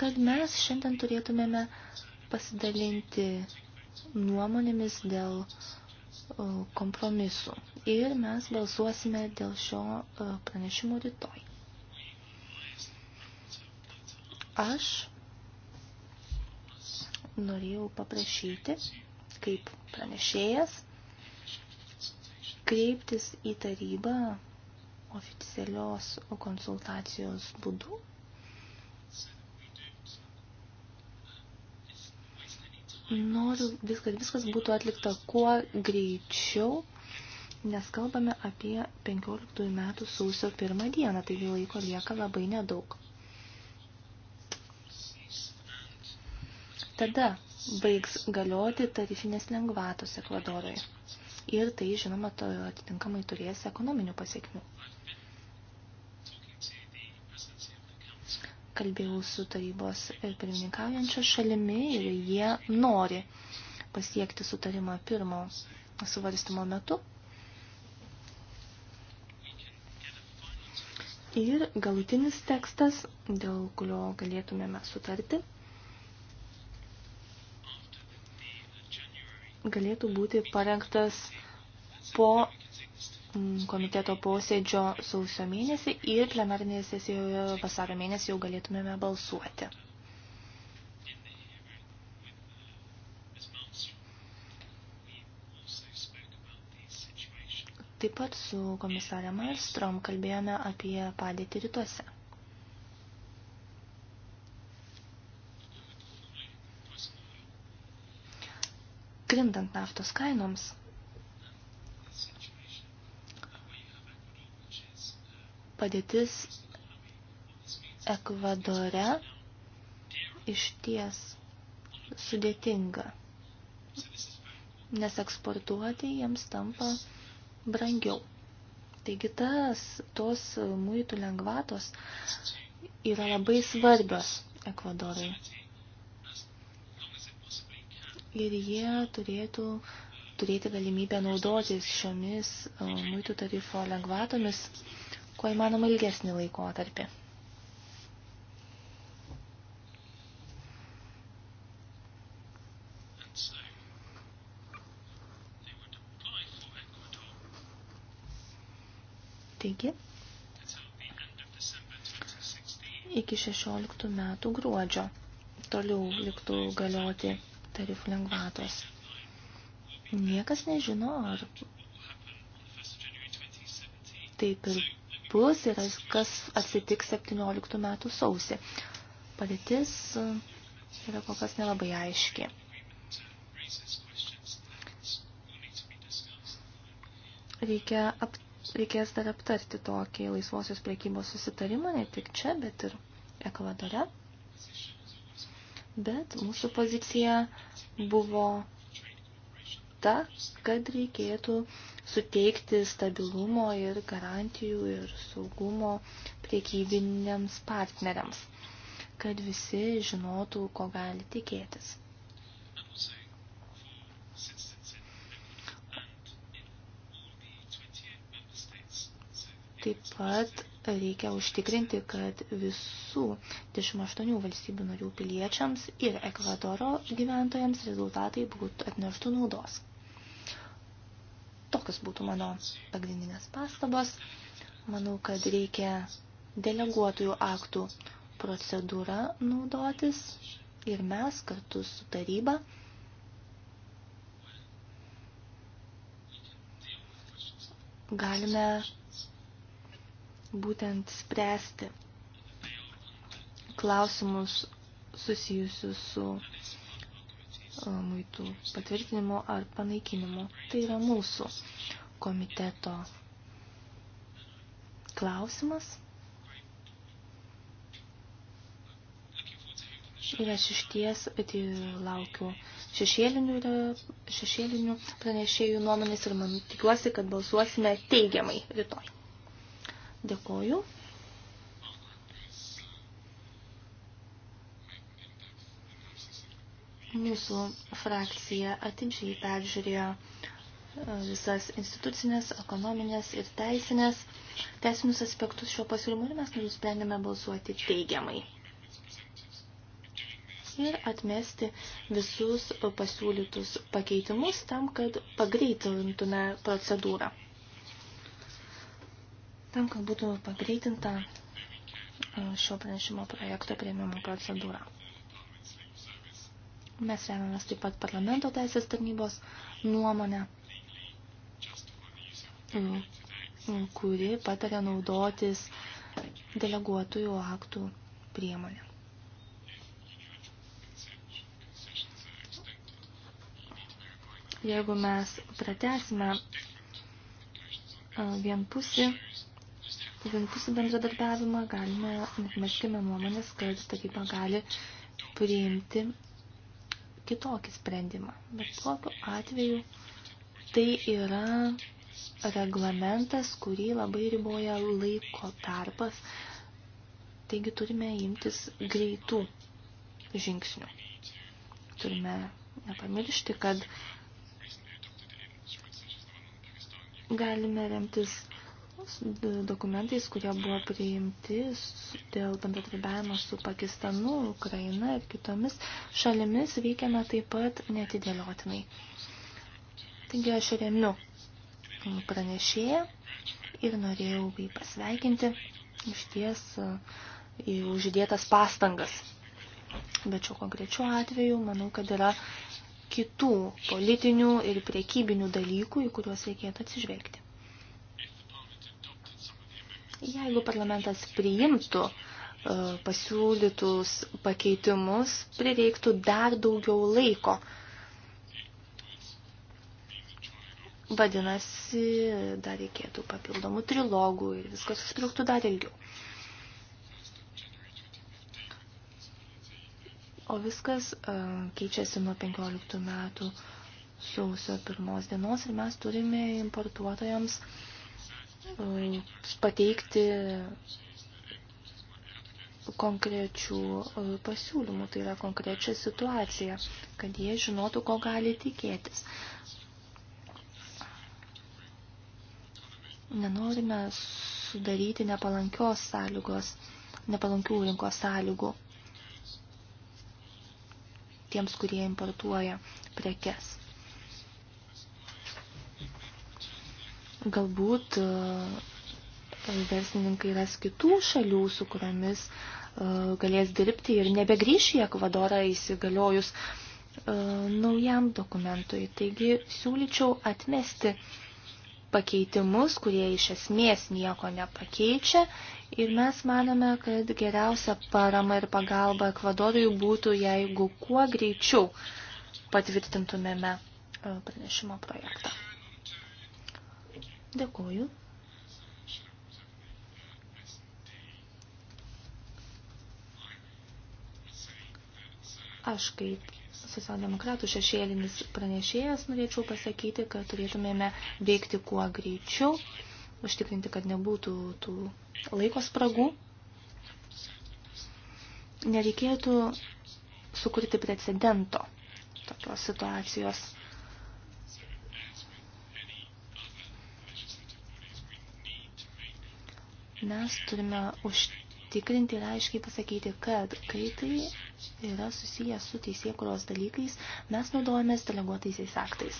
S2: kad mes šiandien turėtumėme pasidalinti nuomonėmis dėl uh, kompromisų. Ir mes balsuosime dėl šio pranešimo rytoj. Aš norėjau paprašyti, kaip pranešėjas, kreiptis į tarybą oficialios konsultacijos būdu Noriu, vis, kad viskas būtų atlikta kuo greičiau, nes kalbame apie 15 metų sausio pirmą dieną, taigi laiko lieka labai nedaug. Tada baigs galioti tarifinės lengvatos Ekvadorui. Ir tai, žinoma, to atitinkamai turės ekonominių pasiekmių. kalbėjau su tarybos pirmininkaujančia šalimi ir jie nori pasiekti sutarimą pirmo suvarstymo metu. Ir galutinis tekstas, dėl kurio galėtumėme sutarti, galėtų būti parengtas po Mm, komiteto posėdžio sausio mėnesį ir plenarinėje sesijoje vasario mėnesį jau galėtumėme balsuoti. Taip pat su komisarė Malstrom kalbėjome apie padėtį rytuose. Krintant naftos kainoms, padėtis Ekvadore išties sudėtinga, nes eksportuoti jiems tampa brangiau. Taigi tas, tos muitų lengvatos yra labai svarbios Ekvadorui. Ir jie turėtų turėti galimybę naudotis šiomis uh, muitų tarifo lengvatomis kuo įmanoma ilgesnį laikotarpį. Taigi, iki 16 metų gruodžio toliau liktų galioti tarifų lengvatos. Niekas nežino, ar taip ir etapus ir kas atsitiks 17 metų sausį. Padėtis e, yra kol kas nelabai aiški. Reikia ap, reikės dar aptarti tokį laisvosios priekybos susitarimą, ne tik čia, bet ir Ekvadore. Bet mūsų pozicija buvo ta, kad reikėtų uh, suteikti stabilumo ir garantijų ir saugumo priekybiniams partneriams, kad visi žinotų, ko gali tikėtis. Taip pat reikia užtikrinti, kad visų 28 valstybių narių piliečiams ir Ekvadoro gyventojams rezultatai būtų atneštų naudos. Tokios būtų mano pagrindinės pastabos. Manau, kad reikia deleguotojų aktų procedūrą naudotis ir mes kartu su taryba galime būtent spręsti klausimus susijusius su E, muitų patvirtinimo ar panaikinimo. Tai yra mūsų komiteto klausimas. Ir aš iš ties laukiu šešėlinių, šešėlinių pranešėjų nuomonės ir man tikiuosi, kad balsuosime teigiamai rytoj. Dėkoju. Mūsų frakcija atinčiai peržiūrėjo e, visas institucinės, ekonominės ir teisinės, teisinius aspektus šio pasiūlymo ir mes nusprendėme balsuoti teigiamai. Ir atmesti visus pasiūlytus pakeitimus tam, kad pagreitintume procedūrą. Tam, kad būtų pagreitinta e, šio pranešimo projekto prieimimo procedūra. Mes remiamės taip pat parlamento teisės tarnybos nuomonę, mm, kuri patarė naudotis deleguotųjų aktų priemonė. Jeigu mes pratesime vienpusį, vienpusį bendradarbiavimą, galime, net meškime nuomonės, kad taryba gali priimti kitokį sprendimą. Bet kokiu atveju tai yra reglamentas, kurį labai riboja laiko tarpas, taigi turime imtis greitų žingsnių. Turime nepamiršti, kad galime remtis dokumentais, kurie buvo priimti dėl bendradarbiavimo su Pakistanu, Ukraina ir kitomis šalimis, veikiame taip pat netidėliotinai. Taigi aš remiu pranešėją ir norėjau jį pasveikinti iš ties uždėtas pastangas. Bet šiuo konkrečiu atveju manau, kad yra kitų politinių ir priekybinių dalykų, į kuriuos reikėtų atsižvelgti. Jeigu parlamentas priimtų e, pasiūlytus pakeitimus, prireiktų dar daugiau laiko. Vadinasi, dar reikėtų papildomų trilogų ir viskas užtruktų dar ilgiau. O viskas uh, keičiasi nuo 15 metų sausio pirmos dienos ir mes turime importuotojams uh, Um, pateikti konkrečių uh, pasiūlymų, tai yra konkrečią situaciją, kad jie žinotų, ko gali tikėtis. Nenorime sudaryti nepalankios sąlygos, nepalankių rinkos sąlygų tiems, kurie importuoja prekes. Galbūt e, verslininkai ras kitų šalių, su kuriomis e, galės dirbti ir nebegrįš į Ekvadorą įsigaliojus e, naujam dokumentui. Taigi siūlyčiau atmesti pakeitimus, kurie iš esmės nieko nepakeičia ir mes manome, kad geriausia parama ir pagalba Ekvadorui būtų, jeigu kuo greičiau patvirtintumėme pranešimo projektą. Dėkoju. Aš kaip socialdemokratų šešėlinis pranešėjas norėčiau pasakyti, kad turėtumėme veikti kuo greičiau, užtikrinti, kad nebūtų tų laiko spragų. Nereikėtų sukurti precedento tokios situacijos. mes turime užtikrinti ir aiškiai pasakyti, kad kai tai yra susijęs su teisėkuros dalykais, mes naudojamės deleguotaisiais aktais.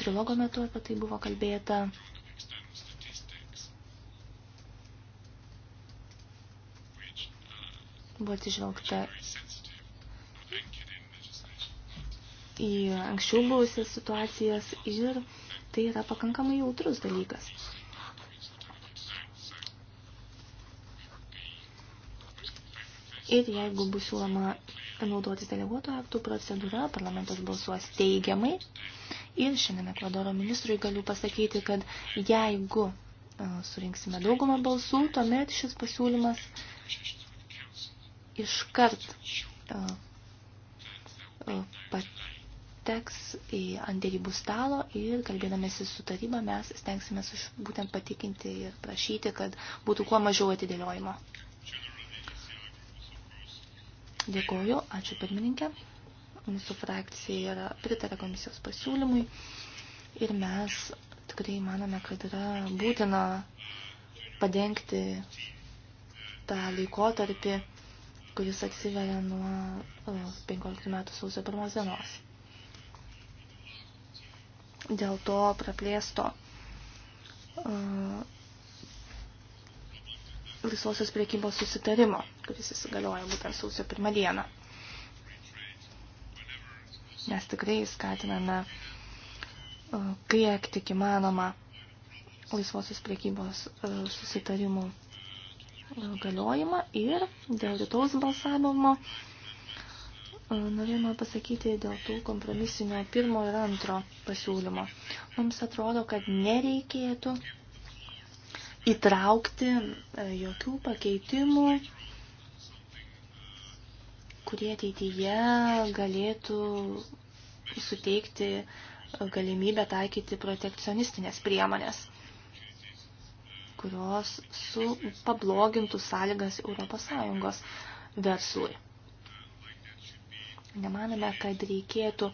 S2: Trilogo metu apie tai buvo kalbėta. Buvo atsižvelgta į anksčiau buvusias situacijas ir tai yra pakankamai jautrus dalykas. Ir jeigu bus siūloma naudotis deleguoto aktų procedūra, parlamentas balsuos teigiamai. Ir šiandien Ekvadoro ministrui galiu pasakyti, kad jeigu surinksime daugumą balsų, tuomet šis pasiūlymas iškart pateks į antdėrybų stalo ir kalbėdamėsi su taryba mes stengsime būtent patikinti ir prašyti, kad būtų kuo mažiau atidėliojimo. Dėkuoju, ačiū pirmininkė. Mūsų frakcija yra pritarė komisijos pasiūlymui ir mes tikrai manome, kad yra būtina padengti tą laikotarpį, kuris atsiveria nuo 15 metų sausio pirmos dienos. Dėl to praplėsto uh, laisvosios priekybos susitarimo, kuris įsigalioja būtent sausio pirmą dieną. Mes tikrai skatiname, e, kiek tik įmanoma, laisvosios priekybos e, susitarimų e, galiojimą ir dėl rytaus balsavimo norėjome pasakyti dėl tų kompromisinio pirmo ir antro pasiūlymo. Mums atrodo, kad nereikėtų įtraukti e, jokių pakeitimų, kurie ateityje galėtų suteikti galimybę taikyti protekcionistinės priemonės, kurios su pablogintų sąlygas ES verslui. Nemaname, kad reikėtų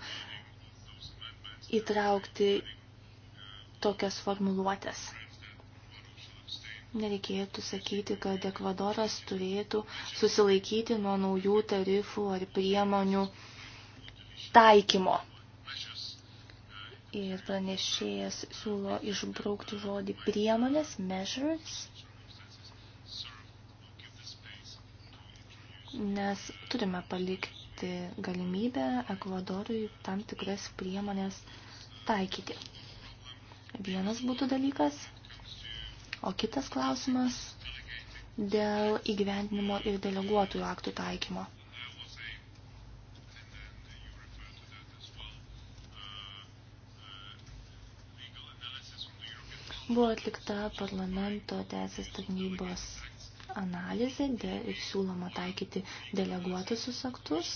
S2: įtraukti tokias formuluotės. Nereikėtų sakyti, kad Ekvadoras turėtų susilaikyti nuo naujų tarifų ar priemonių taikymo. Ir pranešėjas siūlo išbraukti žodį priemonės, measures, nes turime palikti galimybę Ekvadorui tam tikras priemonės taikyti. Vienas būtų dalykas – O kitas klausimas dėl įgyvendinimo ir deleguotųjų aktų taikymo. Buvo atlikta parlamento teisės tarnybos analizė de, ir siūloma taikyti deleguotusius aktus,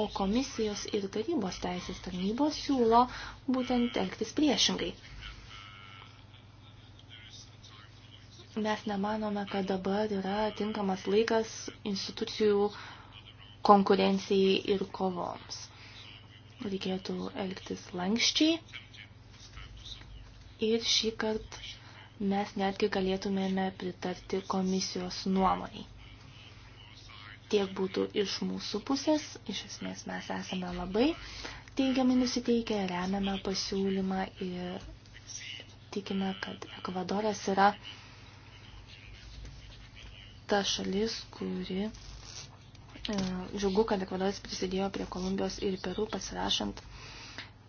S2: o komisijos ir tarybos teisės tarnybos siūlo būtent elgtis priešingai. mes nemanome, kad dabar yra tinkamas laikas institucijų konkurencijai ir kovoms. Reikėtų elgtis lankščiai ir šį kartą mes netgi galėtumėme pritarti komisijos nuomonai. Tiek būtų iš mūsų pusės, iš esmės mes esame labai teigiamai nusiteikę, remiame pasiūlymą ir tikime, kad Ekvadoras yra ta šalis, kuri e, džiugu, kad Ekvadoras prisidėjo prie Kolumbijos ir Peru pasirašant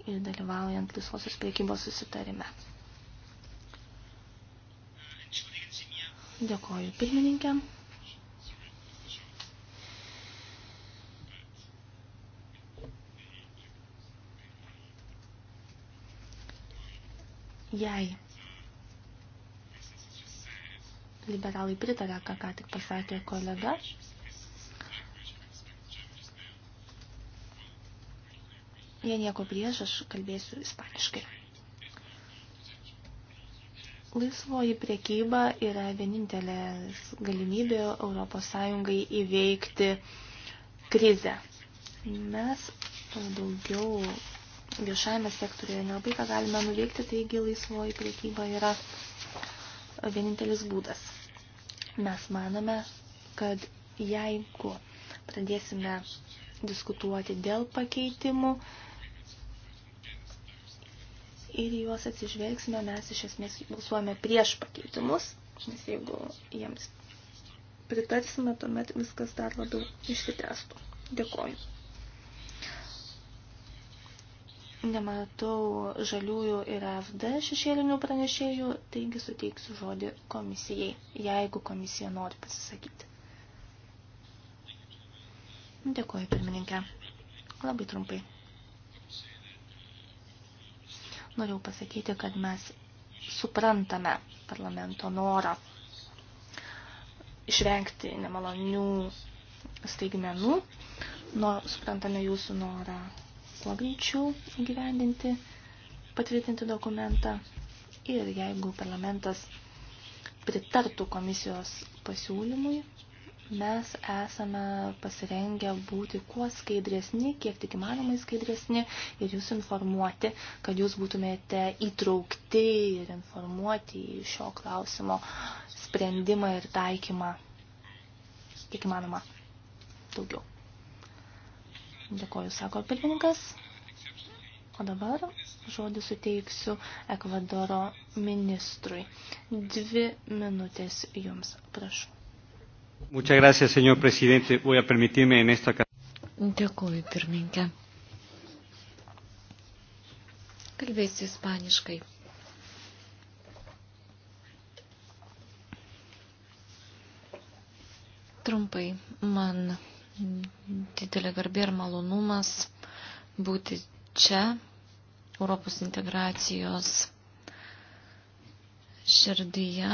S2: ir dalyvaujant laisvosios priekybos susitarime. Dėkoju pirmininkė. Jei Liberalai pritarė, ką ką tik pasakė kolega. Jei nieko prieš, aš kalbėsiu ispaniškai. Laisvoji priekyba yra vienintelė galimybė Europos Sąjungai įveikti krizę. Mes daugiau viešajame sektoriuje nelabai ką galime nuveikti, taigi laisvoji priekyba yra vienintelis būdas. Mes manome, kad jeigu pradėsime diskutuoti dėl pakeitimų ir juos atsižvelgsime, mes iš esmės balsuojame prieš pakeitimus, nes jeigu jiems pritarsime, tuomet viskas dar labiau išsitęstų. Dėkoju. Nematau žaliųjų ir AFD šešėlinių pranešėjų, taigi suteiksiu žodį komisijai, jeigu komisija nori pasisakyti. Dėkuoju, pirmininkė. Labai trumpai. Norėjau pasakyti, kad mes suprantame parlamento norą išvengti nemalonių staigmenų, nor, suprantame jūsų norą kuo greičiau įgyvendinti, patvirtinti dokumentą ir jeigu parlamentas pritartų komisijos pasiūlymui, mes esame pasirengę būti kuo skaidresni, kiek tik įmanomai skaidresni ir jūs informuoti, kad jūs būtumėte įtraukti ir informuoti į šio klausimo sprendimą ir taikymą, kiek įmanoma, daugiau. Dėkoju, sako pirmininkas. O dabar žodį suteiksiu Ekvadoro ministrui. Dvi minutės jums, prašau.
S1: Muchas gracias, señor presidente. Voy a permitirme en esta...
S3: Dėkoju, pirmininkė. Kalbėsiu ispaniškai. Trumpai man didelė garbė ir malonumas būti čia, Europos integracijos širdyje,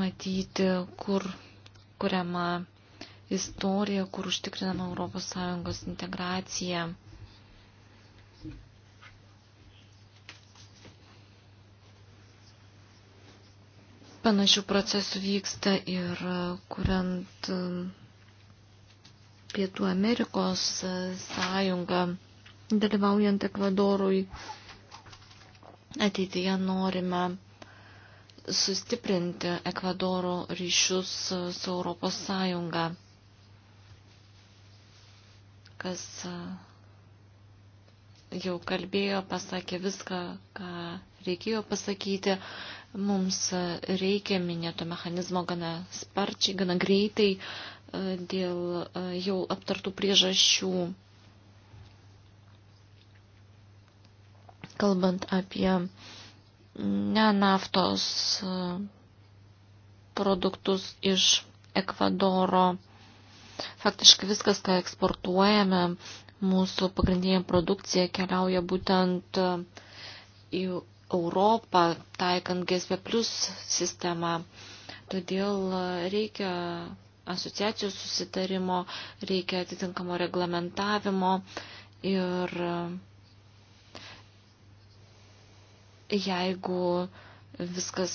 S3: matyti, kur kuriama istorija, kur užtikrinama Europos Sąjungos integracija. Panašių procesų vyksta ir kuriant Pietų Amerikos sąjungą, dalyvaujant Ekvadorui, ateityje norime sustiprinti Ekvadoro ryšius su Europos sąjunga, kas jau kalbėjo, pasakė viską, ką reikėjo pasakyti. Mums reikia minėto mechanizmo gana sparčiai, gana greitai, E, dėl e, jau aptartų priežasčių. Kalbant apie ne naftos e, produktus iš Ekvadoro, faktiškai viskas, ką eksportuojame, mūsų pagrindinė produkcija keliauja būtent į Europą, taikant GSP plus sistemą. Todėl reikia asociacijos susitarimo, reikia atitinkamo reglamentavimo ir e, jeigu viskas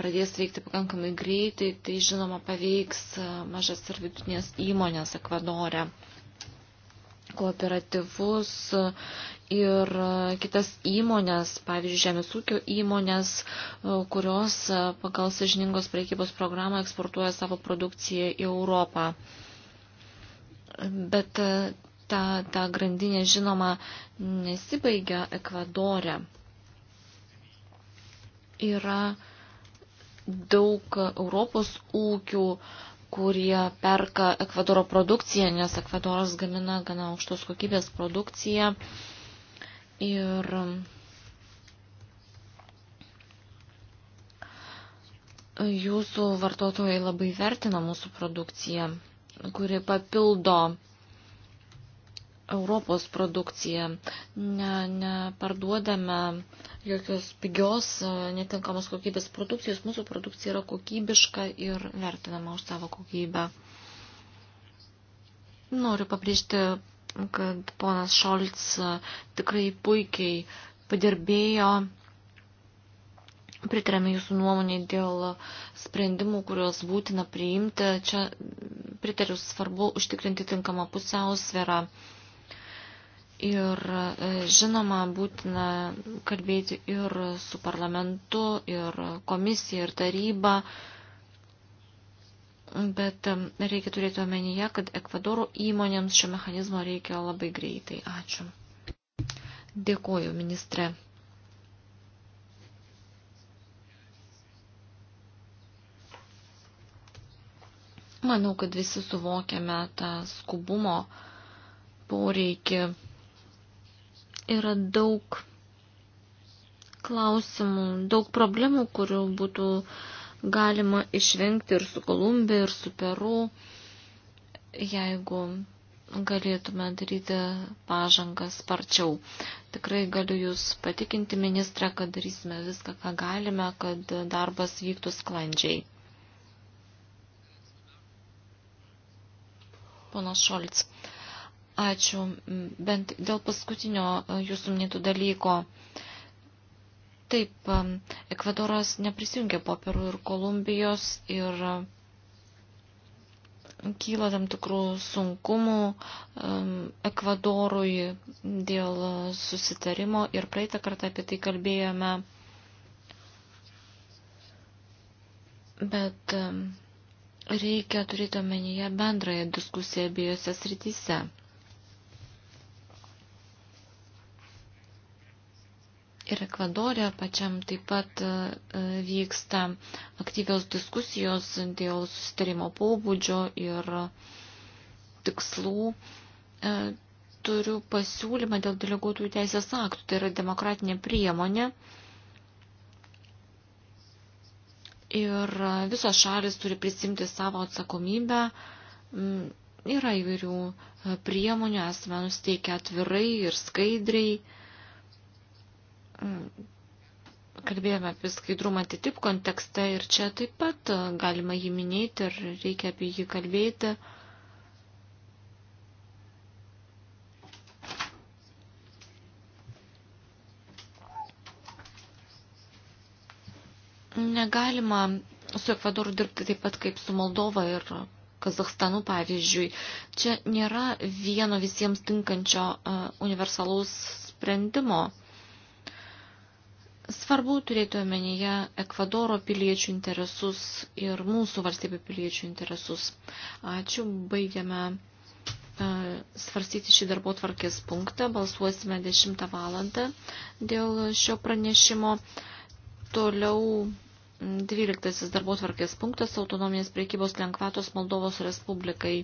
S3: pradės veikti pakankamai greitai, tai žinoma paveiks e, mažas ir vidutinės įmonės Ekvadore kooperatyvus ir kitas įmonės, pavyzdžiui, žemės ūkio įmonės, kurios pagal sažiningos prekybos programą eksportuoja savo produkciją į Europą. Bet ta, ta grandinė, žinoma, nesibaigia Ekvadore. Yra daug Europos ūkių, kurie perka Ekvadoro produkciją, nes Ekvadoras gamina gana aukštos kokybės produkciją. Ir e, jūsų vartotojai labai vertina mūsų produkciją, kuri papildo Europos produkciją. Ne, ne parduodame jokios pigios, e, netinkamos kokybės produkcijos. Mūsų produkcija yra kokybiška ir vertinama už savo kokybę. Noriu pabrėžti, kad ponas Šolts e, tikrai puikiai padirbėjo pritarėme jūsų nuomonė dėl sprendimų, kuriuos būtina priimti. Čia pritariu svarbu užtikrinti tinkamą pusiausvėrą. Ir e, žinoma, būtina kalbėti ir su parlamentu, ir komisija, ir taryba. Bet e, reikia turėti omenyje, kad Ekvadoro įmonėms šio mechanizmo reikia labai greitai. Ačiū. Dėkoju, ministre. Manau, kad visi suvokiame tą skubumo poreikį yra daug klausimų, daug problemų, kurių būtų galima išvengti ir su Kolumbija, ir su Peru, jeigu galėtume daryti pažangą sparčiau. Tikrai galiu Jūs patikinti, ministrė, kad darysime viską, ką galime, kad darbas vyktų sklandžiai. Ponas Šolts. Ačiū. Bent dėl paskutinio e, jūsų minėtų dalyko. Taip, Ekvadoras neprisijungė po Peru ir Kolumbijos ir e, kyla tam tikrų sunkumų Ekvadorui dėl susitarimo ir praeitą kartą apie tai kalbėjome. Bet reikia turėti omenyje bendrąją diskusiją abiejose srityse. Ir Ekvadorė pačiam taip pat e, e, vyksta aktyvios diskusijos dėl susitarimo pobūdžio ir tikslų. E, turiu pasiūlymą dėl deleguotų teisės aktų, tai yra demokratinė priemonė. Ir visos šalis turi prisimti savo atsakomybę. Mm, yra įvairių priemonių, esame nusteikę atvirai ir skaidriai Mm. kalbėjome apie skaidrumą TTIP kontekste ir čia taip pat e, galima jį minėti ir reikia apie jį kalbėti. Negalima su Ekvadoru dirbti taip pat kaip su Moldova ir Kazahstanu, pavyzdžiui. Čia nėra vieno visiems tinkančio e, universalaus sprendimo. Svarbu turėti omenyje Ekvadoro piliečių interesus ir mūsų valstybių piliečių interesus. Ačiū, baigiame e, svarstyti šį darbo tvarkės punktą. Balsuosime 10 valandą dėl šio pranešimo. Toliau 12 darbo tvarkės punktas autonominės priekybos lengvatos Moldovos Respublikai.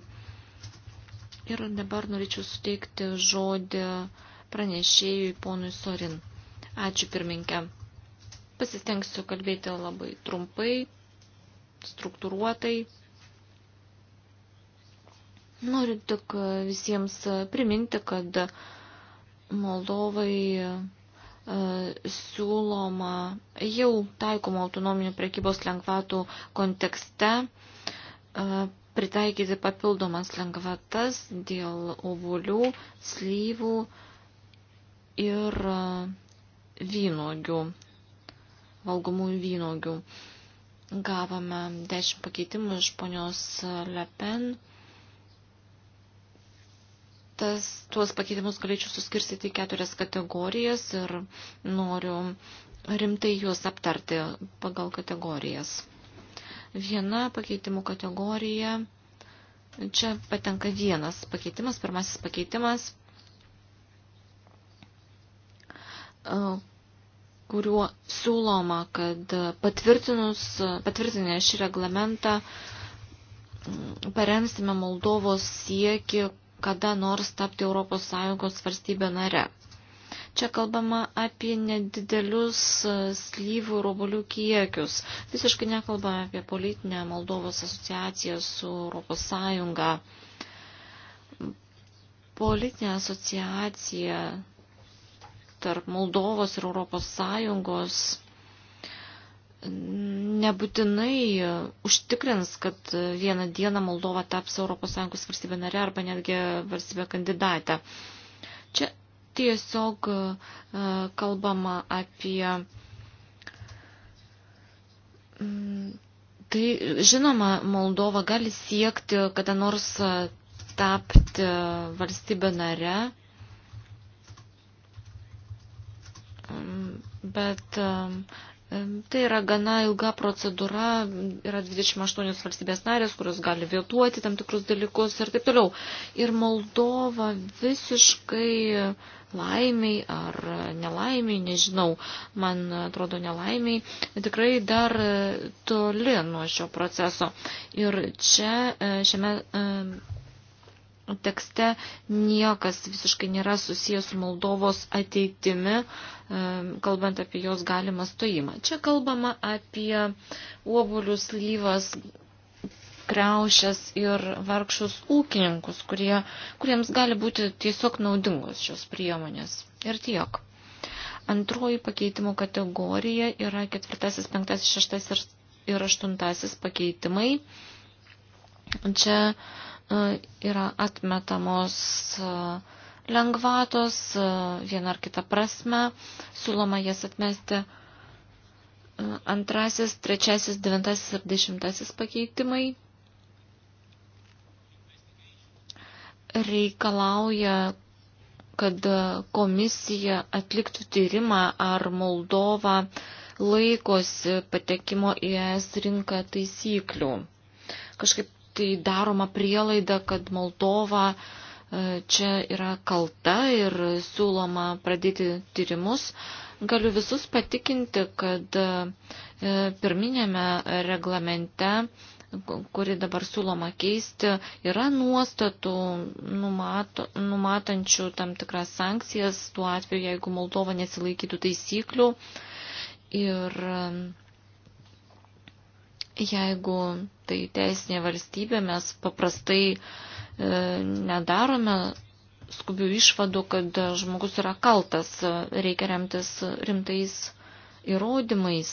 S3: Ir dabar norėčiau suteikti žodį pranešėjui ponui Sorin. Ačiū pirminkė. Pasistengsiu kalbėti labai trumpai, struktūruotai. Noriu tik visiems priminti, kad Moldovai e, siūloma jau taikomo autonominių prekybos lengvatų kontekste e, pritaikyti papildomas lengvatas dėl ovulių, slyvų ir vynogių, valgomųjų vynogių. Gavome 10 pakeitimų iš ponios Le Pen. Tas, tuos pakeitimus galėčiau suskirstyti į keturias kategorijas ir noriu rimtai juos aptarti pagal kategorijas. Viena pakeitimų kategorija, čia patenka vienas pakeitimas, pirmasis pakeitimas kuriuo siūloma, kad patvirtinus, patvirtinę šį reglamentą paremsime Moldovos sieki kada nors tapti ES valstybė nare. Čia kalbama apie nedidelius slyvų ir obolių kiekius. Visiškai nekalbame apie politinę Moldovos asociaciją su ES. Politinė asociacija tarp Moldovos ir Europos Sąjungos nebūtinai užtikrins, kad vieną dieną Moldova taps ES valstybė nare arba netgi valstybė kandidatė. Čia tiesiog e, kalbama apie mm, tai, žinoma, Moldova gali siekti kada nors e, tapti valstybė nare bet um, um, tai yra gana ilga procedūra, yra 28 valstybės narės, kurios gali vietuoti tam tikrus dalykus ir taip toliau. Ir Moldova visiškai laimiai ar nelaimiai, nežinau, man atrodo nelaimiai, tikrai dar toli nuo šio proceso. Ir čia e, šiame e, tekste niekas visiškai nėra susijęs su Moldovos ateitimi, e, kalbant apie jos galimą stojimą. Čia kalbama apie uobulius, lyvas, kreušės ir vargšus ūkininkus, kurie, kuriems gali būti tiesiog naudingos šios priemonės. Ir tiek. Antroji pakeitimo kategorija yra ketvirtasis, penktasis, šeštasis ir aštuntasis pakeitimai. Čia uh, E, yra atmetamos e, lengvatos e, vieną ar kitą prasme, siūloma jas atmesti antrasis, trečiasis, devintasis ir dešimtasis pakeitimai reikalauja, kad komisija atliktų tyrimą, ar Moldova laikosi patekimo į ES rinką taisyklių. Kažkaip tai daroma prielaida, kad Moldova e, čia yra kalta ir siūloma pradėti tyrimus. Galiu visus patikinti, kad e, pirminėme reglamente, kuri dabar siūloma keisti, yra nuostatų numato, numatančių tam tikras sankcijas tuo atveju, jeigu Moldova nesilaikytų taisyklių. Ir jeigu tai teisinė valstybė, mes paprastai e, nedarome skubių išvadų, kad žmogus yra kaltas, reikia remtis rimtais įrodymais.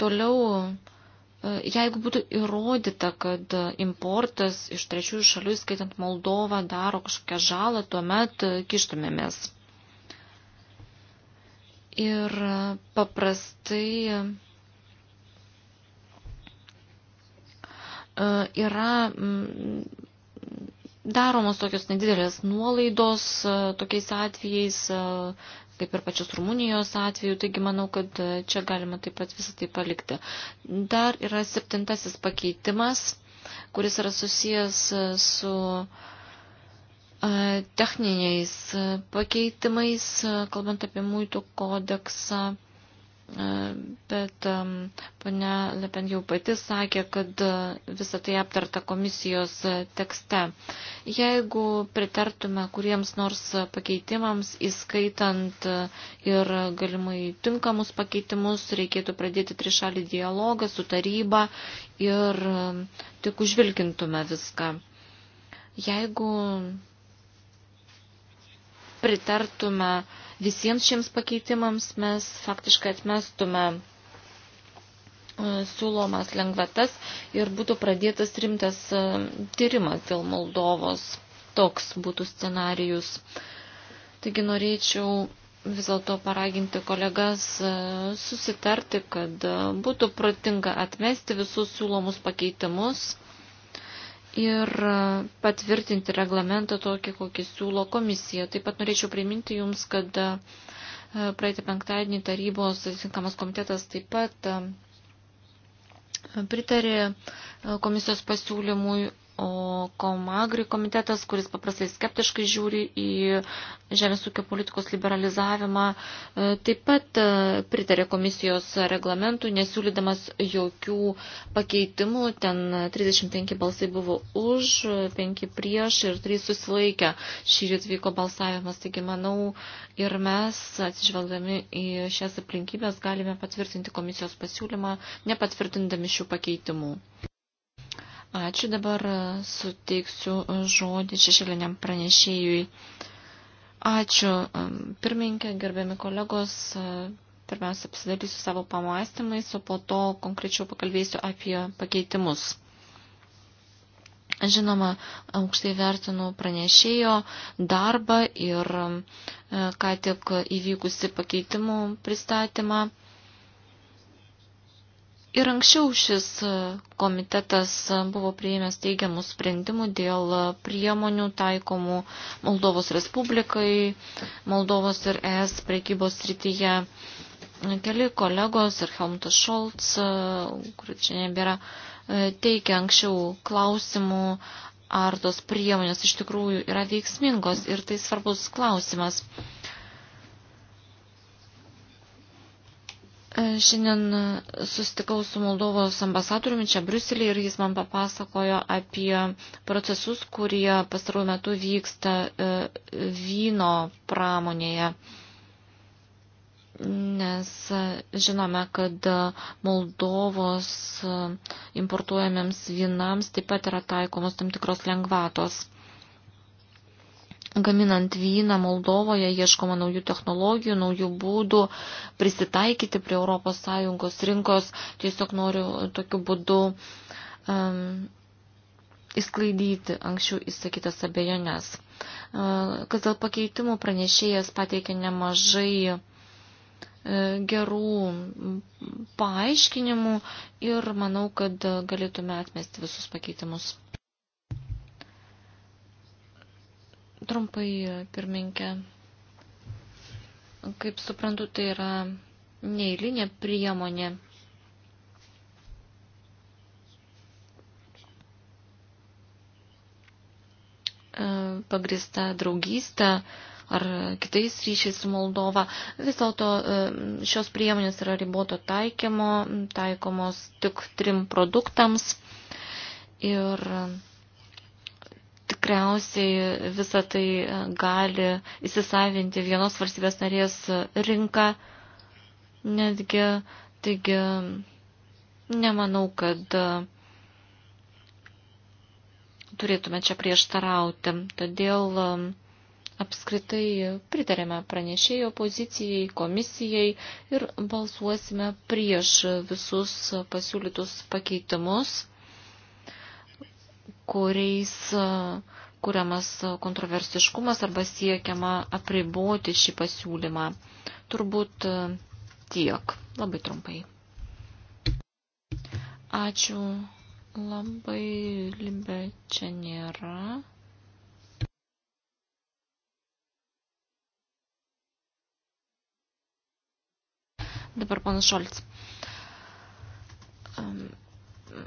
S3: Toliau, e, jeigu būtų įrodyta, kad importas iš trečiųjų šalių, skaitant Moldovą, daro kažkokią žalą, tuomet kištumėmės. Ir paprastai E, yra mm, daromos tokios nedidelės nuolaidos e, tokiais atvejais, e, kaip ir pačios Rumunijos atveju, taigi manau, kad čia galima taip pat visą tai palikti. Dar yra septintasis pakeitimas, kuris yra susijęs su techniniais pakeitimais, kalbant apie muitų kodeksą. Bet ponia Lepen jau pati sakė, kad e, visą tai aptarta komisijos e, tekste. Jeigu pritartume kuriems nors pakeitimams, įskaitant e, ir galimai tinkamus pakeitimus, reikėtų pradėti trišalį dialogą su taryba ir tik užvilkintume viską. Jeigu pritartume uh, visiems šiems pakeitimams mes faktiškai atmestume e, siūlomas lengvatas ir būtų pradėtas rimtas e, tyrimas dėl Moldovos. Toks būtų scenarijus. Taigi norėčiau vis dėlto paraginti kolegas e, susitarti, kad būtų protinga atmesti visus siūlomus pakeitimus ir e, patvirtinti reglamentą tokį, kokį siūlo komisija. Taip pat norėčiau priminti Jums, kad e, praeitą penktadienį tarybos atitinkamas komitetas taip pat e, pritarė komisijos pasiūlymui O Komagri komitetas, kuris paprastai skeptiškai žiūri į žemės ūkio politikos liberalizavimą, e, taip pat e, pritarė komisijos reglamentui, nesiūlydamas jokių pakeitimų. Ten 35 balsai buvo už, 5 prieš ir 3 susilaikę. Šį rytą vyko balsavimas, taigi manau ir mes, atsižvelgdami į šias aplinkybės, galime patvirtinti komisijos pasiūlymą, nepatvirtindami šių pakeitimų. Ačiū dabar e, suteiksiu e, žodį šešėliniam pranešėjui. Ačiū e, pirmininkė, gerbiami kolegos. Pirmiausia, pasidalysiu savo pamastymais, o po to konkrečiau pakalbėsiu apie pakeitimus. Žinoma, aukštai vertinu pranešėjo darbą ir ką tik įvykusi pakeitimų pristatymą. Ir anksčiau šis e, komitetas e, buvo prieimęs teigiamų sprendimų dėl e, priemonių taikomų Moldovos Respublikai, Moldovos ir ES prekybos srityje. Keli kolegos ir Helmutas Šolts, kur čia nebėra, teikia anksčiau klausimų, ar tos priemonės iš tikrųjų yra veiksmingos ir tai svarbus klausimas. Šiandien e, sustikau su Moldovos ambasadoriumi čia Bruselėje ir jis man papasakojo apie procesus, kurie pastaruoju metu vyksta e, vyno pramonėje. Nes e, žinome, kad Moldovos importuojamiems vynams taip pat yra taikomos tam tikros lengvatos gaminant vyną Moldovoje ieškoma naujų technologijų, naujų būdų prisitaikyti prie ES rinkos. Tiesiog noriu tokiu būdu um, įsklaidyti anksčiau įsakytas abejonės. Uh, kas dėl pakeitimų pranešėjas pateikė nemažai e, gerų paaiškinimų ir manau, kad galėtume atmesti visus pakeitimus. Trumpai, pirminkė, kaip suprantu, tai yra neįlinė priemonė. E, pagrista draugystė ar kitais ryšiais su Moldova. Vis dėlto e, šios priemonės yra riboto taikymo, taikomos tik trim produktams ir tikriausiai visą tai e, gali įsisavinti vienos valstybės narės e, rinka. Netgi, taigi, nemanau, kad e, turėtume čia prieštarauti. Todėl apskritai pritarėme pranešėjo pozicijai, komisijai ir balsuosime prieš visus pasiūlytus pakeitimus kuriais e, kuriamas kontroversiškumas arba siekiama apriboti šį pasiūlymą. Turbūt e, tiek, labai trumpai. Ačiū labai, Libe čia nėra. Dabar panas Šolts.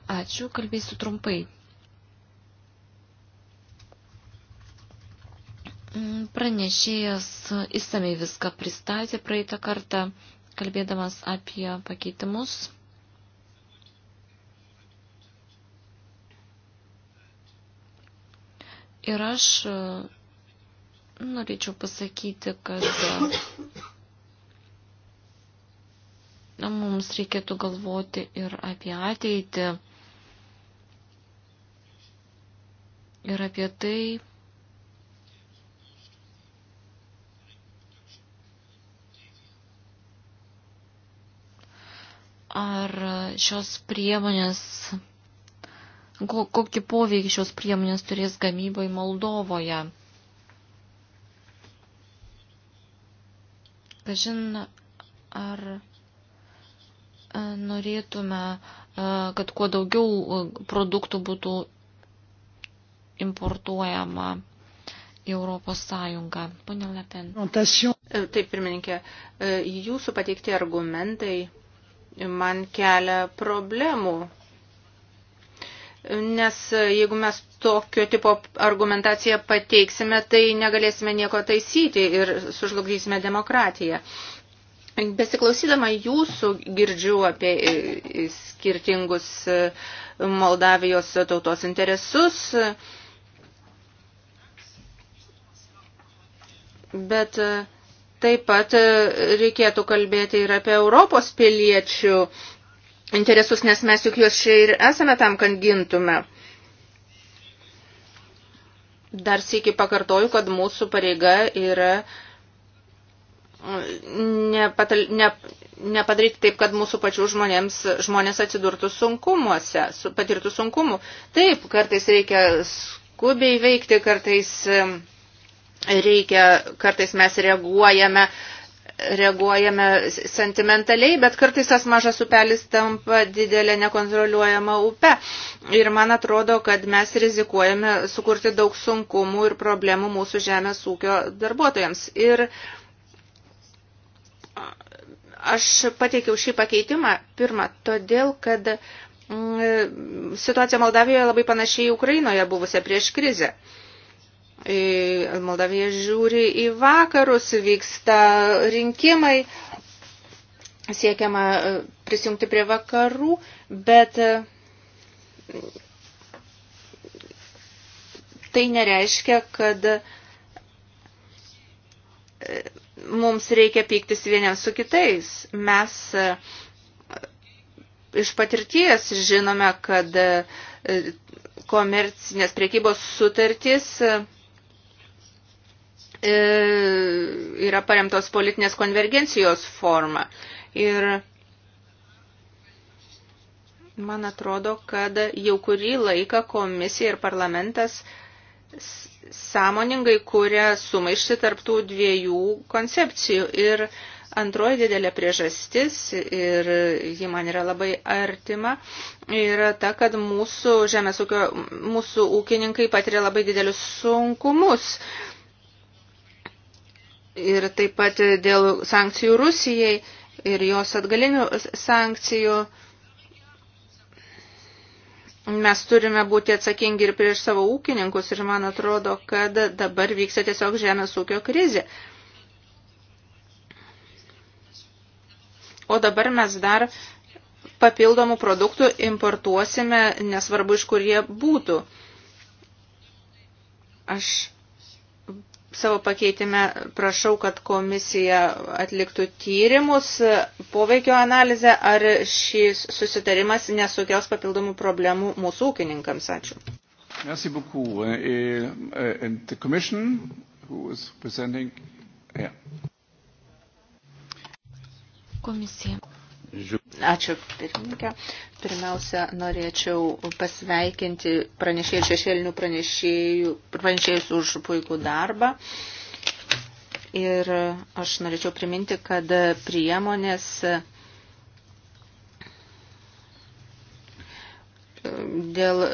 S3: Ačiū, kalbėsiu trumpai. Mm, pranešėjas įsamei viską pristatė praeitą kartą, kalbėdamas apie pakeitimus. Ir aš e, norėčiau pasakyti, kad e, na, mums reikėtų galvoti ir apie ateitį, ir apie tai, ar šios priemonės, kokį poveikį šios priemonės turės gamybai Moldovoje. Kažin, ar e, norėtume, e, kad kuo daugiau e, produktų būtų importuojama į Europos Sąjungą. Pone Lepen.
S4: Taip, pirmininkė, jūsų pateikti argumentai man kelia problemų. Nes jeigu mes tokio tipo argumentaciją pateiksime, tai negalėsime nieko taisyti ir sužlugdysime demokratiją. Besiklausydama jūsų girdžiu apie skirtingus Moldavijos tautos interesus, bet uh, Taip pat e, reikėtų kalbėti ir apie Europos piliečių interesus, nes mes juk juos čia ir esame tam, kad gintume. Dar sėki pakartoju, kad mūsų pareiga yra e, nepatal, ne, nepadaryti taip, kad mūsų pačių žmonėms, žmonės atsidurtų sunkumuose, patirtų sunkumų. Taip, kartais reikia skubiai veikti, kartais e, reikia, kartais mes reaguojame, reaguojame sentimentaliai, bet kartais tas mažas upelis tampa didelė nekontroliuojama upe. Ir man atrodo, kad mes rizikuojame sukurti daug sunkumų ir problemų mūsų žemės ūkio darbuotojams. Ir aš pateikiau šį pakeitimą pirmą, todėl, kad mm, situacija Moldavijoje labai panašiai Ukrainoje buvusią prieš krizę. Moldavija žiūri į vakarus, vyksta rinkimai, siekiama e, prisijungti prie vakarų, bet e, tai nereiškia, kad e, mums reikia pyktis vieniams su kitais. Mes iš patirties žinome, kad komercinės priekybos sutartys E, yra paremtos politinės konvergencijos forma. Ir man atrodo, kad jau kurį laiką komisija ir parlamentas sąmoningai kuria sumaišti tarptų dviejų koncepcijų. Ir antroji didelė priežastis, ir ji man yra labai artima, yra ta, kad mūsų žemės ūkio, mūsų ūkininkai patiria labai didelius sunkumus ir taip pat dėl sankcijų Rusijai ir jos atgalinių sankcijų. Mes turime būti atsakingi ir prieš savo ūkininkus ir man atrodo, kad dabar vyksta tiesiog žemės ūkio krizė. O dabar mes dar papildomų produktų importuosime, nesvarbu iš kur jie būtų. Aš savo pakeitime prašau, kad komisija atliktų tyrimus, poveikio analizę, ar šis susitarimas nesukels papildomų problemų mūsų ūkininkams.
S1: Ačiū. Merci beaucoup. Uh, uh, and the commission, who is presenting, yeah. Komisija. Ačiū,
S4: pirmininkė. Pirmiausia, norėčiau pasveikinti pranešėjų šešėlinių pranešėjų, pranešėjus už puikų darbą. Ir aš norėčiau priminti, kad priemonės dėl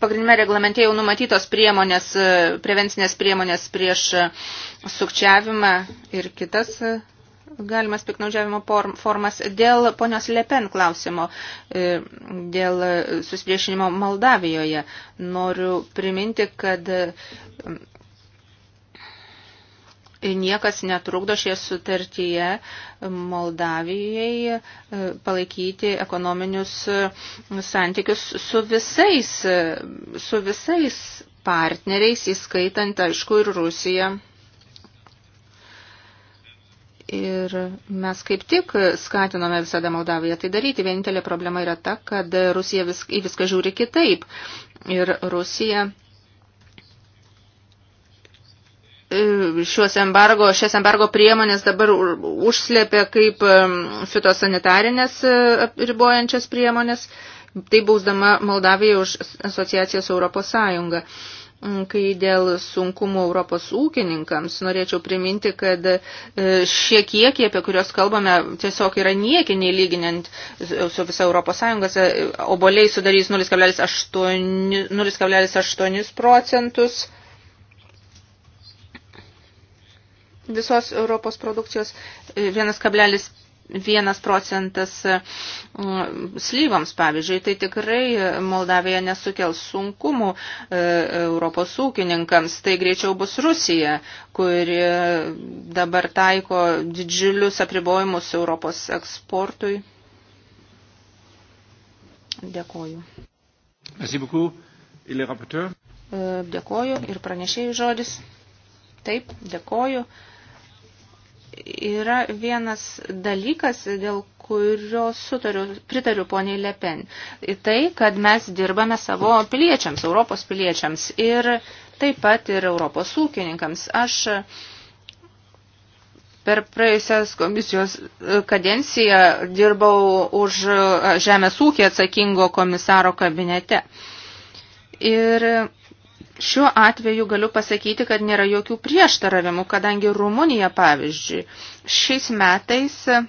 S4: pagrindinėme reglamente jau numatytos priemonės, prevencinės priemonės prieš sukčiavimą ir kitas galimas piknaudžiavimo formas dėl ponios Lepen klausimo, e, dėl susipriešinimo Moldavijoje. Noriu priminti, kad e, niekas netrukdo šie sutartyje Moldavijai e, palaikyti ekonominius santykius su visais, su visais partneriais, įskaitant, aišku, ir Rusiją Ir mes kaip tik skatinome visada Moldaviją tai daryti. Vienintelė problema yra ta, kad Rusija vis, į viską žiūri kitaip. Ir Rusija e, šios embargo, šias embargo priemonės dabar užslėpė kaip e, fitosanitarinės e, ribojančias priemonės, tai bausdama Moldaviją už asociaciją su Europos Sąjunga. Mm, kai dėl sunkumų Europos ūkininkams, norėčiau priminti, kad e, šie kiekiai, apie kuriuos kalbame, tiesiog yra niekiniai lyginant su visa Europos Sąjungos. E, oboliai sudarys 0,8 procentus visos Europos produkcijos, 1,5 e, vienas procentas e, slyvams, pavyzdžiui, tai tikrai Moldavija nesukels sunkumų e, Europos ūkininkams, tai greičiau bus Rusija, kuri dabar taiko didžiulius apribojimus Europos eksportui.
S2: Dėkoju.
S1: E,
S4: dėkoju ir pranešėjų žodis. Taip, dėkoju yra vienas dalykas, dėl kurio sutariu, pritariu poniai Lepen. Tai, kad mes dirbame savo piliečiams, Europos piliečiams ir taip pat ir Europos ūkininkams. Aš Per praėjusias komisijos kadenciją dirbau už žemės ūkį atsakingo komisaro kabinete. Ir Šiuo atveju galiu pasakyti, kad nėra jokių prieštaravimų, kadangi Rumunija, pavyzdžiui, šiais metais e,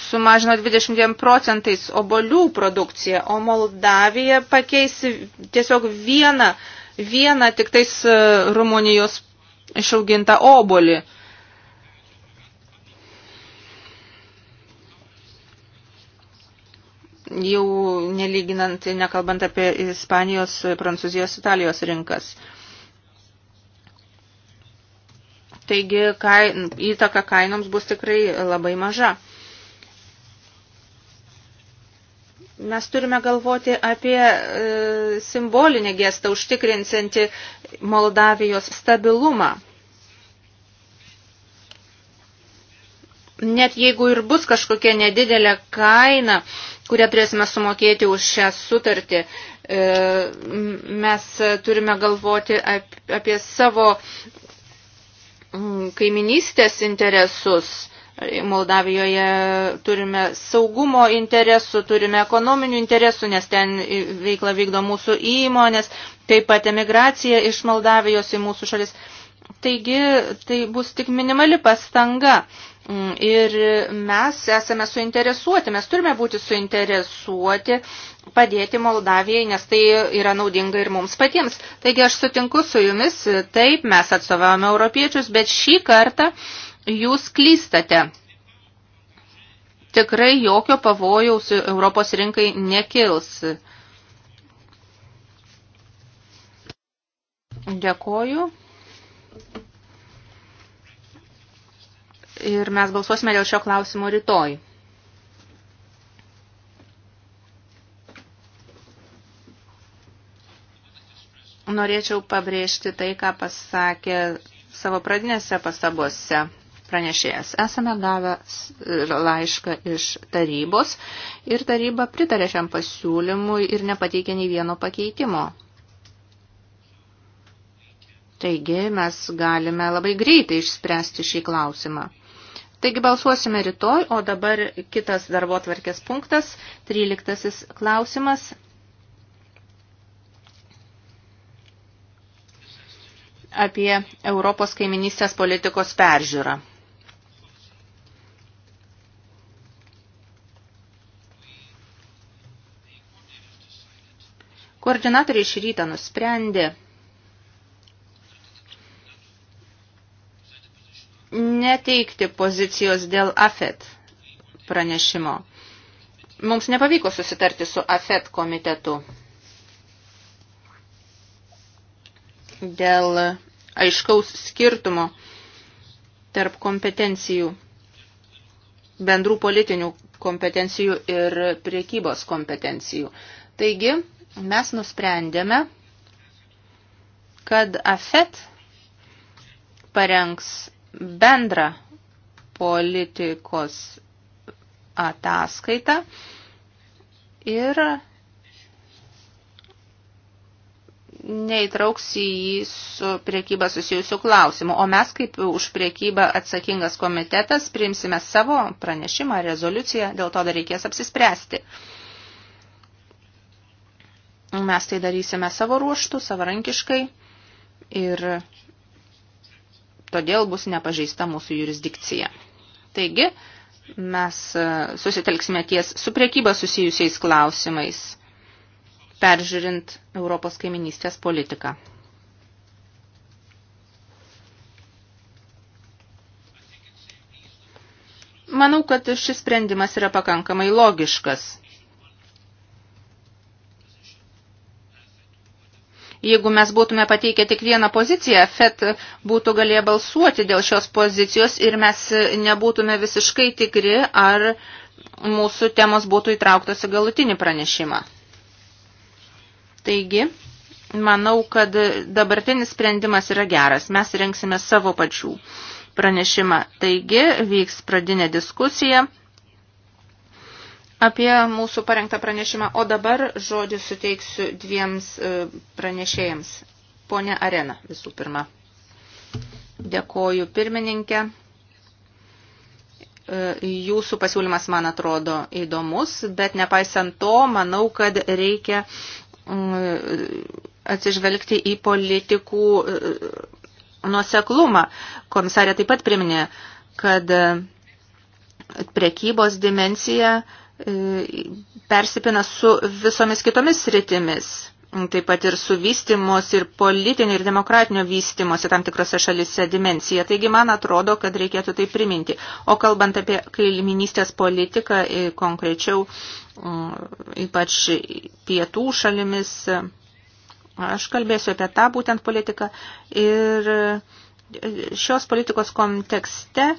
S4: sumažino 22 procentais obolių produkciją, o Moldavija pakeis tiesiog vieną, vieną tik tais e, Rumunijos išaugintą obolį. jau nelyginant, nekalbant apie Ispanijos, Prancūzijos, Italijos rinkas. Taigi kain, įtaka kainoms bus tikrai labai maža. Mes turime galvoti apie e, simbolinį gestą užtikrinsinti Moldavijos stabilumą. Net jeigu ir bus kažkokia nedidelė kaina, e, kurie turėsime sumokėti už šią sutartį. E, mes turime galvoti apie savo kaiminystės interesus. Moldavijoje turime saugumo interesų, turime ekonominių interesų, nes ten veikla vykdo mūsų įmonės, taip pat emigracija iš Moldavijos į mūsų šalis. Taigi tai bus tik minimali pastanga Mm, ir mes esame suinteresuoti, mes turime būti suinteresuoti padėti Moldavijai, nes tai yra naudinga ir mums patiems. Taigi aš sutinku su jumis, taip, mes atstovavome europiečius, bet šį kartą jūs klystate. Tikrai jokio pavojaus Europos rinkai nekils. Dėkoju ir mes balsuosime dėl šio klausimo rytoj. Norėčiau pabrėžti tai, ką pasakė savo pradinėse pastabose pranešėjas. Esame gavę laišką iš tarybos ir taryba pritarė šiam pasiūlymui ir nepateikė nei vieno pakeitimo. Taigi mes galime labai greitai išspręsti šį klausimą. Taigi balsuosime rytoj, o dabar kitas darbo tvarkės punktas, 13 klausimas. apie Europos kaiminystės politikos peržiūrą. Koordinatoriai šį rytą nusprendė neteikti pozicijos dėl AFET pranešimo. Mums nepavyko susitarti su AFET komitetu dėl aiškaus skirtumo tarp kompetencijų, bendrų politinių kompetencijų ir priekybos kompetencijų. Taigi, mes nusprendėme, kad AFET parengs bendrą politikos ataskaitą ir neįtrauks į jį su priekyba susijusių klausimų. O mes, kaip už priekybą atsakingas komitetas, priimsime savo pranešimą, rezoliuciją, dėl to dar reikės apsispręsti. Mes tai darysime savo ruoštų, savarankiškai ir todėl bus nepažeista mūsų jurisdikcija. Taigi, mes e, susitelksime ties su priekyba susijusiais klausimais, peržiūrint Europos kaiminystės politiką. Manau, kad šis sprendimas yra pakankamai logiškas. Jeigu mes būtume pateikę tik vieną poziciją, FED būtų galėję balsuoti dėl šios pozicijos ir mes nebūtume visiškai tikri, ar mūsų temos būtų įtrauktos į galutinį pranešimą. Taigi, manau, kad dabartinis sprendimas yra geras. Mes rengsime savo pačių pranešimą. Taigi, vyks pradinė diskusija apie mūsų parengtą pranešimą, o dabar žodį suteiksiu dviems e, pranešėjams. Pone Arena visų pirma. Dėkoju pirmininkė. E, jūsų pasiūlymas man atrodo įdomus, bet nepaisant to, manau, kad reikia atsižvelgti į politikų e, nuoseklumą. Komisarė taip pat priminė, kad prekybos dimencija uh, E, persipina su visomis kitomis sritimis, taip pat ir su vystimos ir politinio ir demokratinio vystimosi tam tikrose šalise dimencija. Taigi man atrodo, kad reikėtų tai priminti. O kalbant apie kaimininystės politiką, e, konkrečiau ypač pietų šalimis, e, aš kalbėsiu apie tą būtent politiką ir šios politikos kontekste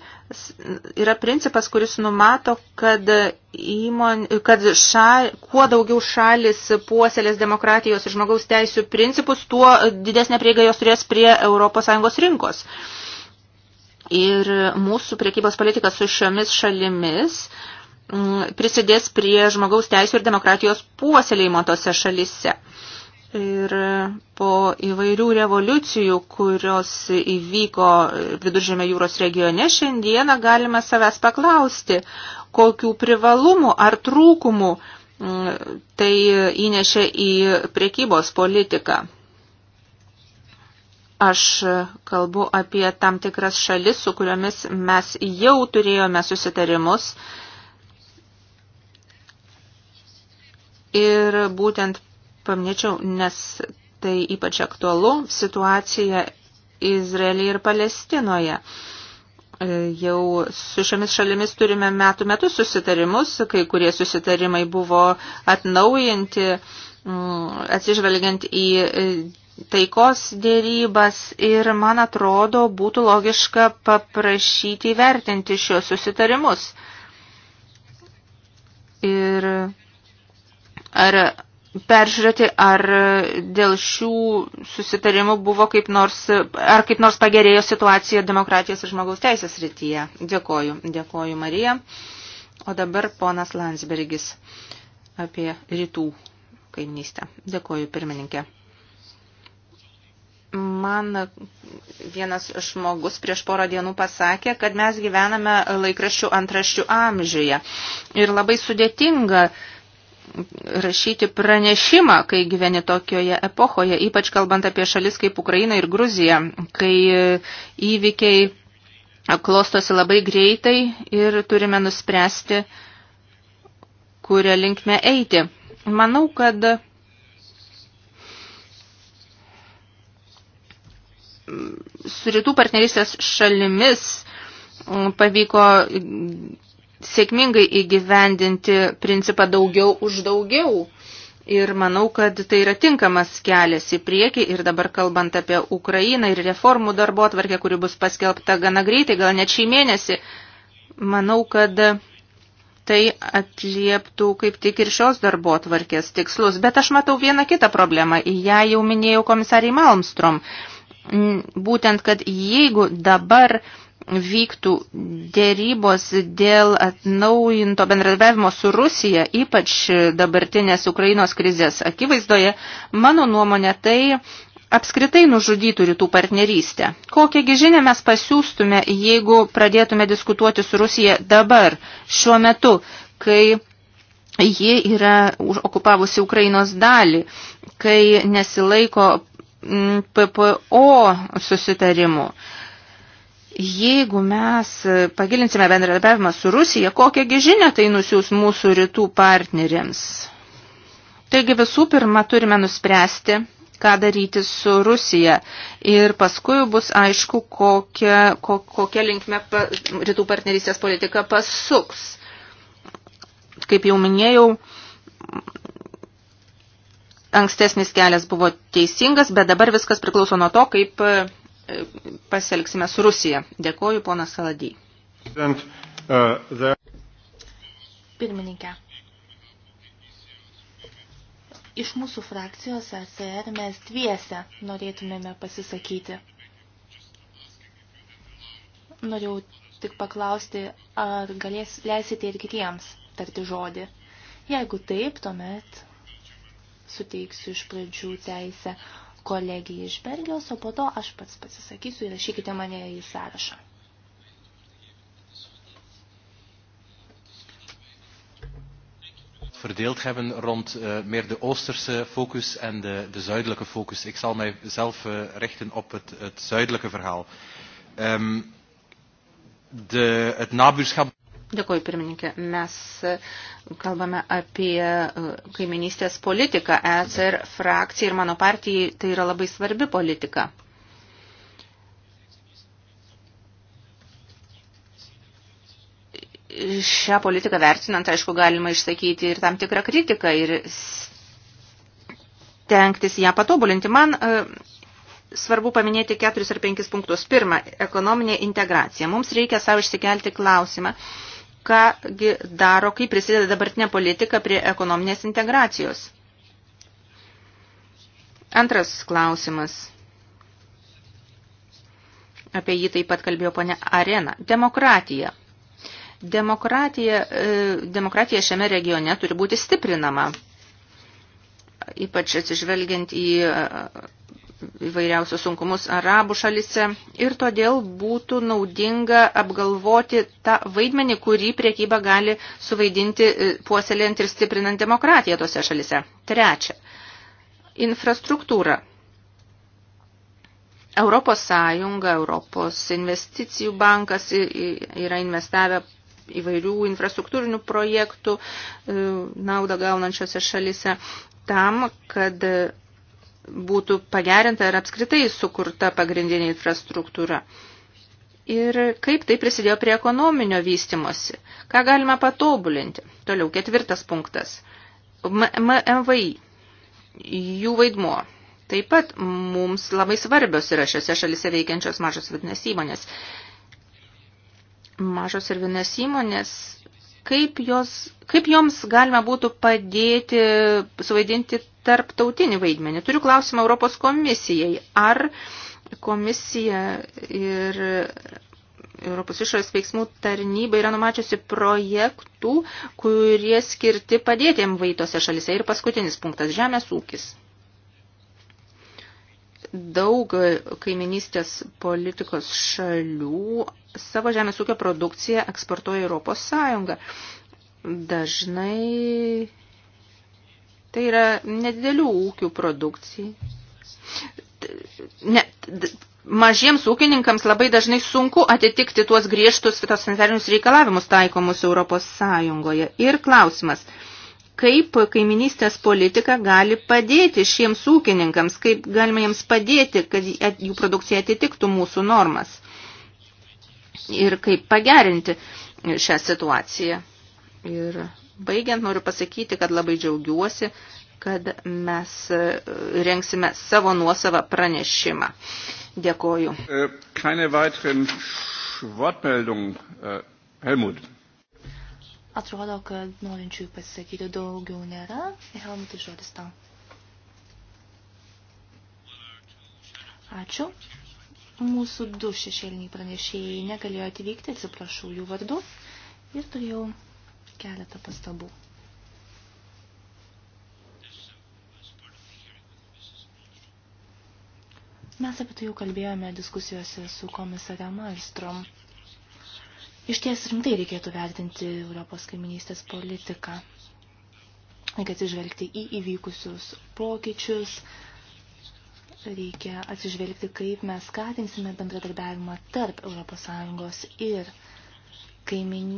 S4: yra principas, kuris numato, kad, įmon, kad šal, kuo daugiau šalis puoselės demokratijos ir žmogaus teisų principus, tuo didesnė prieiga jos turės prie ES rinkos. Ir mūsų priekybos politika su šiomis šalimis mm, prisidės prie žmogaus teisų ir demokratijos puoselėjimo tose šalise. Ir po įvairių revoliucijų, kurios įvyko Viduržėme jūros regione, šiandieną galime savęs paklausti, kokių privalumų ar trūkumų mm, tai įnešė į priekybos politiką. Aš kalbu apie tam tikras šalis, su kuriomis mes jau turėjome susitarimus. Ir būtent paminėčiau, nes tai ypač aktualu situacija Izraelyje ir Palestinoje. E, jau su šiomis šalimis turime metų metus susitarimus, kai kurie susitarimai buvo atnaujinti, mm, atsižvelgiant į e, taikos dėrybas ir, man atrodo, būtų logiška paprašyti įvertinti šios susitarimus. Ir ar peržiūrėti, ar dėl šių susitarimų buvo kaip nors, ar kaip nors pagerėjo situacija demokratijos ir žmogaus teisės rytyje. Dėkoju. Dėkoju, Marija. O dabar ponas Landsbergis apie rytų kaimnystę. Dėkoju, pirmininkė. Man vienas žmogus prieš porą dienų pasakė, kad mes gyvename laikraščių antraščių amžiuje. Ir labai sudėtinga uh, rašyti pranešimą, kai gyveni tokioje epochoje, ypač kalbant apie šalis kaip Ukraina ir Gruzija, kai e, įvykiai klostosi labai greitai ir turime nuspręsti, kurią linkme eiti. Manau, kad su rytų partnerystės šalimis pavyko sėkmingai įgyvendinti principą daugiau už daugiau. Ir manau, kad tai yra tinkamas kelias į priekį ir dabar kalbant apie Ukrainą ir reformų darbo atvarkę, kuri bus paskelbta gana greitai, gal net šį mėnesį, manau, kad tai atlieptų kaip tik ir šios darbo atvarkės tikslus. Bet aš matau vieną kitą problemą, ją jau minėjau komisariai Malmstrom. Būtent, kad jeigu dabar vyktų dėrybos dėl atnaujinto bendradarbiavimo su Rusija, ypač dabartinės Ukrainos krizės akivaizdoje, mano nuomonė tai apskritai nužudytų rytų partnerystę. Kokiagi žinia mes pasiūstume, jeigu pradėtume diskutuoti su Rusija dabar, šiuo metu, kai ji yra okupavusi Ukrainos dalį, kai nesilaiko mm, PPO susitarimu. Jeigu mes e, pagilinsime bendradarbiavimą su Rusija, kokią žinę tai nusiūs mūsų rytų partneriams? Taigi visų pirma turime nuspręsti, ką daryti su Rusija. Ir paskui bus aišku, kokia, ko, kokia linkme pa, rytų partnerystės politika pasuks. Kaip jau minėjau, ankstesnis kelias buvo teisingas, bet dabar viskas priklauso nuo to, kaip pasielgsime su Rusija. Dėkoju, ponas Saladį.
S1: Uh,
S2: Pirmininkė. Iš mūsų frakcijos SR e mes dviese norėtumėme pasisakyti. Norėjau tik paklausti, ar galės leisite ir kitiems tarti žodį. Jeigu taip, tuomet suteiksiu iš pradžių teisę kolegiją iš Belgijos, o po to aš pats pasisakysiu ir rašykite mane į sąrašą.
S1: verdeeld hebben rond uh, meer de oosterse focus en de, de zuidelijke focus. Ik zal mijzelf uh, richten op het, het zuidelijke verhaal. Um, de, het nabuurschap.
S4: Dėkuoju, pirmininkė. Mes e, kalbame apie e, kaiminystės politiką. ECR frakcijai ir mano partijai tai yra labai svarbi politika. Šią politiką vertinant, aišku, galima išsakyti ir tam tikrą kritiką ir tenktis ją patobulinti. Man e, svarbu paminėti keturis ar penkis punktus. Pirma, ekonominė integracija. Mums reikia savo išsikelti klausimą kągi daro, kaip prisideda dabartinė politika prie ekonominės integracijos. Antras klausimas. Apie jį taip pat kalbėjo ponia Arena. Demokratija. Demokratija, e, demokratija šiame regione turi būti stiprinama, ypač atsižvelgiant į įvairiausius sunkumus arabų šalise ir todėl būtų naudinga apgalvoti tą vaidmenį, kurį priekyba gali suvaidinti e, puoselėjant ir stiprinant demokratiją tose šalise. Trečia. Infrastruktūra. Europos Sąjunga, Europos investicijų bankas yra investavę įvairių infrastruktūrinių projektų e, naudą gaunančiose šalise tam, kad būtų pagerinta ir apskritai sukurta pagrindinė infrastruktūra. Ir kaip tai prisidėjo prie ekonominio vystimosi, ką galima patobulinti. Toliau ketvirtas punktas. MVI, jų vaidmuo. Taip pat mums labai svarbios yra šiose šalise veikiančios mažos vidinės įmonės. Mažos ir vidinės įmonės kaip, jos, kaip joms galima būtų padėti suvaidinti tarptautinį vaidmenį. Turiu klausimą Europos komisijai. Ar komisija ir Europos išorės veiksmų tarnyba yra numačiusi projektų, kurie skirti padėti MVI tose šalise. Ir paskutinis punktas – žemės ūkis daug kaiminystės politikos šalių savo žemės ūkio produkciją eksportuoja Europos Sąjungą. Dažnai tai yra nedidelių ūkių produkcija. Ne, mažiems ūkininkams labai dažnai sunku atitikti tuos griežtus fitosanitarinius reikalavimus taikomus Europos Sąjungoje. Ir klausimas – kaip kaiminystės politika gali padėti šiems ūkininkams, kaip galima jiems padėti, kad jų produkcija atitiktų mūsų normas ir kaip pagerinti šią situaciją. Ir baigiant noriu pasakyti, kad labai džiaugiuosi, kad mes e, rengsime savo nuosavą pranešimą. Dėkoju.
S1: Äh, keine weiteren Wortmeldungen. Äh, Helmut.
S2: Atrodo, kad norinčių pasisakyti daugiau nėra. Helmutai žodis tau. Ačiū. Mūsų du šešėliniai pranešėjai negalėjo atvykti, atsiprašau jų vardu ir turėjau keletą pastabų. Mes apie tai jau kalbėjome diskusijose su komisare Malstrom. Iš ties rimtai reikėtų vertinti Europos kaiminystės politiką. Reikia atsižvelgti į įvykusius pokyčius, reikia atsižvelgti, kaip mes skatinsime bendradarbiavimą tarp ES ir kaimin,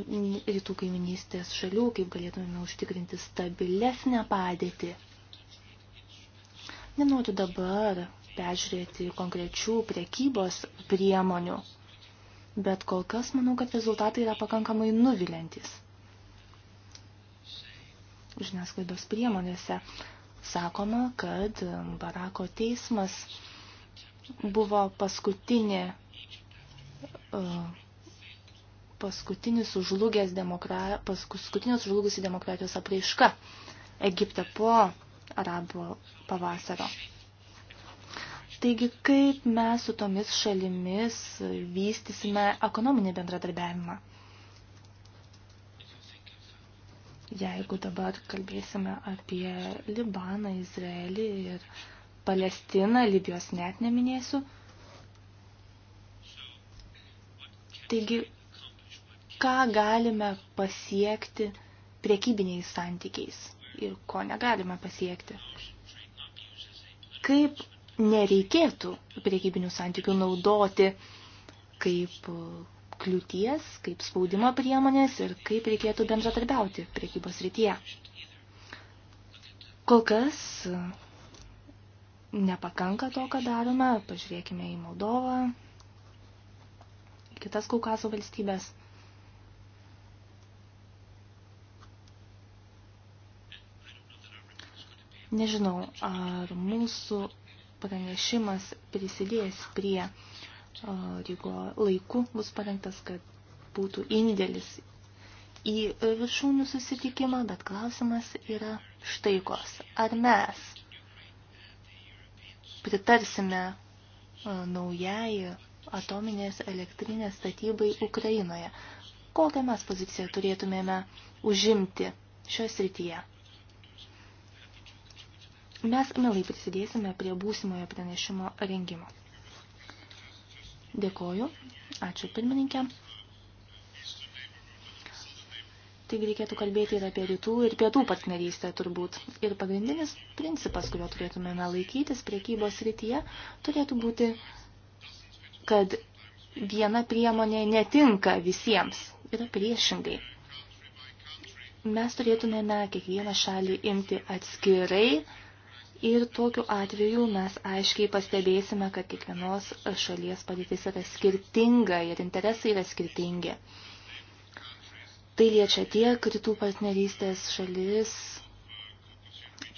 S2: rytų kaiminystės šalių, kaip galėtume užtikrinti stabilesnę padėtį. Nenoriu dabar peržiūrėti konkrečių prekybos priemonių bet kol kas manau, kad rezultatai yra pakankamai nuvilentis. Žiniasklaidos priemonėse sakoma, kad Barako teismas buvo paskutinė, e, paskutinis užlugęs demokra, paskutinis žlugusi demokratijos apraiška Egipte po arabų pavasario. Taigi, kaip mes su tomis šalimis vystysime ekonominį bendradarbiavimą? Jeigu dabar kalbėsime apie Libaną, Izraelį ir Palestiną, Libijos net neminėsiu. Taigi, ką galime pasiekti priekybiniais santykiais ir ko negalime pasiekti? Kaip nereikėtų priekybinių santykių naudoti kaip kliūties, kaip spaudimo priemonės ir kaip reikėtų bendradarbiauti priekybos rytyje. Kol kas nepakanka to, ką darome. Pažiūrėkime į Moldovą, kitas Kaukaso valstybės. Nežinau, ar mūsų pranešimas prisidės prie, jeigu laiku bus parengtas, kad būtų indėlis į viršūnių susitikimą, bet klausimas yra štaikos. Ar mes pritarsime naujai atominės elektrinės statybai Ukrainoje? Kokią mes poziciją turėtumėme užimti šioje srityje? Mes melai prisidėsime prie būsimojo pranešimo rengimo. Dėkoju. Ačiū pirmininkė. Taigi reikėtų kalbėti ir apie rytų ir pietų partnerystę turbūt. Ir pagrindinis principas, kurio turėtumėme laikytis priekybos rytyje, turėtų būti, kad viena priemonė netinka visiems. Yra priešingai. Mes turėtumėme kiekvieną šalį imti atskirai Ir tokiu atveju mes aiškiai pastebėsime, kad kiekvienos šalies padėtis yra skirtinga ir interesai yra skirtingi. Tai liečia tiek rytų partnerystės šalis,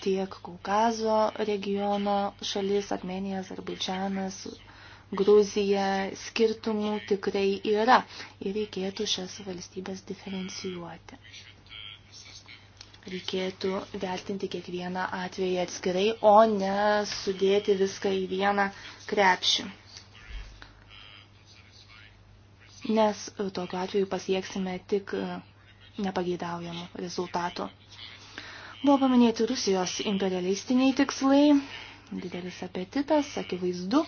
S2: tiek Kaukazo regiono šalis, Armenija, Azerbaidžianas, Gruzija, skirtumų tikrai yra ir reikėtų šias valstybės diferencijuoti reikėtų vertinti kiekvieną atvejį atskirai, o ne sudėti viską į vieną krepšį. Nes tokiu atveju pasieksime tik e, nepageidaujamų rezultatų. Buvo paminėti Rusijos imperialistiniai tikslai, didelis apetitas, akivaizdu,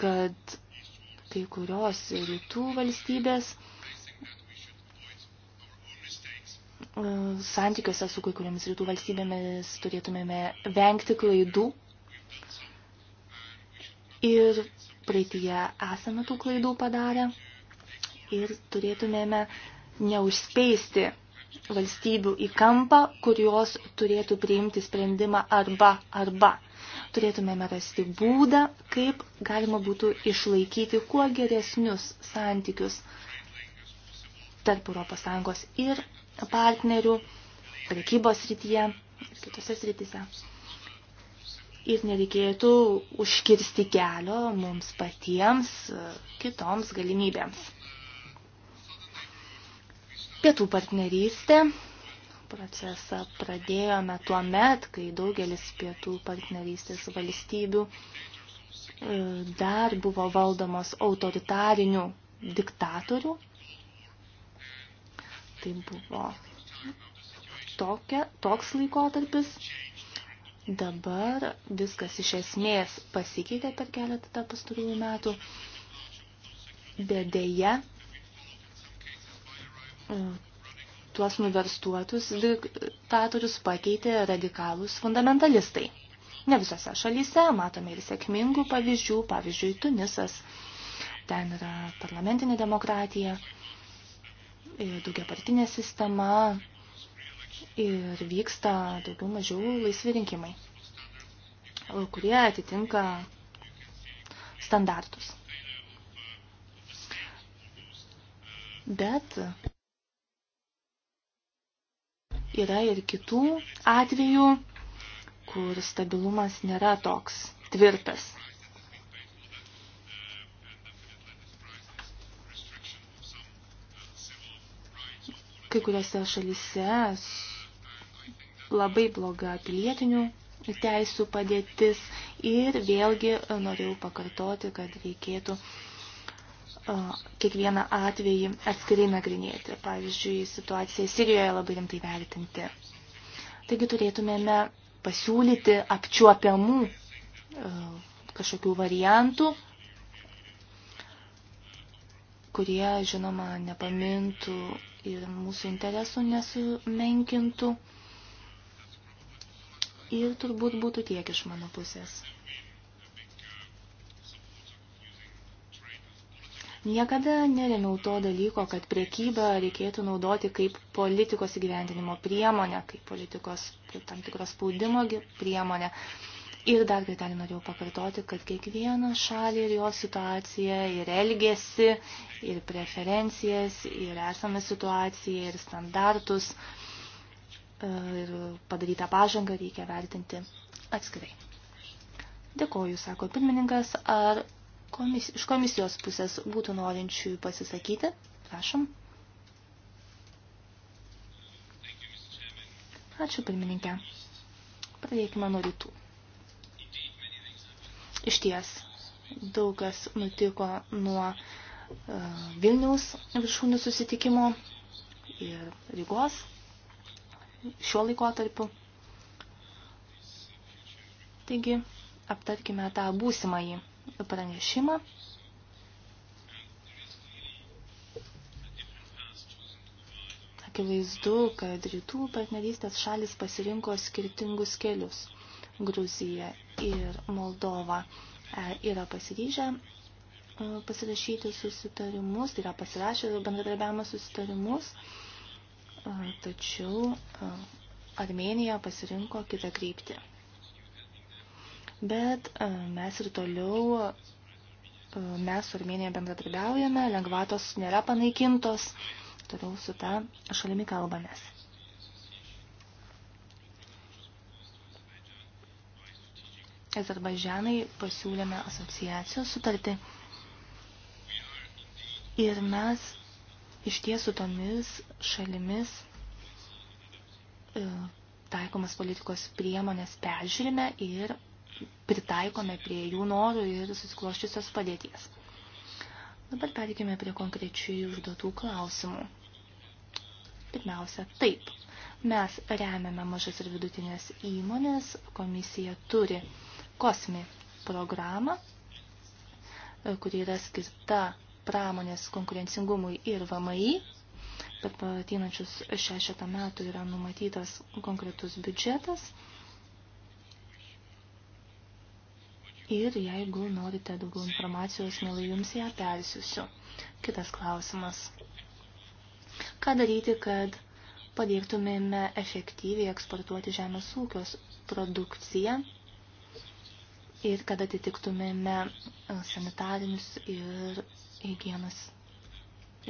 S2: kad kai kurios rytų valstybės – santykiuose su kai kuriamis rytų valstybėmis turėtumėme vengti klaidų. Ir praeitie esame tų klaidų padarę ir turėtumėme neužspeisti valstybių į kampą, kurios turėtų priimti sprendimą arba arba. Turėtumėme rasti būdą, kaip galima būtų išlaikyti kuo geresnius santykius tarp ES ir partnerių prekybos srityje ir kitose srityse. Ir nereikėtų užkirsti kelio mums patiems kitoms galimybėms. Pietų partnerystė procesą pradėjome tuo met, kai daugelis pietų partnerystės valstybių e, dar buvo valdomos autoritarinių diktatorių Tai buvo tokia, toks laikotarpis. Dabar viskas iš esmės pasikeitė per keletą pastarųjų metų. Bėdėje tuos nuverstuotus diktatorius pakeitė radikalus fundamentalistai. Ne visose šalyse matome ir sėkmingų pavyzdžių, pavyzdžiui, Tunisas. Ten yra parlamentinė demokratija. E, daugiapartinė sistema ir vyksta daugiau mažiau laisvi rinkimai, kurie atitinka standartus. Bet yra ir kitų atvejų, kur stabilumas nėra toks tvirtas. kai kuriuose šalyse labai bloga pilietinių teisų padėtis ir vėlgi e, norėjau pakartoti, kad reikėtų e, kiekvieną atvejį atskirai nagrinėti, pavyzdžiui, situaciją Sirijoje labai rimtai vertinti. Taigi turėtumėme pasiūlyti apčiuopiamų e, kažkokių variantų, kurie, žinoma, nepamintų ir mūsų interesų nesumenkintų. Ir turbūt būtų tiek iš mano pusės. Niekada neremiau to dalyko, kad priekybą reikėtų naudoti kaip politikos įgyvendinimo priemonę, kaip politikos kaip tam tikros spaudimo priemonę. Ir dar kartelį norėjau pakartoti, kad kiekvieną šalį ir jo situaciją, ir elgesį, ir preferencijas, ir esamą situaciją, ir standartus, e, ir padarytą pažangą reikia vertinti atskirai. Dėkoju, sako pirmininkas, ar komis, iš komisijos pusės būtų norinčių pasisakyti? Prašom. Ačiū pirmininkė. Pradėkime nuo rytų. Iš ties, daug kas nutiko nuo e, Vilniaus viršūnių susitikimo ir Rygos šiuo laikotarpiu. Taigi, aptarkime tą būsimąjį pranešimą. Akivaizdu, kad rytų partnerystės šalis pasirinko skirtingus kelius. Gruzija ir Moldova e, yra pasiryžę e, pasirašyti susitarimus, yra pasirašę bendradarbiavimo susitarimus, e, tačiau Armenija pasirinko kitą kryptį. Bet mes ir toliau, mes su Armenija bendradarbiaujame, lengvatos nėra panaikintos, toliau su tą šalimi kalbamės. Azerbaidžianai pasiūlėme asociacijos sutartį ir mes iš tiesų tomis šalimis e, taikomas politikos priemonės peržiūrime ir pritaikome prie jų norų ir susikloščiusios padėties. Dabar pereikime prie konkrečių užduotų klausimų. Pirmiausia, taip. Mes remiame mažas ir vidutinės įmonės, komisija turi uh, kosmi programą, e, kuri yra skirta pramonės konkurencingumui ir VMI. Per ateinančius šešetą metų yra numatytas konkretus biudžetas. Ir jeigu norite daugiau informacijos, mielai jums ją persiusiu. Kitas klausimas. Ką daryti, kad padėktumėme efektyviai eksportuoti žemės ūkios produkciją ir kad atitiktumėme e, sanitarinius ir hygienos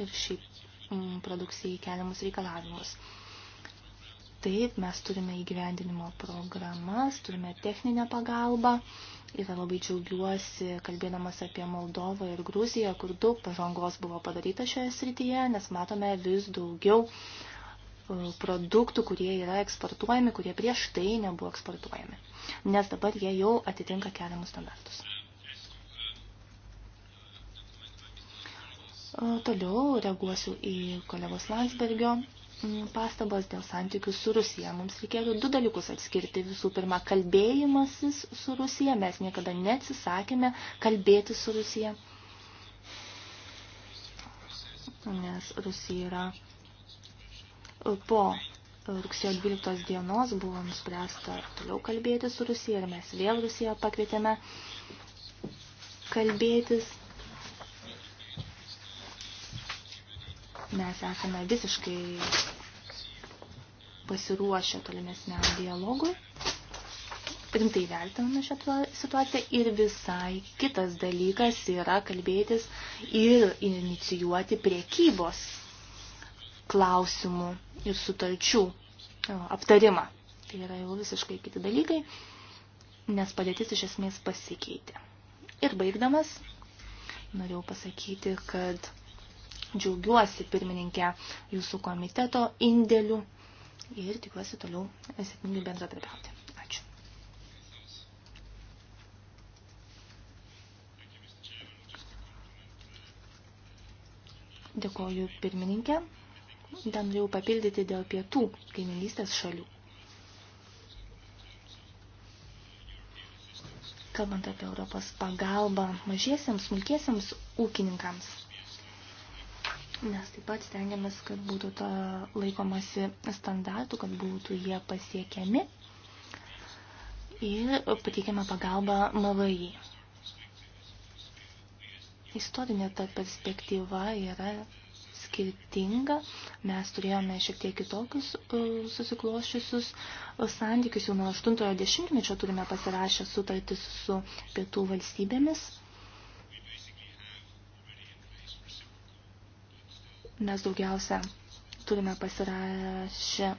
S2: ir šiaip mm, produkcijai keliamus reikalavimus. Taip, mes turime įgyvendinimo programas, turime techninę pagalbą ir labai džiaugiuosi, kalbėdamas apie Moldovą ir Gruziją, kur daug pažangos buvo padaryta šioje srityje, nes matome vis daugiau uh, produktų, kurie yra eksportuojami, kurie prieš tai nebuvo eksportuojami, nes dabar jie jau atitinka keliamus standartus. E, toliau reaguosiu į kolegos Landsbergio pastabas dėl santykių su Rusija. Mums reikėtų du dalykus atskirti. Visų pirma, kalbėjimasis su Rusija. Mes niekada neatsisakėme kalbėti su Rusija, nes Rusija yra po rugsėjo 12 dienos buvo nuspręsta toliau kalbėti su Rusija ir mes vėl Rusiją pakvietėme kalbėtis. Mes esame visiškai pasiruošę tolimesniam dialogui. Rimtai vertiname šią situaciją ir visai kitas dalykas yra kalbėtis ir inicijuoti priekybos klausimų ir sutarčių e, aptarimą. Tai yra jau visiškai kiti dalykai, nes padėtis iš esmės pasikeitė. Ir baigdamas, norėjau pasakyti, kad džiaugiuosi pirmininkę jūsų komiteto indėlių ir tikiuosi toliau sėkmingai bendradarbiauti. Ačiū. Dėkoju pirmininkė. Dar norėjau papildyti dėl pietų kaiminystės šalių. Kalbant apie Europos pagalbą mažiesiams, smulkiesiams ūkininkams. Mes taip pat stengiamės, kad būtų ta laikomasi standartų, kad būtų jie pasiekiami ir pateikiama pagalba MVI. Istorinė ta perspektyva yra skirtinga. Mes turėjome šiek tiek kitokius e, susikloščiusius e, santykius. Jau nuo 80-ojo dešimtmečio turime pasirašę sutartis su pietų valstybėmis. Mes daugiausia turime pasirašę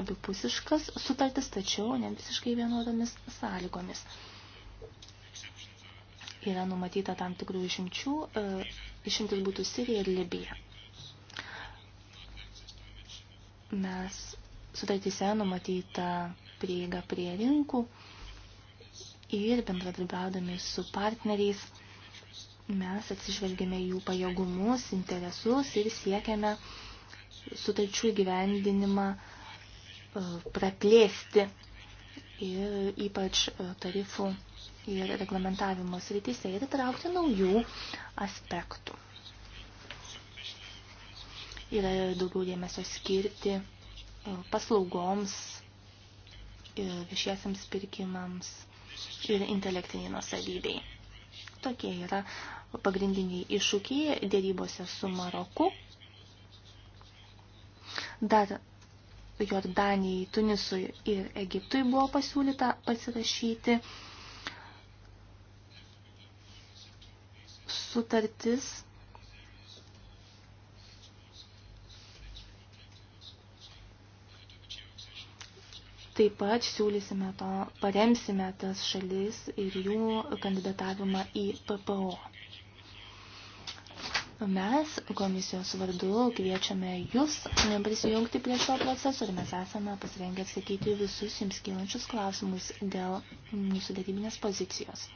S2: abipusiškas sutartis, tačiau ne visiškai vienodomis sąlygomis. Yra numatyta tam tikrų išimčių, e, išimtis būtų Sirija ir Libija mes sutartyse numatytą prieigą prie rinkų ir bendradarbiaudami su partneriais mes atsižvelgėme jų pajėgumus, interesus ir siekiame sutarčių gyvendinimą e, praplėsti ir ypač e, tarifų ir reglamentavimo srityse ir traukti naujų aspektų yra daugiau dėmesio skirti e, paslaugoms, viešiesiams pirkimams ir intelektiniai nusavybei. Tokie yra pagrindiniai iššūkiai dėrybose su Maroku. Dar Jordanijai, Tunisui ir Egiptui buvo pasiūlyta pasirašyti sutartis Taip pat siūlysime to, paremsime tas šalis ir jų kandidatavimą į PPO. Mes komisijos vardu kviečiame jūs prisijungti prie šio proceso ir mes esame pasirengę atsakyti visus jums kylančius klausimus dėl mūsų darybinės pozicijos.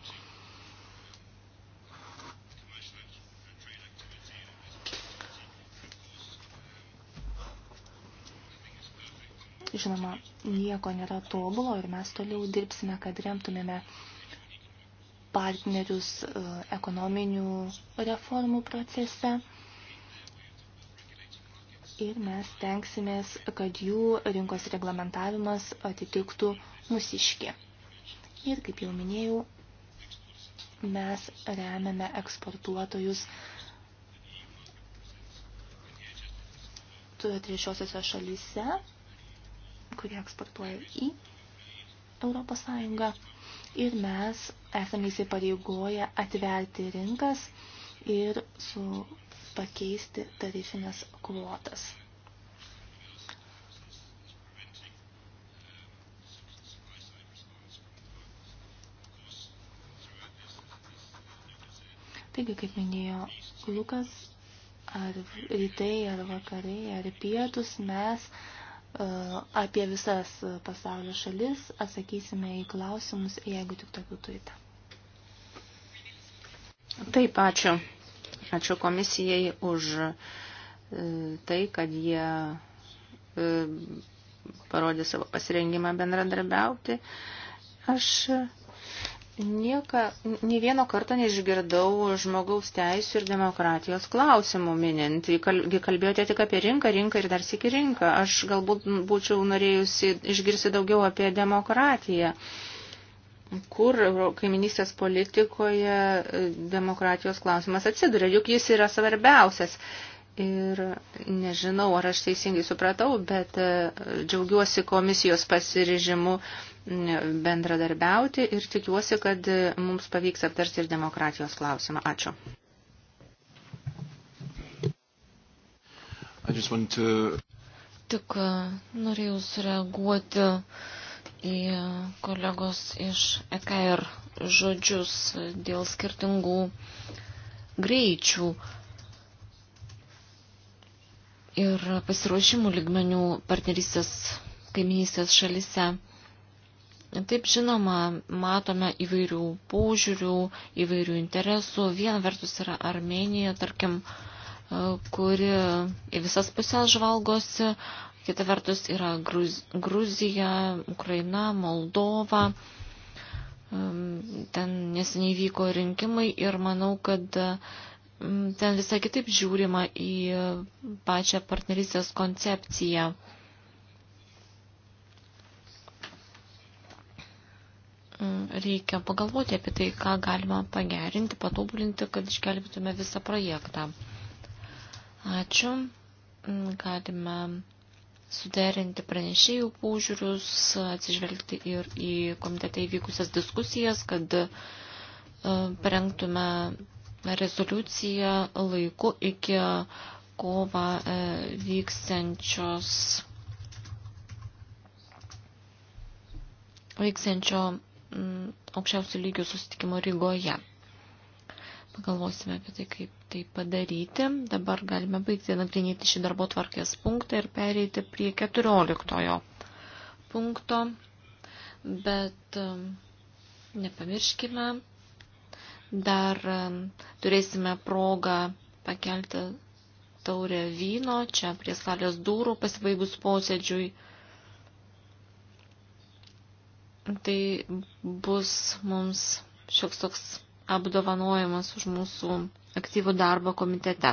S2: Žinoma, nieko nėra tobulo ir mes toliau dirbsime, kad remtumėme partnerius e, ekonominių reformų procese. Ir mes tenksimės, kad jų rinkos reglamentavimas atitiktų musiškį. Ir, kaip jau minėjau, mes remiame eksportuotojus trečiosiose šalyse kurie eksportuoja į Europos Sąjungą. Ir mes esame įsipareigoję atverti rinkas ir su pakeisti tarifinės kvotas. Taigi, kaip minėjo Lukas, ar rytai, ar vakarai, ar pietus mes uh, apie visas pasaulio šalis, atsakysime į klausimus, jeigu tik tokių turite.
S4: Taip, ačiū. Ačiū komisijai už e, tai, kad jie e, parodė savo pasirengimą bendradarbiauti. Aš Nieka, nei vieno karto neišgirdau žmogaus teisų ir demokratijos klausimų minint. Kalbėjote tik apie rinką, rinką ir dar sėki rinką. Aš galbūt būčiau norėjusi išgirsti daugiau apie demokratiją. Kur kaiminystės politikoje e, demokratijos klausimas atsiduria, juk jis yra svarbiausias. Ir nežinau, ar aš teisingai supratau, bet e, džiaugiuosi komisijos pasirižimu bendradarbiauti ir tikiuosi, kad mums pavyks aptarti ir demokratijos klausimą. Ačiū.
S2: To...
S3: Tik e, norėjau sureaguoti į kolegos iš EKR žodžius dėl skirtingų greičių ir pasiruošimų ligmenių partnerystės kaiminystės šalise. Taip žinoma, matome įvairių požiūrių, įvairių interesų. Viena vertus yra Armenija, tarkim, e, kuri į visas pusės žvalgosi, kita vertus yra Gruzija, Ukraina, Moldova. E, ten neseniai vyko rinkimai ir manau, kad e, ten visai kitaip žiūrima į pačią partnerystės koncepciją. reikia pagalvoti apie tai, ką galima pagerinti, patobulinti, kad išgelbėtume visą projektą. Ačiū. Galime suderinti pranešėjų paužiūrius, atsižvelgti ir į komitete įvykusias diskusijas, kad e, parengtume rezoliuciją laiku iki kovą e, vyksiančios vyksiančio Mm, aukščiausių lygių susitikimo Rygoje. Pagalvosime apie tai, kaip tai padaryti. Dabar galime baigti nagrinėti šį darbo tvarkės punktą ir pereiti prie 14 punkto. Bet um, nepamirškime, dar um, turėsime progą pakelti taurę vyno čia prie salės durų pasibaigus posėdžiui. Tai bus mums šioks toks apdovanojimas už mūsų aktyvų darbą komitete.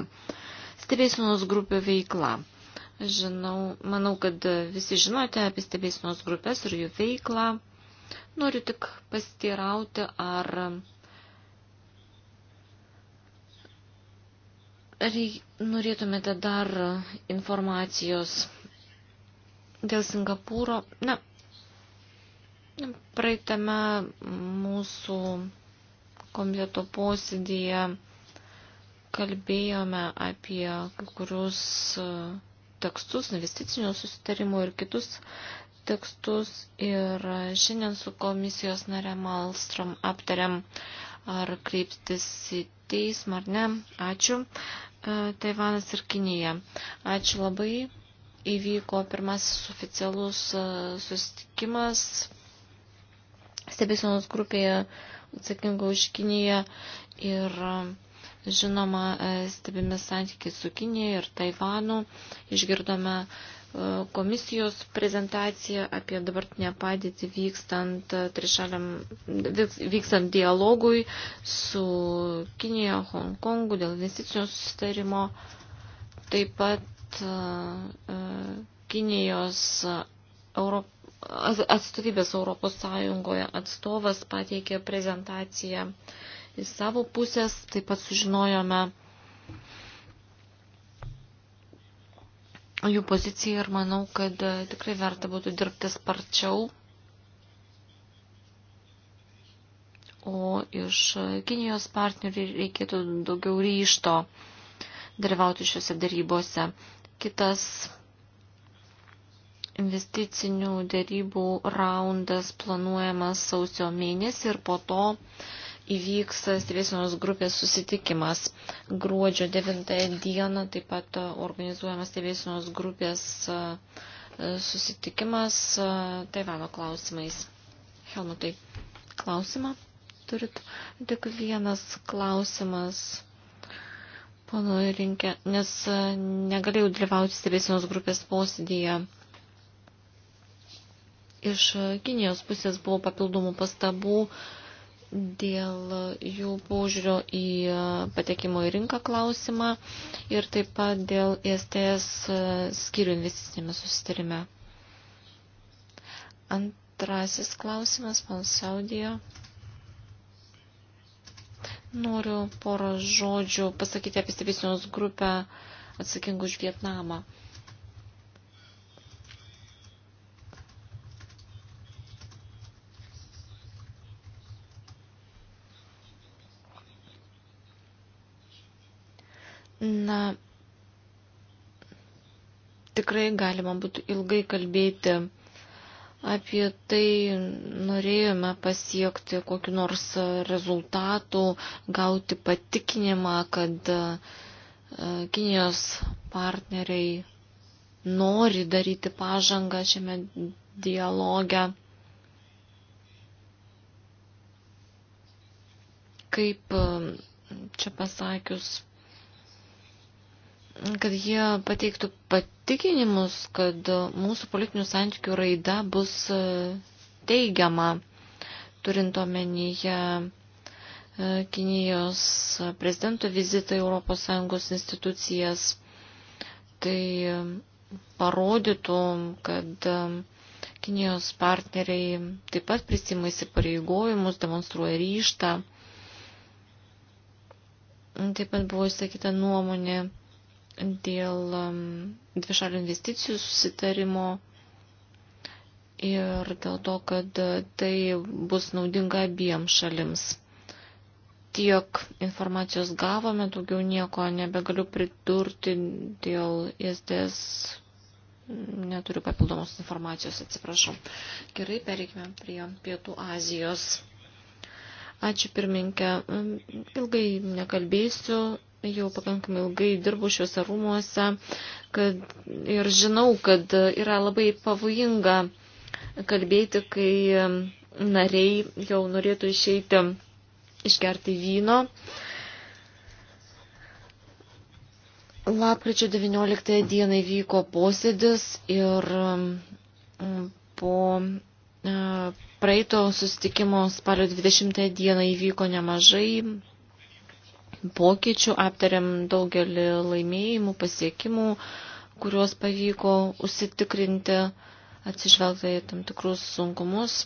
S3: Stebėsinos grupė veikla. Žinau, manau, kad visi žinote apie stebėsinos grupės ir jų veiklą. Noriu tik pastirauti, ar Reik, norėtumėte dar informacijos dėl Singapūro? Na, Praeitame mūsų komiteto posėdėje kalbėjome apie kai kurius tekstus, investicinių susitarimų ir kitus tekstus ir šiandien su komisijos nare Malstrom aptariam, ar kreiptis į teismą ar ne. Ačiū. E, Taivanas ir Kinija. Ačiū labai. Įvyko pirmasis oficialus e, susitikimas stebėsenos grupėje atsakinga už Kiniją ir žinoma stebimi santykiai su Kinija ir Taivanu. Išgirdome e, komisijos prezentaciją apie dabartinę padėtį vykstant, trišaliam, vykstant dialogui su Kinija, Hongkongu dėl investicinio sustarimo. Taip pat e, e, Kinijos Europos atstovybės Europos Sąjungoje atstovas pateikė prezentaciją iš savo pusės, taip pat sužinojome jų poziciją ir manau, kad e, tikrai verta būtų dirbti sparčiau. O iš Kinijos partnerių reikėtų daugiau ryšto dalyvauti šiuose darybose. Kitas Investicinių dėrybų raundas planuojamas sausio mėnesį ir po to įvyks stebėsenos grupės susitikimas. Gruodžio 9 dieną taip pat organizuojamas stebėsenos grupės e, susitikimas e, Taivano klausimais. Helmutai, klausimą turit? Tik vienas klausimas. Pono Rinkė, nes e, negalėjau dalyvauti stebėsenos grupės posėdėje. Iš Kinijos pusės buvo papildomų pastabų dėl jų požiūrio į patekimo į rinką klausimą ir taip pat dėl ISTS e skirių investicinėme susitarime. Antrasis klausimas, man Saudijo. Noriu porą žodžių pasakyti apie stebėsienos grupę atsakingų už Vietnamą. Na, tikrai galima būtų ilgai kalbėti apie tai, norėjome pasiekti kokiu nors rezultatų, gauti patikinimą, kad e, Kinijos partneriai nori daryti pažangą šiame dialoge. Kaip e, čia pasakius, kad jie pateiktų patikinimus, kad mūsų politinių santykių raida bus e, teigiama, turint omenyje e, Kinijos prezidento vizitą ES institucijas. Tai parodytų, kad e, Kinijos partneriai taip pat prisima įsipareigojimus, demonstruoja ryštą. Taip pat buvo išsakyta nuomonė dėl um, dvišalių investicijų susitarimo ir dėl to, kad uh, tai bus naudinga abiem šalims. Tiek informacijos gavome, daugiau nieko nebegaliu pridurti dėl ISDS neturiu papildomos informacijos, atsiprašau. Gerai, pereikime prie Pietų Azijos. Ačiū pirminkė, mm, ilgai nekalbėsiu, jau pakankamai ilgai dirbu šiuose rūmuose kad, ir žinau, kad yra labai pavojinga kalbėti, kai nariai jau norėtų išeiti išgerti vyno. Lapkričio 19 dieną vyko posėdis ir mm, po e, praeito susitikimo spalio 20 dieną įvyko nemažai pokyčių, aptariam daugelį laimėjimų, pasiekimų, kuriuos pavyko užsitikrinti, atsižvelgta į tam tikrus sunkumus.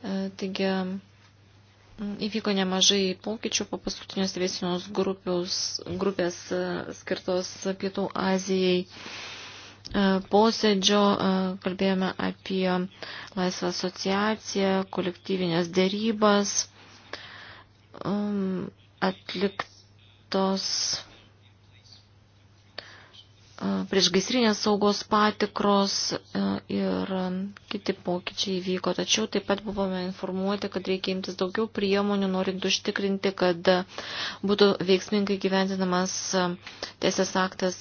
S3: E, taigi įvyko nemažai pokyčių po paskutinės vėsinos grupės e, skirtos Pietų Azijai e, posėdžio kalbėjome apie laisvą asociaciją, kolektyvinės dėrybas, atlik, tos e, priešgaisrinės saugos patikros e, ir kiti pokyčiai vyko. Tačiau taip pat buvome informuoti, kad reikia imtis daugiau priemonių, norint užtikrinti, kad būtų veiksmingai gyventinamas teisės aktas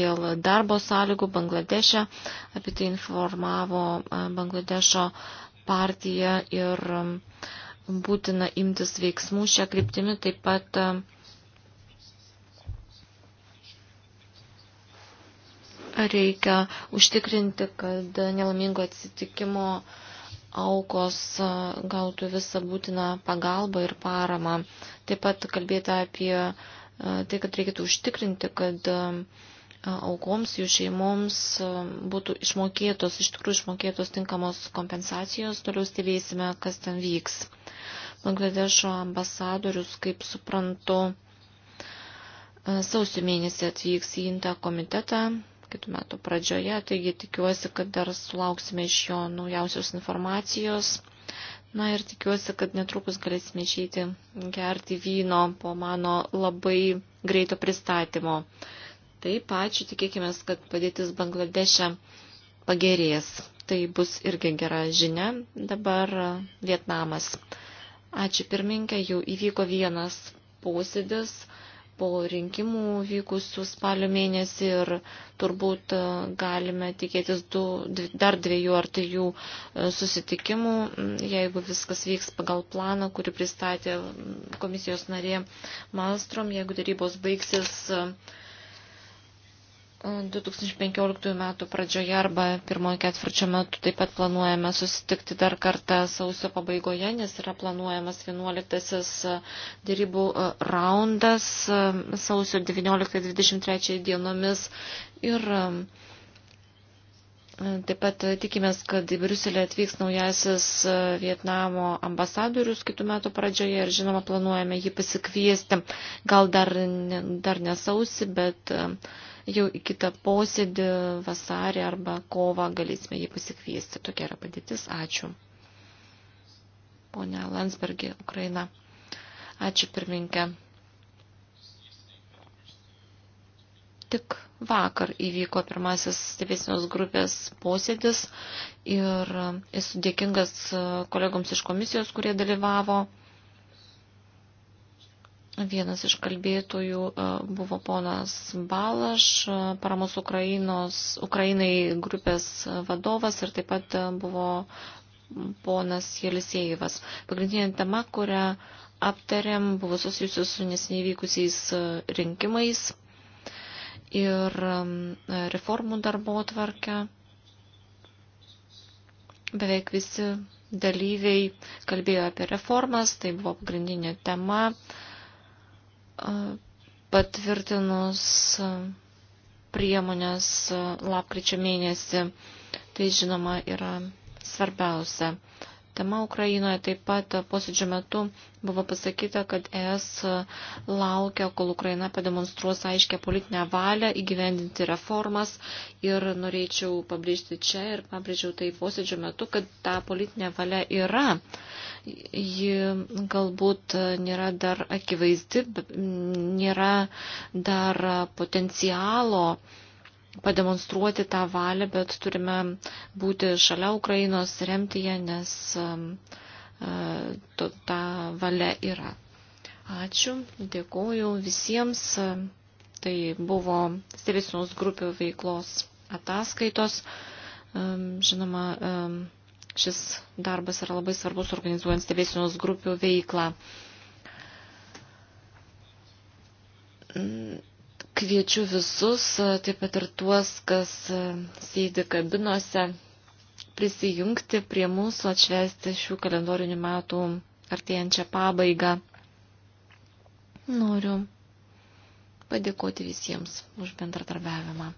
S3: dėl darbo sąlygų Bangladeše. Apie tai informavo e, Bangladešo partija ir būtina imtis veiksmų šią kryptimį. Taip pat reikia užtikrinti, kad nelamingo atsitikimo aukos gautų visą būtiną pagalbą ir paramą. Taip pat kalbėti apie tai, kad reikėtų užtikrinti, kad aukoms, jų šeimoms būtų išmokėtos, iš tikrųjų išmokėtos tinkamos kompensacijos, toliau stebėsime, kas ten vyks. Bangladešo ambasadorius, kaip suprantu, sausio mėnesį atvyks į Intą komitetą, kitų metų pradžioje, taigi tikiuosi, kad dar sulauksime iš jo naujausios informacijos. Na ir tikiuosi, kad netrukus galėsime išeiti gerti vyno po mano labai greito pristatymo. Taip, ačiū, tikėkime, kad padėtis Bangladeše pagerės. Tai bus irgi gera žinia. Dabar Vietnamas. Ačiū pirminkė, jau įvyko vienas posėdis po rinkimų vykusių spalio mėnesį ir turbūt e, galime tikėtis du, dar dviejų ar trijų e, susitikimų, mm, jeigu viskas vyks pagal planą, kurį pristatė mm, komisijos narė Malstrom, jeigu darybos baigsis e, 2015 metų pradžioje arba pirmojo ketvirčio metu taip pat planuojame susitikti dar kartą sausio pabaigoje, nes yra planuojamas 11-asis e, dėrybų e, raundas e, sausio 19-23 dienomis ir Taip pat tikimės, kad į Briuselį atvyks naujasis Vietnamo ambasadorius kitų metų pradžioje ir žinoma planuojame jį pasikviesti. Gal dar, dar nesausi, bet uh, jau į kitą posėdį vasarį arba kovą galėsime jį pasikviesti. Tokia yra padėtis. Ačiū. Pone Landsbergė, Ukraina. Ačiū pirminkė. Tik vakar įvyko pirmasis stebėsinos grupės posėdis ir esu dėkingas kolegoms iš komisijos, kurie dalyvavo. Vienas iš kalbėtojų e, buvo ponas Balaš, e, paramos Ukrainos, Ukrainai grupės vadovas ir taip pat e, buvo ponas Jelisėjevas. Pagrindinė tema, kurią aptarėm, buvo susijusi su nesnevykusiais rinkimais ir reformų darbo tvarkę. Beveik visi dalyviai kalbėjo apie reformas, tai buvo pagrindinė tema patvirtinus priemonės lapkričio mėnesį. Tai žinoma yra svarbiausia tema Ukrainoje. Taip pat posėdžio metu buvo pasakyta, kad ES laukia, kol Ukraina pademonstruos aiškę politinę valią įgyvendinti reformas. Ir norėčiau pabrėžti čia ir pabrėžiau tai posėdžio metu, kad ta politinė valia yra. Ji galbūt nėra dar akivaizdi, nėra dar potencialo pademonstruoti tą valią, bet turime būti šalia Ukrainos, remti ją, nes um, uh, to, ta valia yra. Ačiū, dėkoju visiems. Tai buvo stebėsinos grupių veiklos ataskaitos. Um, žinoma, um, šis darbas yra labai svarbus organizuojant stebėsinos grupių veiklą Kviečiu visus, e, taip pat ir tuos, kas e, sėdi kabinose, prisijungti prie mūsų, atšvesti šių kalendorinių metų artėjančią pabaigą. Noriu padėkoti visiems už bendradarbiavimą.